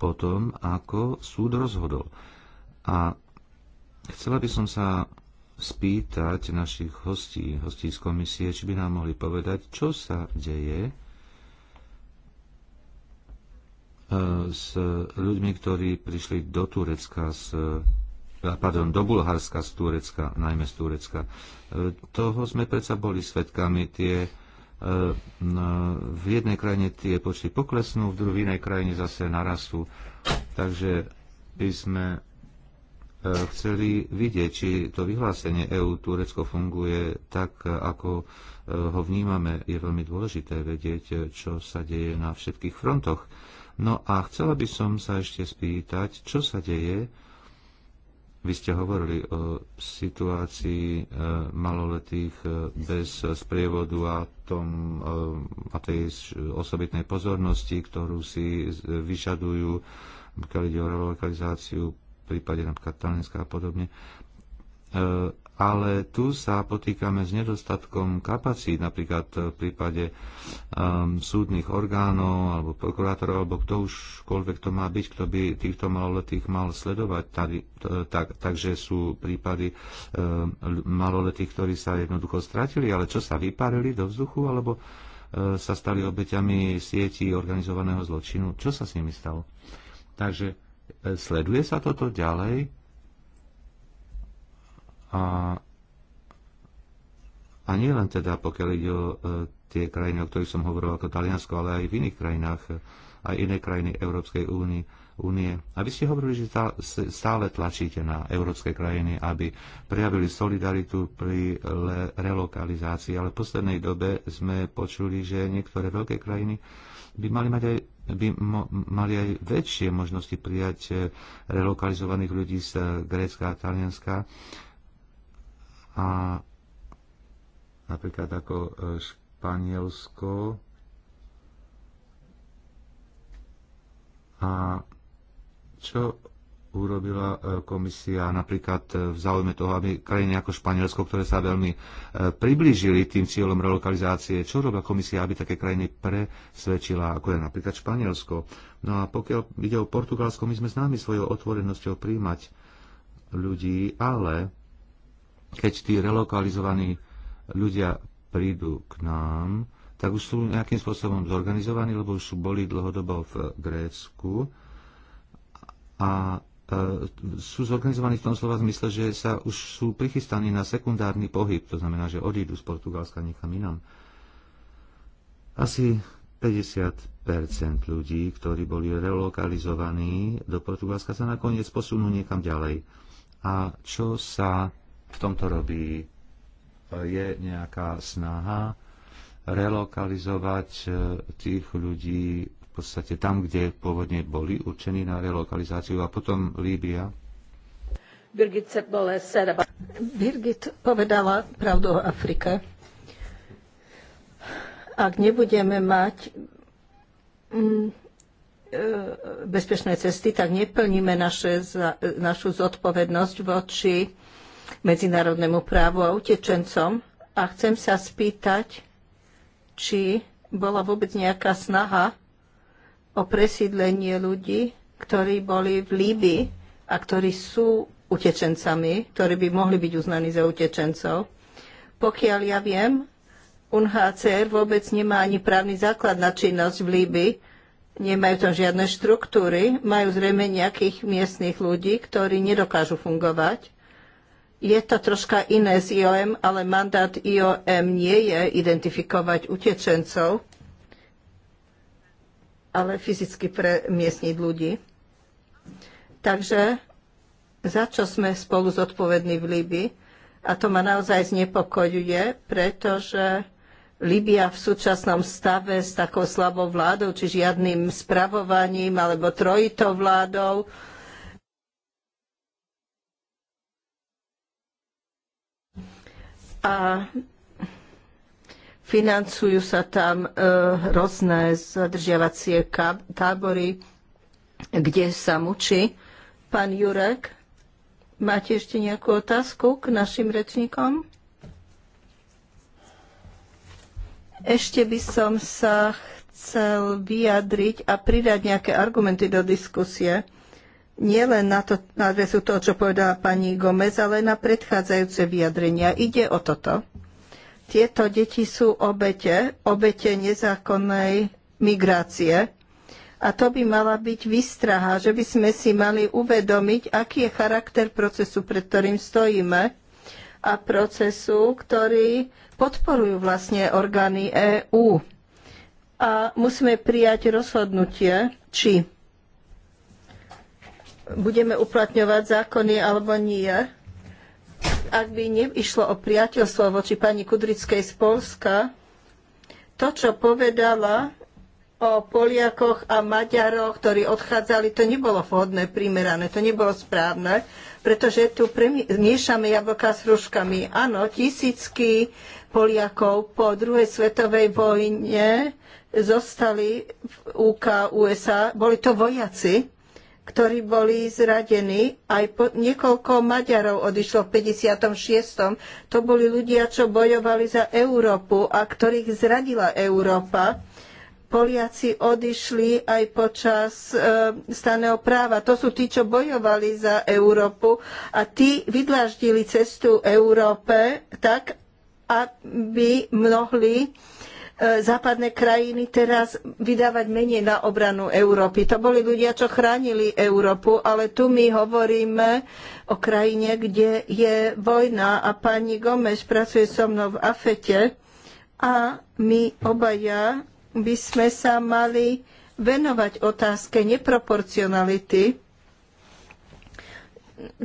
[SPEAKER 3] potom, ako súd rozhodol. A chcela by som sa spýtať našich hostí, hostí z komisie, či by nám mohli povedať, čo sa deje s ľuďmi, ktorí prišli do Turecka z pardon, do Bulharska z Turecka, najmä z Turecka. E, toho sme predsa boli svetkami. Tie, e, v jednej krajine tie počty poklesnú, v druhej krajine zase narastú. Takže by sme e, chceli vidieť, či to vyhlásenie EÚ Turecko funguje tak, ako ho vnímame. Je veľmi dôležité vedieť, čo sa deje na všetkých frontoch No a chcela by som sa ešte spýtať, čo sa deje, vy ste hovorili o situácii e, maloletých e, bez sprievodu a, tom, e, a tej osobitnej pozornosti, ktorú si vyžadujú, pokiaľ ide o relokalizáciu, v prípade napríklad Talenska a podobne ale tu sa potýkame s nedostatkom kapacít, napríklad v prípade um, súdnych orgánov alebo prokurátorov, alebo kto užkoľvek to má byť, kto by týchto maloletých mal sledovať. Tady, tak, takže sú prípady um, maloletých, ktorí sa jednoducho stratili, ale čo sa vyparili do vzduchu, alebo uh, sa stali obeťami sieti organizovaného zločinu. Čo sa s nimi stalo? Takže e, sleduje sa toto ďalej, a, a nie len teda, pokiaľ ide o e, tie krajiny, o ktorých som hovoril ako Taliansko, ale aj v iných krajinách, e, aj iné krajiny Európskej únie. únie. A vy ste hovorili, že stále tlačíte na európske krajiny, aby prejavili solidaritu pri relokalizácii, ale v poslednej dobe sme počuli, že niektoré veľké krajiny by mali mať aj by mo- mali aj väčšie možnosti prijať e, relokalizovaných ľudí z Grécka a Talianska a napríklad ako e, Španielsko a čo urobila e, komisia napríklad e, v záujme toho, aby krajiny ako Španielsko, ktoré sa veľmi priblížili tým cieľom relokalizácie, čo robila komisia, aby také krajiny presvedčila, ako je napríklad Španielsko. No a pokiaľ ide o Portugalsko, my sme známi svojou otvorenosťou príjmať ľudí, ale keď tí relokalizovaní ľudia prídu k nám, tak už sú nejakým spôsobom zorganizovaní, lebo už sú boli dlhodobo v Grécku a e, sú zorganizovaní v tom slova zmysle, že sa už sú prichystaní na sekundárny pohyb, to znamená, že odídu z Portugalska niekam inam. Asi 50 ľudí, ktorí boli relokalizovaní do Portugalska, sa nakoniec posunú niekam ďalej. A čo sa v tomto robí. Je nejaká snaha relokalizovať e, tých ľudí v podstate tam, kde pôvodne boli určení na relokalizáciu a potom Líbia.
[SPEAKER 1] Birgit, Birgit povedala pravdu o Afrike. Ak nebudeme mať mm, e, bezpečné cesty, tak neplníme naše, e, našu zodpovednosť voči medzinárodnému právu a utečencom. A chcem sa spýtať, či bola vôbec nejaká snaha o presídlenie ľudí, ktorí boli v Líbii a ktorí sú utečencami, ktorí by mohli byť uznaní za utečencov. Pokiaľ ja viem, UNHCR vôbec nemá ani právny základ na činnosť v Líbii, Nemajú tam žiadne štruktúry, majú zrejme nejakých miestnych ľudí, ktorí nedokážu fungovať. Je to troška iné z IOM, ale mandát IOM nie je identifikovať utečencov, ale fyzicky premiestniť ľudí. Takže za čo sme spolu zodpovední v Líbi? A to ma naozaj znepokojuje, pretože Líbia v súčasnom stave s takou slabou vládou, či žiadnym spravovaním alebo trojitou vládou, a financujú sa tam e, rôzne zadržiavacie tábory, kde sa mučí. Pán Jurek, máte ešte nejakú otázku k našim rečníkom? Ešte by som sa chcel vyjadriť a pridať nejaké argumenty do diskusie nielen na, to, na adresu toho, čo povedala pani Gomez, ale na predchádzajúce vyjadrenia. Ide o toto. Tieto deti sú obete, obete nezákonnej migrácie. A to by mala byť výstraha, že by sme si mali uvedomiť, aký je charakter procesu, pred ktorým stojíme a procesu, ktorý podporujú vlastne orgány EÚ. A musíme prijať rozhodnutie, či budeme uplatňovať zákony alebo nie. Ak by neišlo o priateľstvo voči pani Kudrickej z Polska, to, čo povedala o Poliakoch a Maďaroch, ktorí odchádzali, to nebolo vhodné, primerané, to nebolo správne, pretože tu miešame jablka s hruškami. Áno, tisícky Poliakov po druhej svetovej vojne zostali v UK, USA, boli to vojaci, ktorí boli zradení. Aj po, niekoľko Maďarov odišlo v 56. To boli ľudia, čo bojovali za Európu a ktorých zradila Európa. Poliaci odišli aj počas e, staného práva. To sú tí, čo bojovali za Európu a tí vydláždili cestu Európe tak, aby mohli E, západné krajiny teraz vydávať menej na obranu Európy. To boli ľudia, čo chránili Európu, ale tu my hovoríme o krajine, kde je vojna a pani Gomes pracuje so mnou v Afete a my obaja by sme sa mali venovať otázke neproporcionality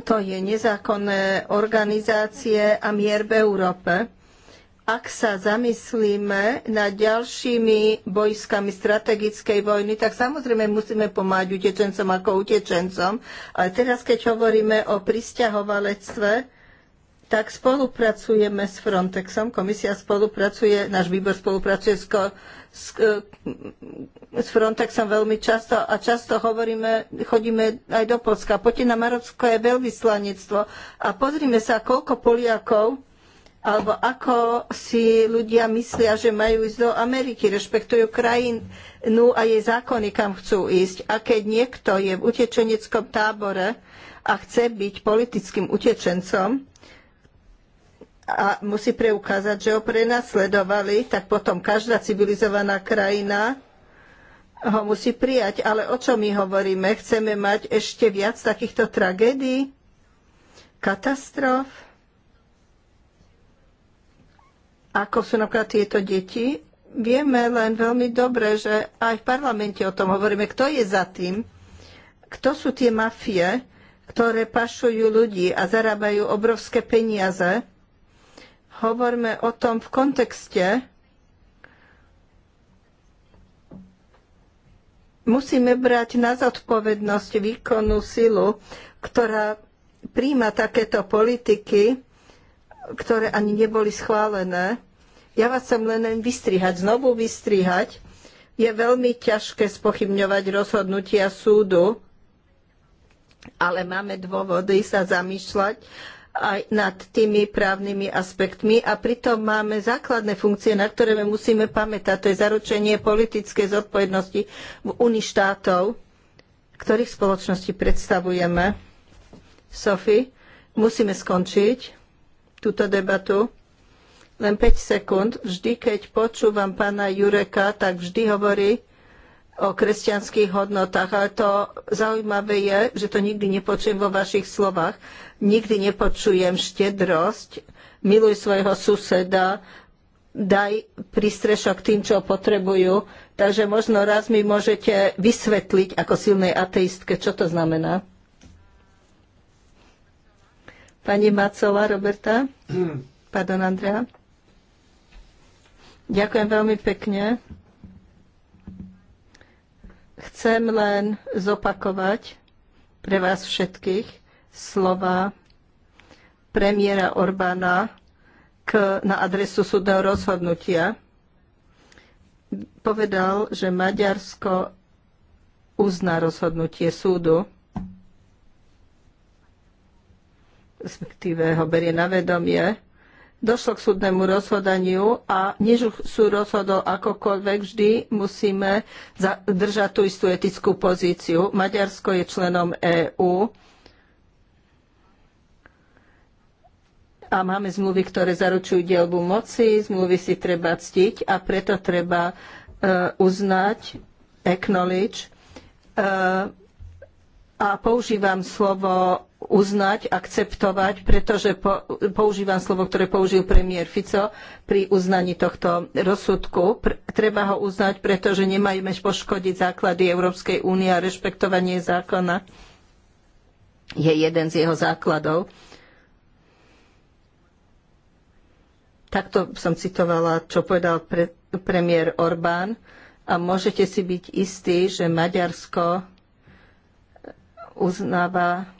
[SPEAKER 1] to je nezákonné organizácie a mier v Európe ak sa zamyslíme nad ďalšími bojskami strategickej vojny, tak samozrejme musíme pomáhať utečencom ako utečencom. Ale teraz, keď hovoríme o pristahovalectve, tak spolupracujeme s Frontexom. Komisia spolupracuje, náš výbor spolupracuje s, s, e, s Frontexom veľmi často a často hovoríme, chodíme aj do Polska. Poďte na Marocko je veľvyslanectvo a pozrime sa, koľko Poliakov alebo ako si ľudia myslia, že majú ísť do Ameriky, rešpektujú krajinu a jej zákony, kam chcú ísť. A keď niekto je v utečeneckom tábore a chce byť politickým utečencom a musí preukázať, že ho prenasledovali, tak potom každá civilizovaná krajina ho musí prijať. Ale o čom my hovoríme? Chceme mať ešte viac takýchto tragédií? Katastrof? ako sú napríklad tieto deti. Vieme len veľmi dobre, že aj v parlamente o tom hovoríme, kto je za tým, kto sú tie mafie, ktoré pašujú ľudí a zarábajú obrovské peniaze. Hovorme o tom v kontexte, musíme brať na zodpovednosť výkonnú silu, ktorá príjma takéto politiky ktoré ani neboli schválené. Ja vás chcem len, vystrihať, znovu vystrihať. Je veľmi ťažké spochybňovať rozhodnutia súdu, ale máme dôvody sa zamýšľať aj nad tými právnymi aspektmi a pritom máme základné funkcie, na ktoré my musíme pamätať. To je zaručenie politickej zodpovednosti v Unii štátov, ktorých spoločnosti predstavujeme. Sophie, musíme skončiť túto debatu. Len 5 sekúnd. Vždy, keď počúvam pána Jureka, tak vždy hovorí o kresťanských hodnotách. Ale to zaujímavé je, že to nikdy nepočujem vo vašich slovách. Nikdy nepočujem štedrosť, miluj svojho suseda, daj prístrešok tým, čo potrebujú. Takže možno raz mi môžete vysvetliť ako silnej ateistke, čo to znamená. Pani Macová Roberta. Mm. Pardon, Andrea. Ďakujem veľmi pekne. Chcem len zopakovať pre vás všetkých slova premiéra Orbána k, na adresu súdneho rozhodnutia. Povedal, že Maďarsko uzná rozhodnutie súdu respektíve ho berie na vedomie, došlo k súdnemu rozhodaniu a než sú rozhodol akokoľvek, vždy musíme držať tú istú etickú pozíciu. Maďarsko je členom EÚ a máme zmluvy, ktoré zaručujú dielbu moci, zmluvy si treba ctiť a preto treba e, uznať, acknowledge e, a používam slovo uznať, akceptovať, pretože používam slovo, ktoré použil premiér Fico pri uznaní tohto rozsudku. treba ho uznať, pretože nemajme poškodiť základy Európskej únie a rešpektovanie zákona je jeden z jeho základov. Takto som citovala, čo povedal pre, premiér Orbán a môžete si byť istí, že Maďarsko uznáva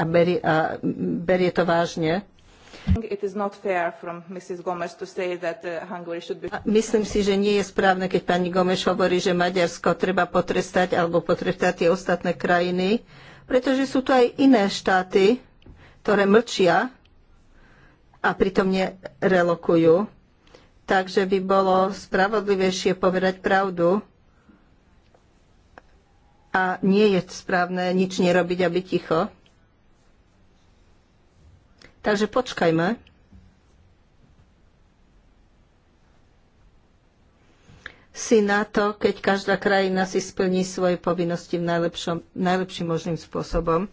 [SPEAKER 1] a berie, a berie to vážne. Uh, myslím si, že nie je správne, keď pani Gomes hovorí, že Maďarsko treba potrestať alebo potrestať tie ostatné krajiny, pretože sú tu aj iné štáty, ktoré mlčia a pritom nerelokujú. Takže by bolo spravodlivejšie povedať pravdu a nie je správne nič nerobiť aby ticho. Takže počkajme. Si na to, keď každá krajina si splní svoje povinnosti v najlepšom, najlepším možným spôsobom.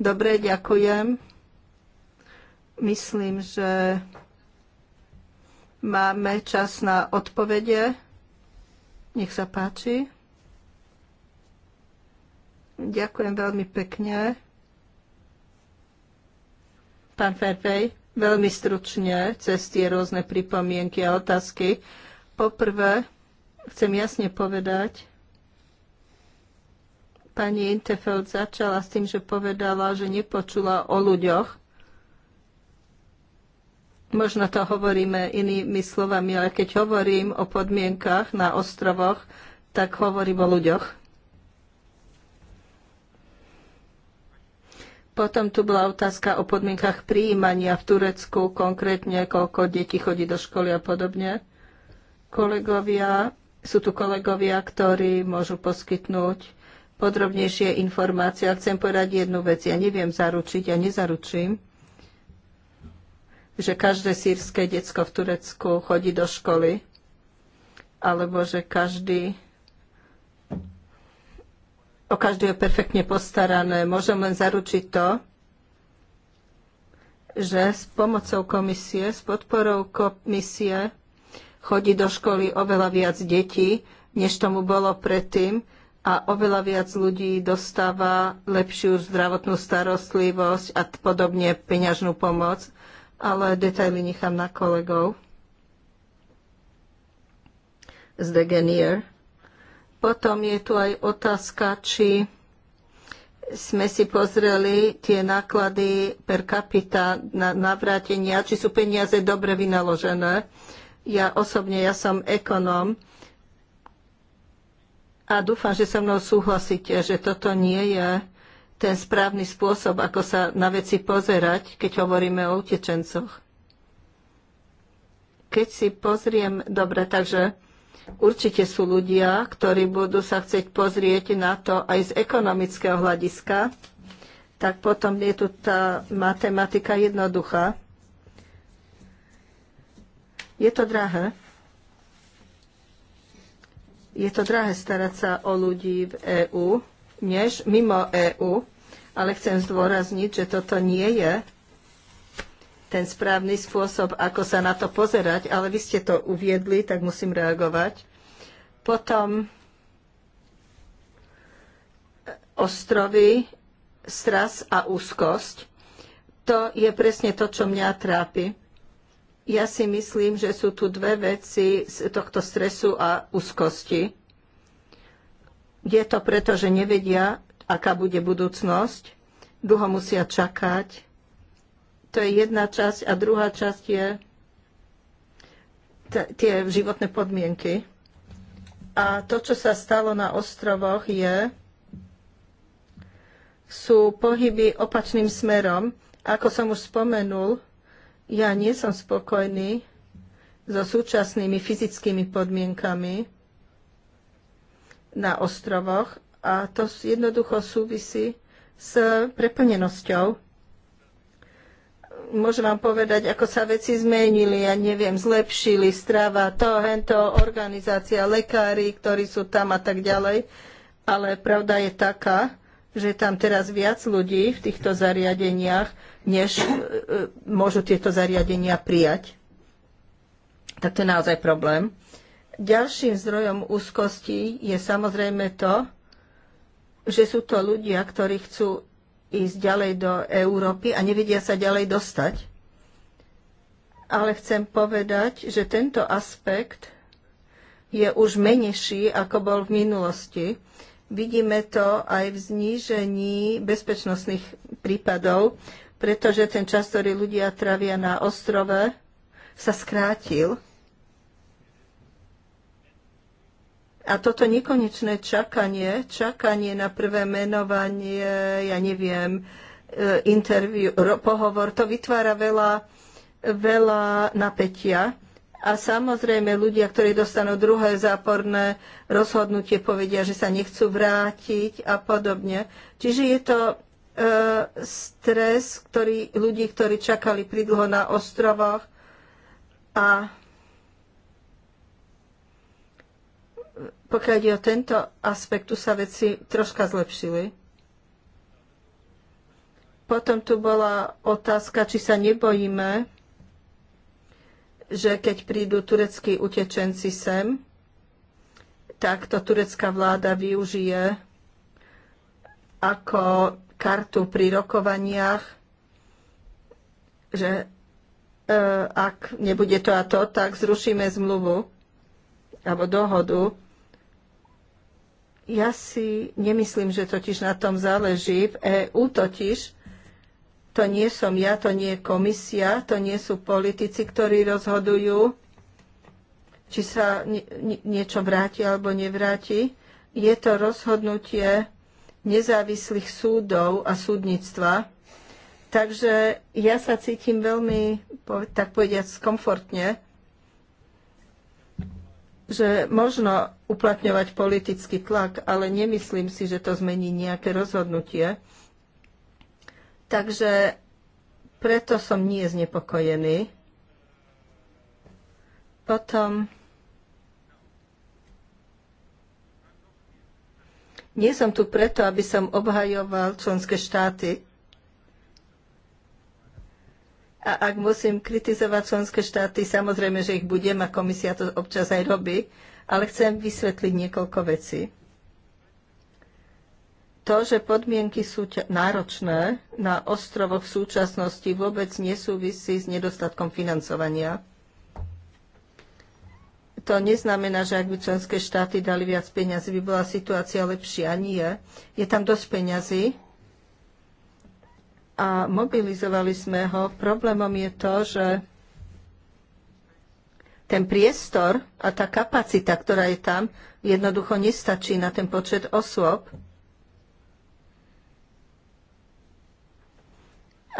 [SPEAKER 1] Dobre, ďakujem. Myslím, že máme čas na odpovede. Nech sa páči. Ďakujem veľmi pekne. Pán Ferfej, veľmi stručne cez tie rôzne pripomienky a otázky. Poprvé, chcem jasne povedať, pani Intefeld začala s tým, že povedala, že nepočula o ľuďoch. Možno to hovoríme inými slovami, ale keď hovorím o podmienkach na ostrovoch, tak hovorím o ľuďoch Potom tu bola otázka o podmienkach prijímania v Turecku, konkrétne koľko detí chodí do školy a podobne. Kolegovia, sú tu kolegovia, ktorí môžu poskytnúť podrobnejšie informácie. A chcem povedať jednu vec. Ja neviem zaručiť, ja nezaručím, že každé sírske decko v Turecku chodí do školy, alebo že každý o každého perfektne postarané. Môžem len zaručiť to, že s pomocou komisie, s podporou komisie chodí do školy oveľa viac detí, než tomu bolo predtým a oveľa viac ľudí dostáva lepšiu zdravotnú starostlivosť a podobne peňažnú pomoc, ale detaily nechám na kolegov z Degenier. Potom je tu aj otázka, či sme si pozreli tie náklady per capita na navrátenia, či sú peniaze dobre vynaložené. Ja osobne, ja som ekonóm a dúfam, že so mnou súhlasíte, že toto nie je ten správny spôsob, ako sa na veci pozerať, keď hovoríme o utečencoch. Keď si pozriem, dobre, takže Určite sú ľudia, ktorí budú sa chcieť pozrieť na to aj z ekonomického hľadiska, tak potom je tu tá matematika jednoduchá. Je to drahé. Je to drahé starať sa o ľudí v EÚ, než mimo EÚ, ale chcem zdôrazniť, že toto nie je ten správny spôsob, ako sa na to pozerať, ale vy ste to uviedli, tak musím reagovať. Potom eh, ostrovy, stras a úzkosť. To je presne to, čo mňa trápi. Ja si myslím, že sú tu dve veci z tohto stresu a úzkosti. Je to preto, že nevedia, aká bude budúcnosť, dlho musia čakať, to je jedna časť a druhá časť je tie životné podmienky. A to, čo sa stalo na ostrovoch, je, sú pohyby opačným smerom. Ako som už spomenul, ja nie som spokojný so súčasnými fyzickými podmienkami na ostrovoch a to jednoducho súvisí s preplnenosťou môžem vám povedať, ako sa veci zmenili, ja neviem, zlepšili, strava, to, hento, organizácia, lekári, ktorí sú tam a tak ďalej. Ale pravda je taká, že tam teraz viac ľudí v týchto zariadeniach, než e, e, môžu tieto zariadenia prijať. Tak to je naozaj problém. Ďalším zdrojom úzkosti je samozrejme to, že sú to ľudia, ktorí chcú ísť ďalej do Európy a nevedia sa ďalej dostať. Ale chcem povedať, že tento aspekt je už menejší, ako bol v minulosti. Vidíme to aj v znížení bezpečnostných prípadov, pretože ten čas, ktorý ľudia travia na ostrove, sa skrátil A toto nekonečné čakanie, čakanie na prvé menovanie, ja neviem, e, interviu, pohovor, to vytvára veľa, veľa napätia. A samozrejme ľudia, ktorí dostanú druhé záporné rozhodnutie, povedia, že sa nechcú vrátiť a podobne. Čiže je to e, stres ktorý, ľudí, ktorí čakali pridlho na ostrovoch a Pokiaľ ide o tento aspekt, tu sa veci troška zlepšili. Potom tu bola otázka, či sa nebojíme, že keď prídu tureckí utečenci sem, tak to turecká vláda využije ako kartu pri rokovaniach, že e, ak nebude to a to, tak zrušíme zmluvu alebo dohodu ja si nemyslím, že totiž na tom záleží. V EU totiž to nie som ja, to nie je komisia, to nie sú politici, ktorí rozhodujú, či sa niečo vráti alebo nevráti. Je to rozhodnutie nezávislých súdov a súdnictva. Takže ja sa cítim veľmi, tak povediať, skomfortne že možno uplatňovať politický tlak, ale nemyslím si, že to zmení nejaké rozhodnutie. Takže preto som nie znepokojený. Potom nie som tu preto, aby som obhajoval členské štáty, a ak musím kritizovať členské štáty, samozrejme, že ich budem a komisia to občas aj robí, ale chcem vysvetliť niekoľko vecí. To, že podmienky sú náročné na ostrovoch v súčasnosti vôbec nesúvisí s nedostatkom financovania. To neznamená, že ak by členské štáty dali viac peňazí, by bola situácia lepšia. Nie. Je tam dosť peňazí, a mobilizovali sme ho. Problémom je to, že ten priestor a tá kapacita, ktorá je tam, jednoducho nestačí na ten počet osôb.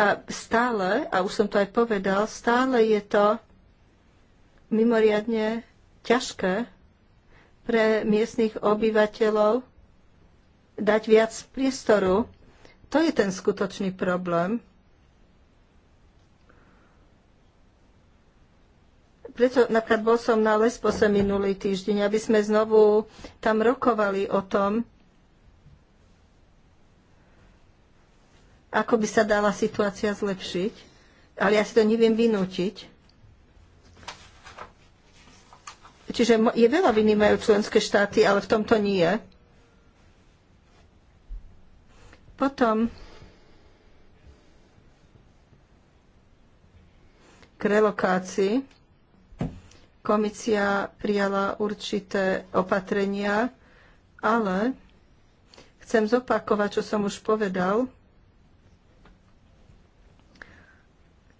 [SPEAKER 1] A stále, a už som to aj povedal, stále je to mimoriadne ťažké pre miestnych obyvateľov dať viac priestoru to je ten skutočný problém. Preto napríklad bol som na Lesbose minulý týždeň, aby sme znovu tam rokovali o tom, ako by sa dala situácia zlepšiť, ale ja si to neviem vynútiť. Čiže je veľa viny majú členské štáty, ale v tomto nie. je. Potom k relokácii komisia prijala určité opatrenia, ale chcem zopakovať, čo som už povedal.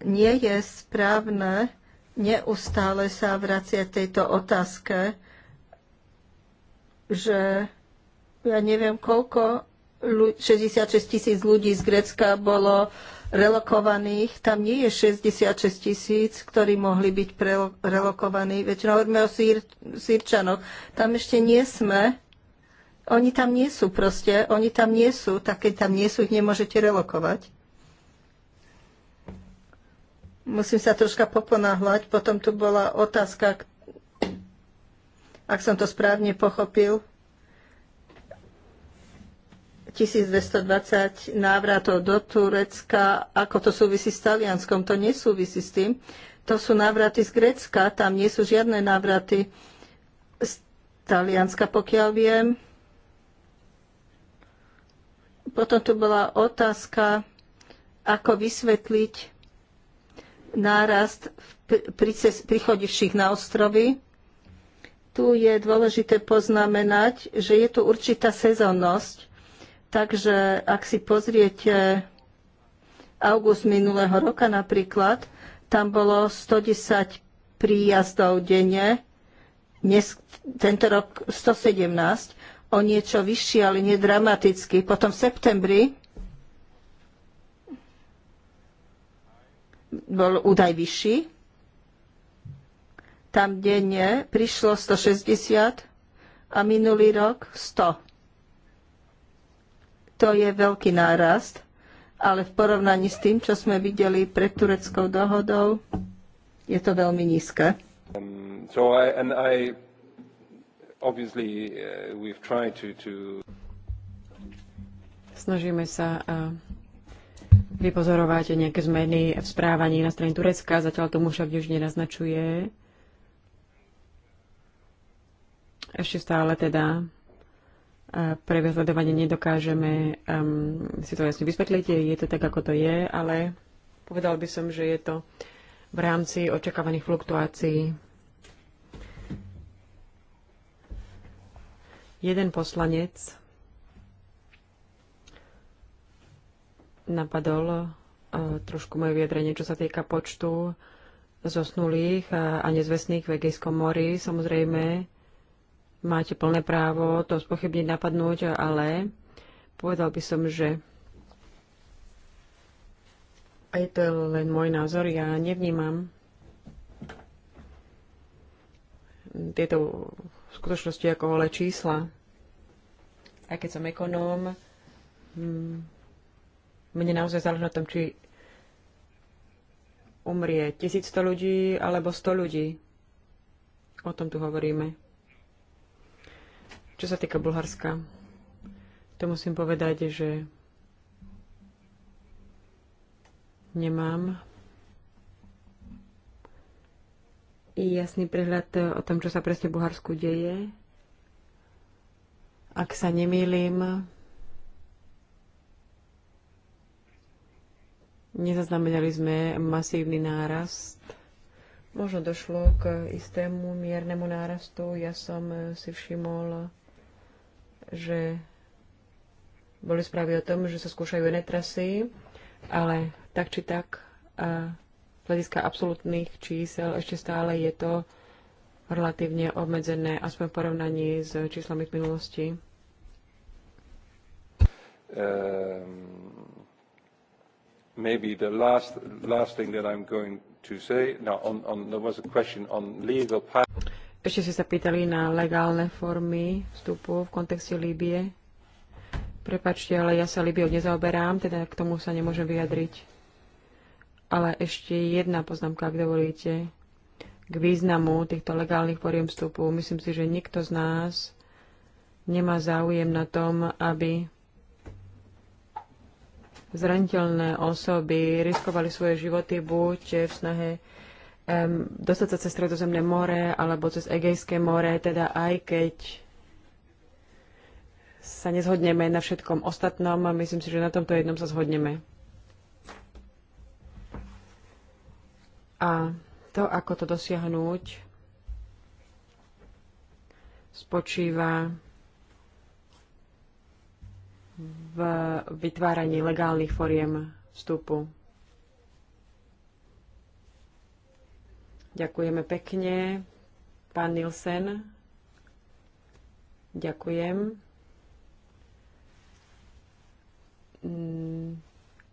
[SPEAKER 1] Nie je správne neustále sa vraciať tejto otázke, že ja neviem, koľko 66 tisíc ľudí z Grécka bolo relokovaných. Tam nie je 66 tisíc, ktorí mohli byť relokovaní. Väčšinou hovoríme o sír- sírčanoch. Tam ešte nie sme. Oni tam nie sú proste. Oni tam nie sú. Tak keď tam nie sú, ich nemôžete relokovať. Musím sa troška poponáhľať. Potom tu bola otázka, ak som to správne pochopil, 1220 návratov do Turecka, ako to súvisí s Talianskom, to nesúvisí s tým. To sú návraty z Grécka, tam nie sú žiadne návraty z Talianska, pokiaľ viem. Potom tu bola otázka, ako vysvetliť nárast prichodivších na ostrovy. Tu je dôležité poznamenať, že je tu určitá sezónnosť Takže ak si pozriete august minulého roka napríklad, tam bolo 110 príjazdov denne, dnes, tento rok 117, o niečo vyššie, ale nedramaticky. Potom v septembri bol údaj vyšší. Tam denne prišlo 160 a minulý rok 100. To je veľký nárast, ale v porovnaní s tým, čo sme videli pred tureckou dohodou, je to veľmi nízke.
[SPEAKER 2] Um, uh, Snažíme sa uh, vypozorovať nejaké zmeny v správaní na strane Turecka, zatiaľ tomu však už nenaznačuje. Ešte stále teda pre vyhľadovanie nedokážeme um, si to jasne vysvetliť. Je to tak, ako to je, ale povedal by som, že je to v rámci očakávaných fluktuácií. Jeden poslanec napadol uh, trošku moje vyjadrenie, čo sa týka počtu zosnulých uh, a nezvestných v Egejskom mori. Samozrejme, máte plné právo to spochybniť, napadnúť, ale povedal by som, že aj to je len môj názor, ja nevnímam tieto skutočnosti ako holé čísla. Aj keď som ekonóm, hm, mne naozaj záleží na tom, či umrie 1100 ľudí alebo 100 ľudí. O tom tu hovoríme. Čo sa týka Bulharska, to musím povedať, že nemám jasný prehľad o tom, čo sa presne v Bulharsku deje. Ak sa nemýlim, nezaznamenali sme masívny nárast. Možno došlo k istému miernemu nárastu. Ja som si všimol že boli správy o tom, že sa skúšajú iné trasy, ale tak či tak a z hľadiska absolútnych čísel ešte stále je to relatívne obmedzené, aspoň v porovnaní s číslami v minulosti.
[SPEAKER 3] Um, maybe the last, last thing that I'm going to say, no, on, on, there was a question on legal path.
[SPEAKER 2] Ešte ste sa pýtali na legálne formy vstupu v kontexte Líbie. Prepačte, ale ja sa Líbiou nezaoberám, teda k tomu sa nemôžem vyjadriť. Ale ešte jedna poznámka, ak dovolíte, k významu týchto legálnych foriem vstupu. Myslím si, že nikto z nás nemá záujem na tom, aby zraniteľné osoby riskovali svoje životy buď v snahe dostať sa cez Stredozemné more alebo cez Egejské more, teda aj keď sa nezhodneme na všetkom ostatnom a myslím si, že na tomto jednom sa zhodneme. A to, ako to dosiahnuť, spočíva v vytváraní legálnych foriem vstupu. Ďakujeme pekne. Pán Nilsen. Ďakujem. Mm,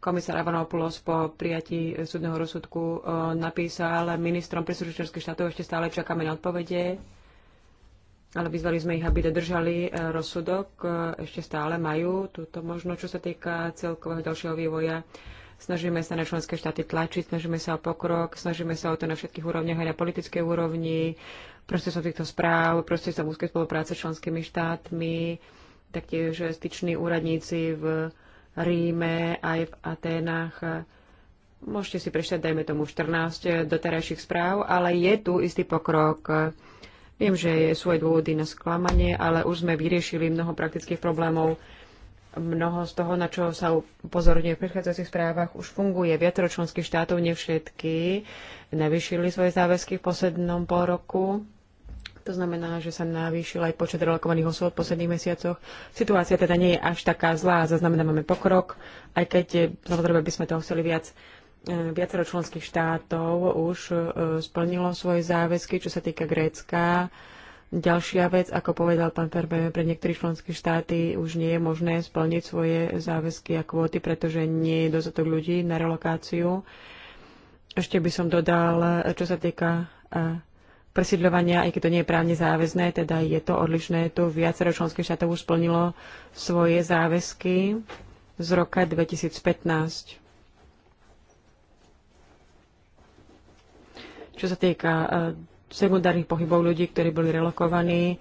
[SPEAKER 2] komisár Avanopoulos po prijatí súdneho rozsudku eh, napísal ministrom príslušných štátov, ešte stále čakáme na odpovede, ale vyzvali sme ich, aby dodržali eh, rozsudok. Eh, ešte stále majú túto možno, čo sa týka celkového ďalšieho vývoja Snažíme sa na členské štáty tlačiť, snažíme sa o pokrok, snažíme sa o to na všetkých úrovniach aj na politickej úrovni, proste som týchto správ, proste som úzkej spolupráce s členskými štátmi, taktiež styční úradníci v Ríme aj v Aténach. Môžete si prečítať, dajme tomu, 14 doterajších správ, ale je tu istý pokrok. Viem, že sú aj dôvody na sklamanie, ale už sme vyriešili mnoho praktických problémov mnoho z toho, na čo sa upozorňuje v predchádzajúcich správach, už funguje. Viacero členských štátov, nie všetky, navýšili svoje záväzky v poslednom pol roku. To znamená, že sa navýšil aj počet relokovaných osôb v posledných mesiacoch. Situácia teda nie je až taká zlá, máme pokrok, aj keď eh, samozrejme by sme toho chceli viac. Eh, viacero členských štátov už eh, splnilo svoje záväzky, čo sa týka Grécka Ďalšia vec, ako povedal pán Ferber, pre niektoré členské štáty už nie je možné splniť svoje záväzky a kvóty, pretože nie je dostatok ľudí na relokáciu. Ešte by som dodal, čo sa týka eh, presidľovania, aj keď to nie je právne záväzné, teda je to odlišné, tu viacero členských štátov už splnilo svoje záväzky z roka 2015. Čo sa týka eh, sekundárnych pohybov ľudí, ktorí boli relokovaní.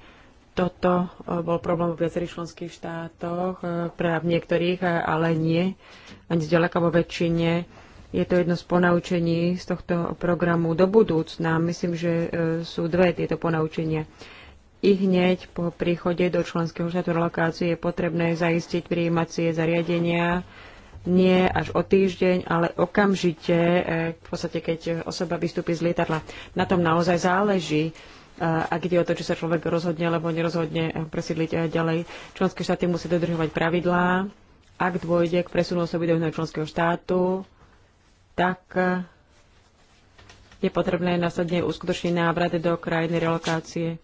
[SPEAKER 2] Toto e, bol problém v viacerých členských štátoch, e, práv niektorých, e, ale nie, ani zďaleka vo väčšine. Je to jedno z ponaučení z tohto programu do budúcna. Myslím, že sú dve tieto ponaučenia. I hneď po príchode do členského štátu relokácie je potrebné zaistiť prijímacie zariadenia, nie až o týždeň, ale okamžite, e, v podstate keď osoba vystúpi z lietadla. Na tom naozaj záleží, e, ak ide o to, či sa človek rozhodne alebo nerozhodne e, presídliť ďalej. Členské štáty musí dodržovať pravidlá. Ak dôjde k presunu osoby do iného členského štátu, tak je potrebné následne uskutočniť návrat do krajiny relokácie.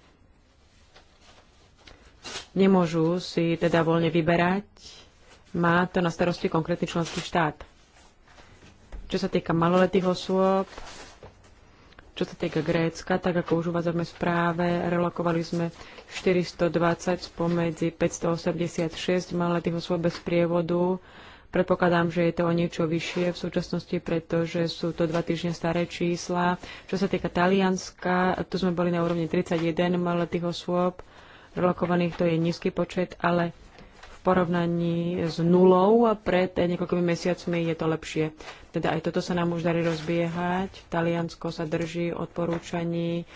[SPEAKER 2] Nemôžu si teda voľne vyberať má to na starosti konkrétny členský štát. Čo sa týka maloletých osôb, čo sa týka Grécka, tak ako už uvádzame v správe, relokovali sme 420 spomedzi 586 maloletých osôb bez prievodu. Predpokladám, že je to o niečo vyššie v súčasnosti, pretože sú to dva týždne staré čísla. Čo sa týka Talianska, tu sme boli na úrovni 31 maloletých osôb relokovaných, to je nízky počet, ale porovnaní s nulou a pred niekoľkými mesiacmi je to lepšie. Teda aj toto sa nám už darí rozbiehať. Taliansko sa drží odporúčaní,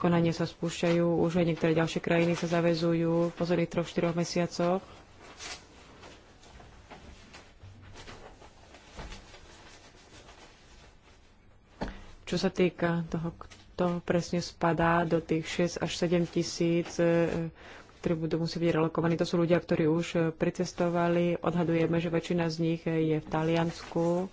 [SPEAKER 2] konanie sa spúšťajú, už aj niektoré ďalšie krajiny sa zavezujú v posledných troch, 4 mesiacoch. Čo sa týka toho, kto presne spadá do tých 6 až 7 tisíc eh, ktorí budú musieť byť relokovaní. To sú ľudia, ktorí už e, pricestovali. Odhadujeme, že väčšina z nich e, je v Taliansku,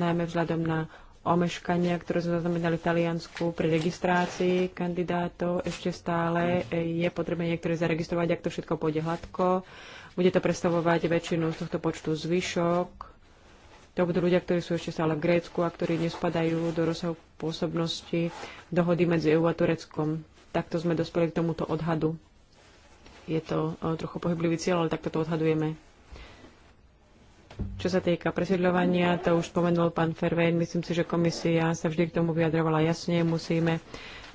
[SPEAKER 2] najmä vzhľadom na omeškania, ktoré sme zaznamenali v Taliansku pri registrácii kandidátov. Ešte stále e, je potrebné niektoré zaregistrovať, ak to všetko pôjde hladko. Bude to predstavovať väčšinu z tohto počtu zvyšok. To budú ľudia, ktorí sú ešte stále v Grécku a ktorí nespadajú do rozsahu pôsobnosti dohody medzi EU a Tureckom. Takto sme dospeli k tomuto odhadu je to eh, trochu pohyblivý cieľ, ale takto to odhadujeme. Čo sa týka presiedľovania, to už spomenul pán Fervén, myslím si, že komisia sa vždy k tomu vyjadrovala jasne, musíme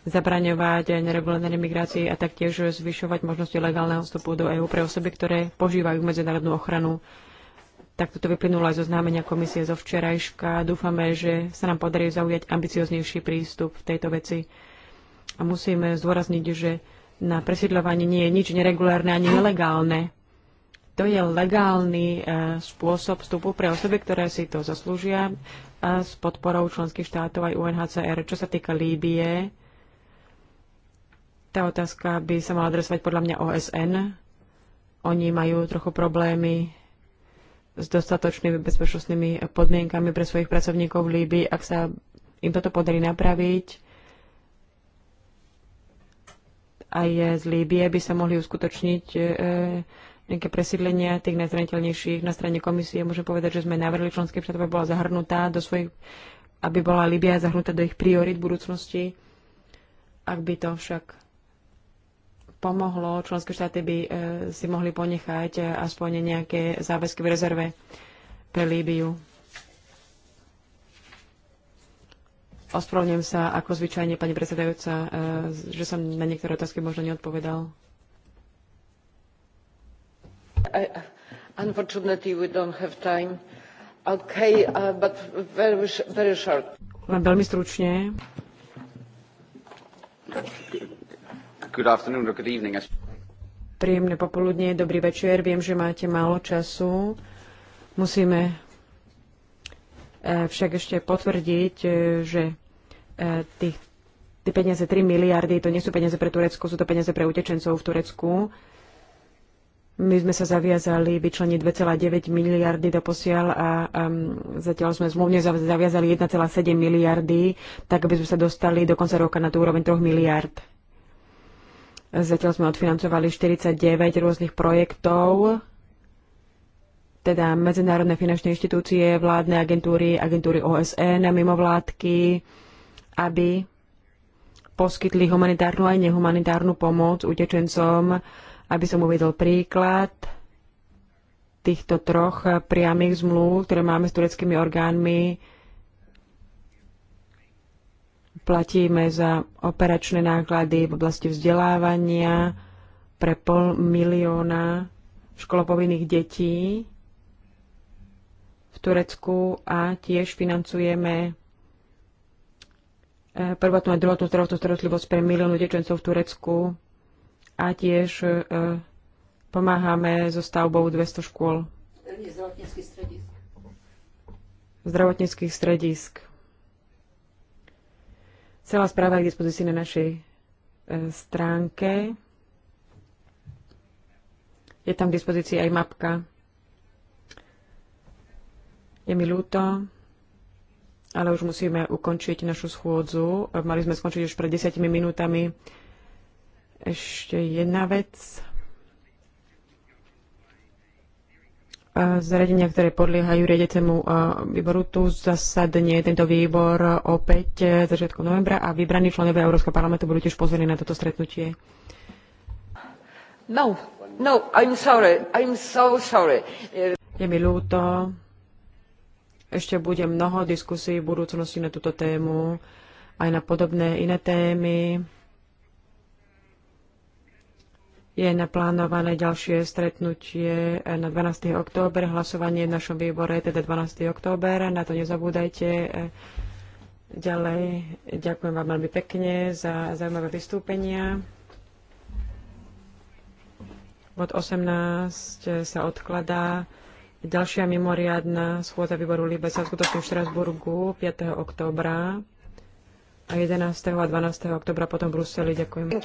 [SPEAKER 2] zabraňovať neregulárnej migrácii a taktiež zvyšovať možnosti legálneho vstupu do EÚ pre osoby, ktoré požívajú medzinárodnú ochranu. Tak toto vyplynulo aj zo známenia komisie zo včerajška. Dúfame, že sa nám podarí zaujať ambicioznejší prístup v tejto veci. A musíme zdôrazniť, že na presídľovanie nie je nič neregulárne ani nelegálne. To je legálny e, spôsob vstupu pre osoby, ktoré si to zaslúžia a e, s podporou členských štátov aj UNHCR. Čo sa týka Líbie, tá otázka by sa mala adresovať podľa mňa OSN. Oni majú trochu problémy s dostatočnými bezpečnostnými podmienkami pre svojich pracovníkov v Líbii. Ak sa im toto podarí napraviť, aj z Líbie by sa mohli uskutočniť e, nejaké presídlenia tých najzraniteľnejších. Na strane komisie môžem povedať, že sme navrhli členské štát, aby bola zahrnutá do svojich, aby bola Líbia zahrnutá do ich priorit budúcnosti. Ak by to však pomohlo, členské štáty by e, si mohli ponechať e, aspoň nejaké záväzky v rezerve pre Líbiu. Ospravedlňujem sa, ako zvyčajne, pani predsedajúca, e, že som na niektoré otázky možno neodpovedal. I, uh, unfortunately, we don't have time.
[SPEAKER 1] Okay, uh, but very, very short.
[SPEAKER 2] Len veľmi stručne.
[SPEAKER 1] Good afternoon good evening.
[SPEAKER 2] Príjemné popoludne, dobrý večer. Viem, že máte málo času. Musíme e, však ešte potvrdiť, e, že E, tých, tie peniaze 3 miliardy, to nie sú peniaze pre Turecko, sú to peniaze pre utečencov v Turecku. My sme sa zaviazali vyčleniť 2,9 miliardy do posiaľ a um, zatiaľ sme zmluvne zaviazali 1,7 miliardy, tak aby sme sa dostali do konca roka na tú úroveň 3 miliard. Zatiaľ sme odfinancovali 49 rôznych projektov, teda medzinárodné finančné inštitúcie, vládne agentúry, agentúry OSN, a mimovládky, aby poskytli humanitárnu aj nehumanitárnu pomoc utečencom, aby som uvedol príklad týchto troch priamých zmluv, ktoré máme s tureckými orgánmi. Platíme za operačné náklady v oblasti vzdelávania pre pol milióna školopovinných detí v Turecku a tiež financujeme prvotnú a druhotnú zdravotnú starostlivosť pre miliónu dečencov v Turecku a tiež e, pomáhame so stavbou 200 škôl.
[SPEAKER 1] Zdravotníckých stredisk.
[SPEAKER 2] Zdravotníckých stredisk. Celá správa je k dispozícii na našej e, stránke. Je tam k dispozícii aj mapka. Je mi ľúto, ale už musíme ukončiť našu schôdzu. Mali sme skončiť už pred desiatimi minútami. Ešte jedna vec. Zariadenia, ktoré podliehajú riadecemu výboru, tu zasadne tento výbor opäť e, začiatku novembra a vybraní členovia Európskeho parlamentu budú tiež pozorní na toto stretnutie. No, no, I'm sorry, I'm so sorry. Je mi ľúto, ešte bude mnoho diskusí v budúcnosti na túto tému, aj na podobné iné témy. Je naplánované ďalšie stretnutie na 12. október, hlasovanie v našom výbore, teda 12. október, na to nezabúdajte. Ďalej, ďakujem vám veľmi pekne za zaujímavé vystúpenia. Bod 18 sa odkladá. Ďalšia mimoriadná schôdza výboru Libe sa skutočne v Štrasburgu 5. októbra a 11. a 12. oktobra potom v Bruseli. Ďakujem.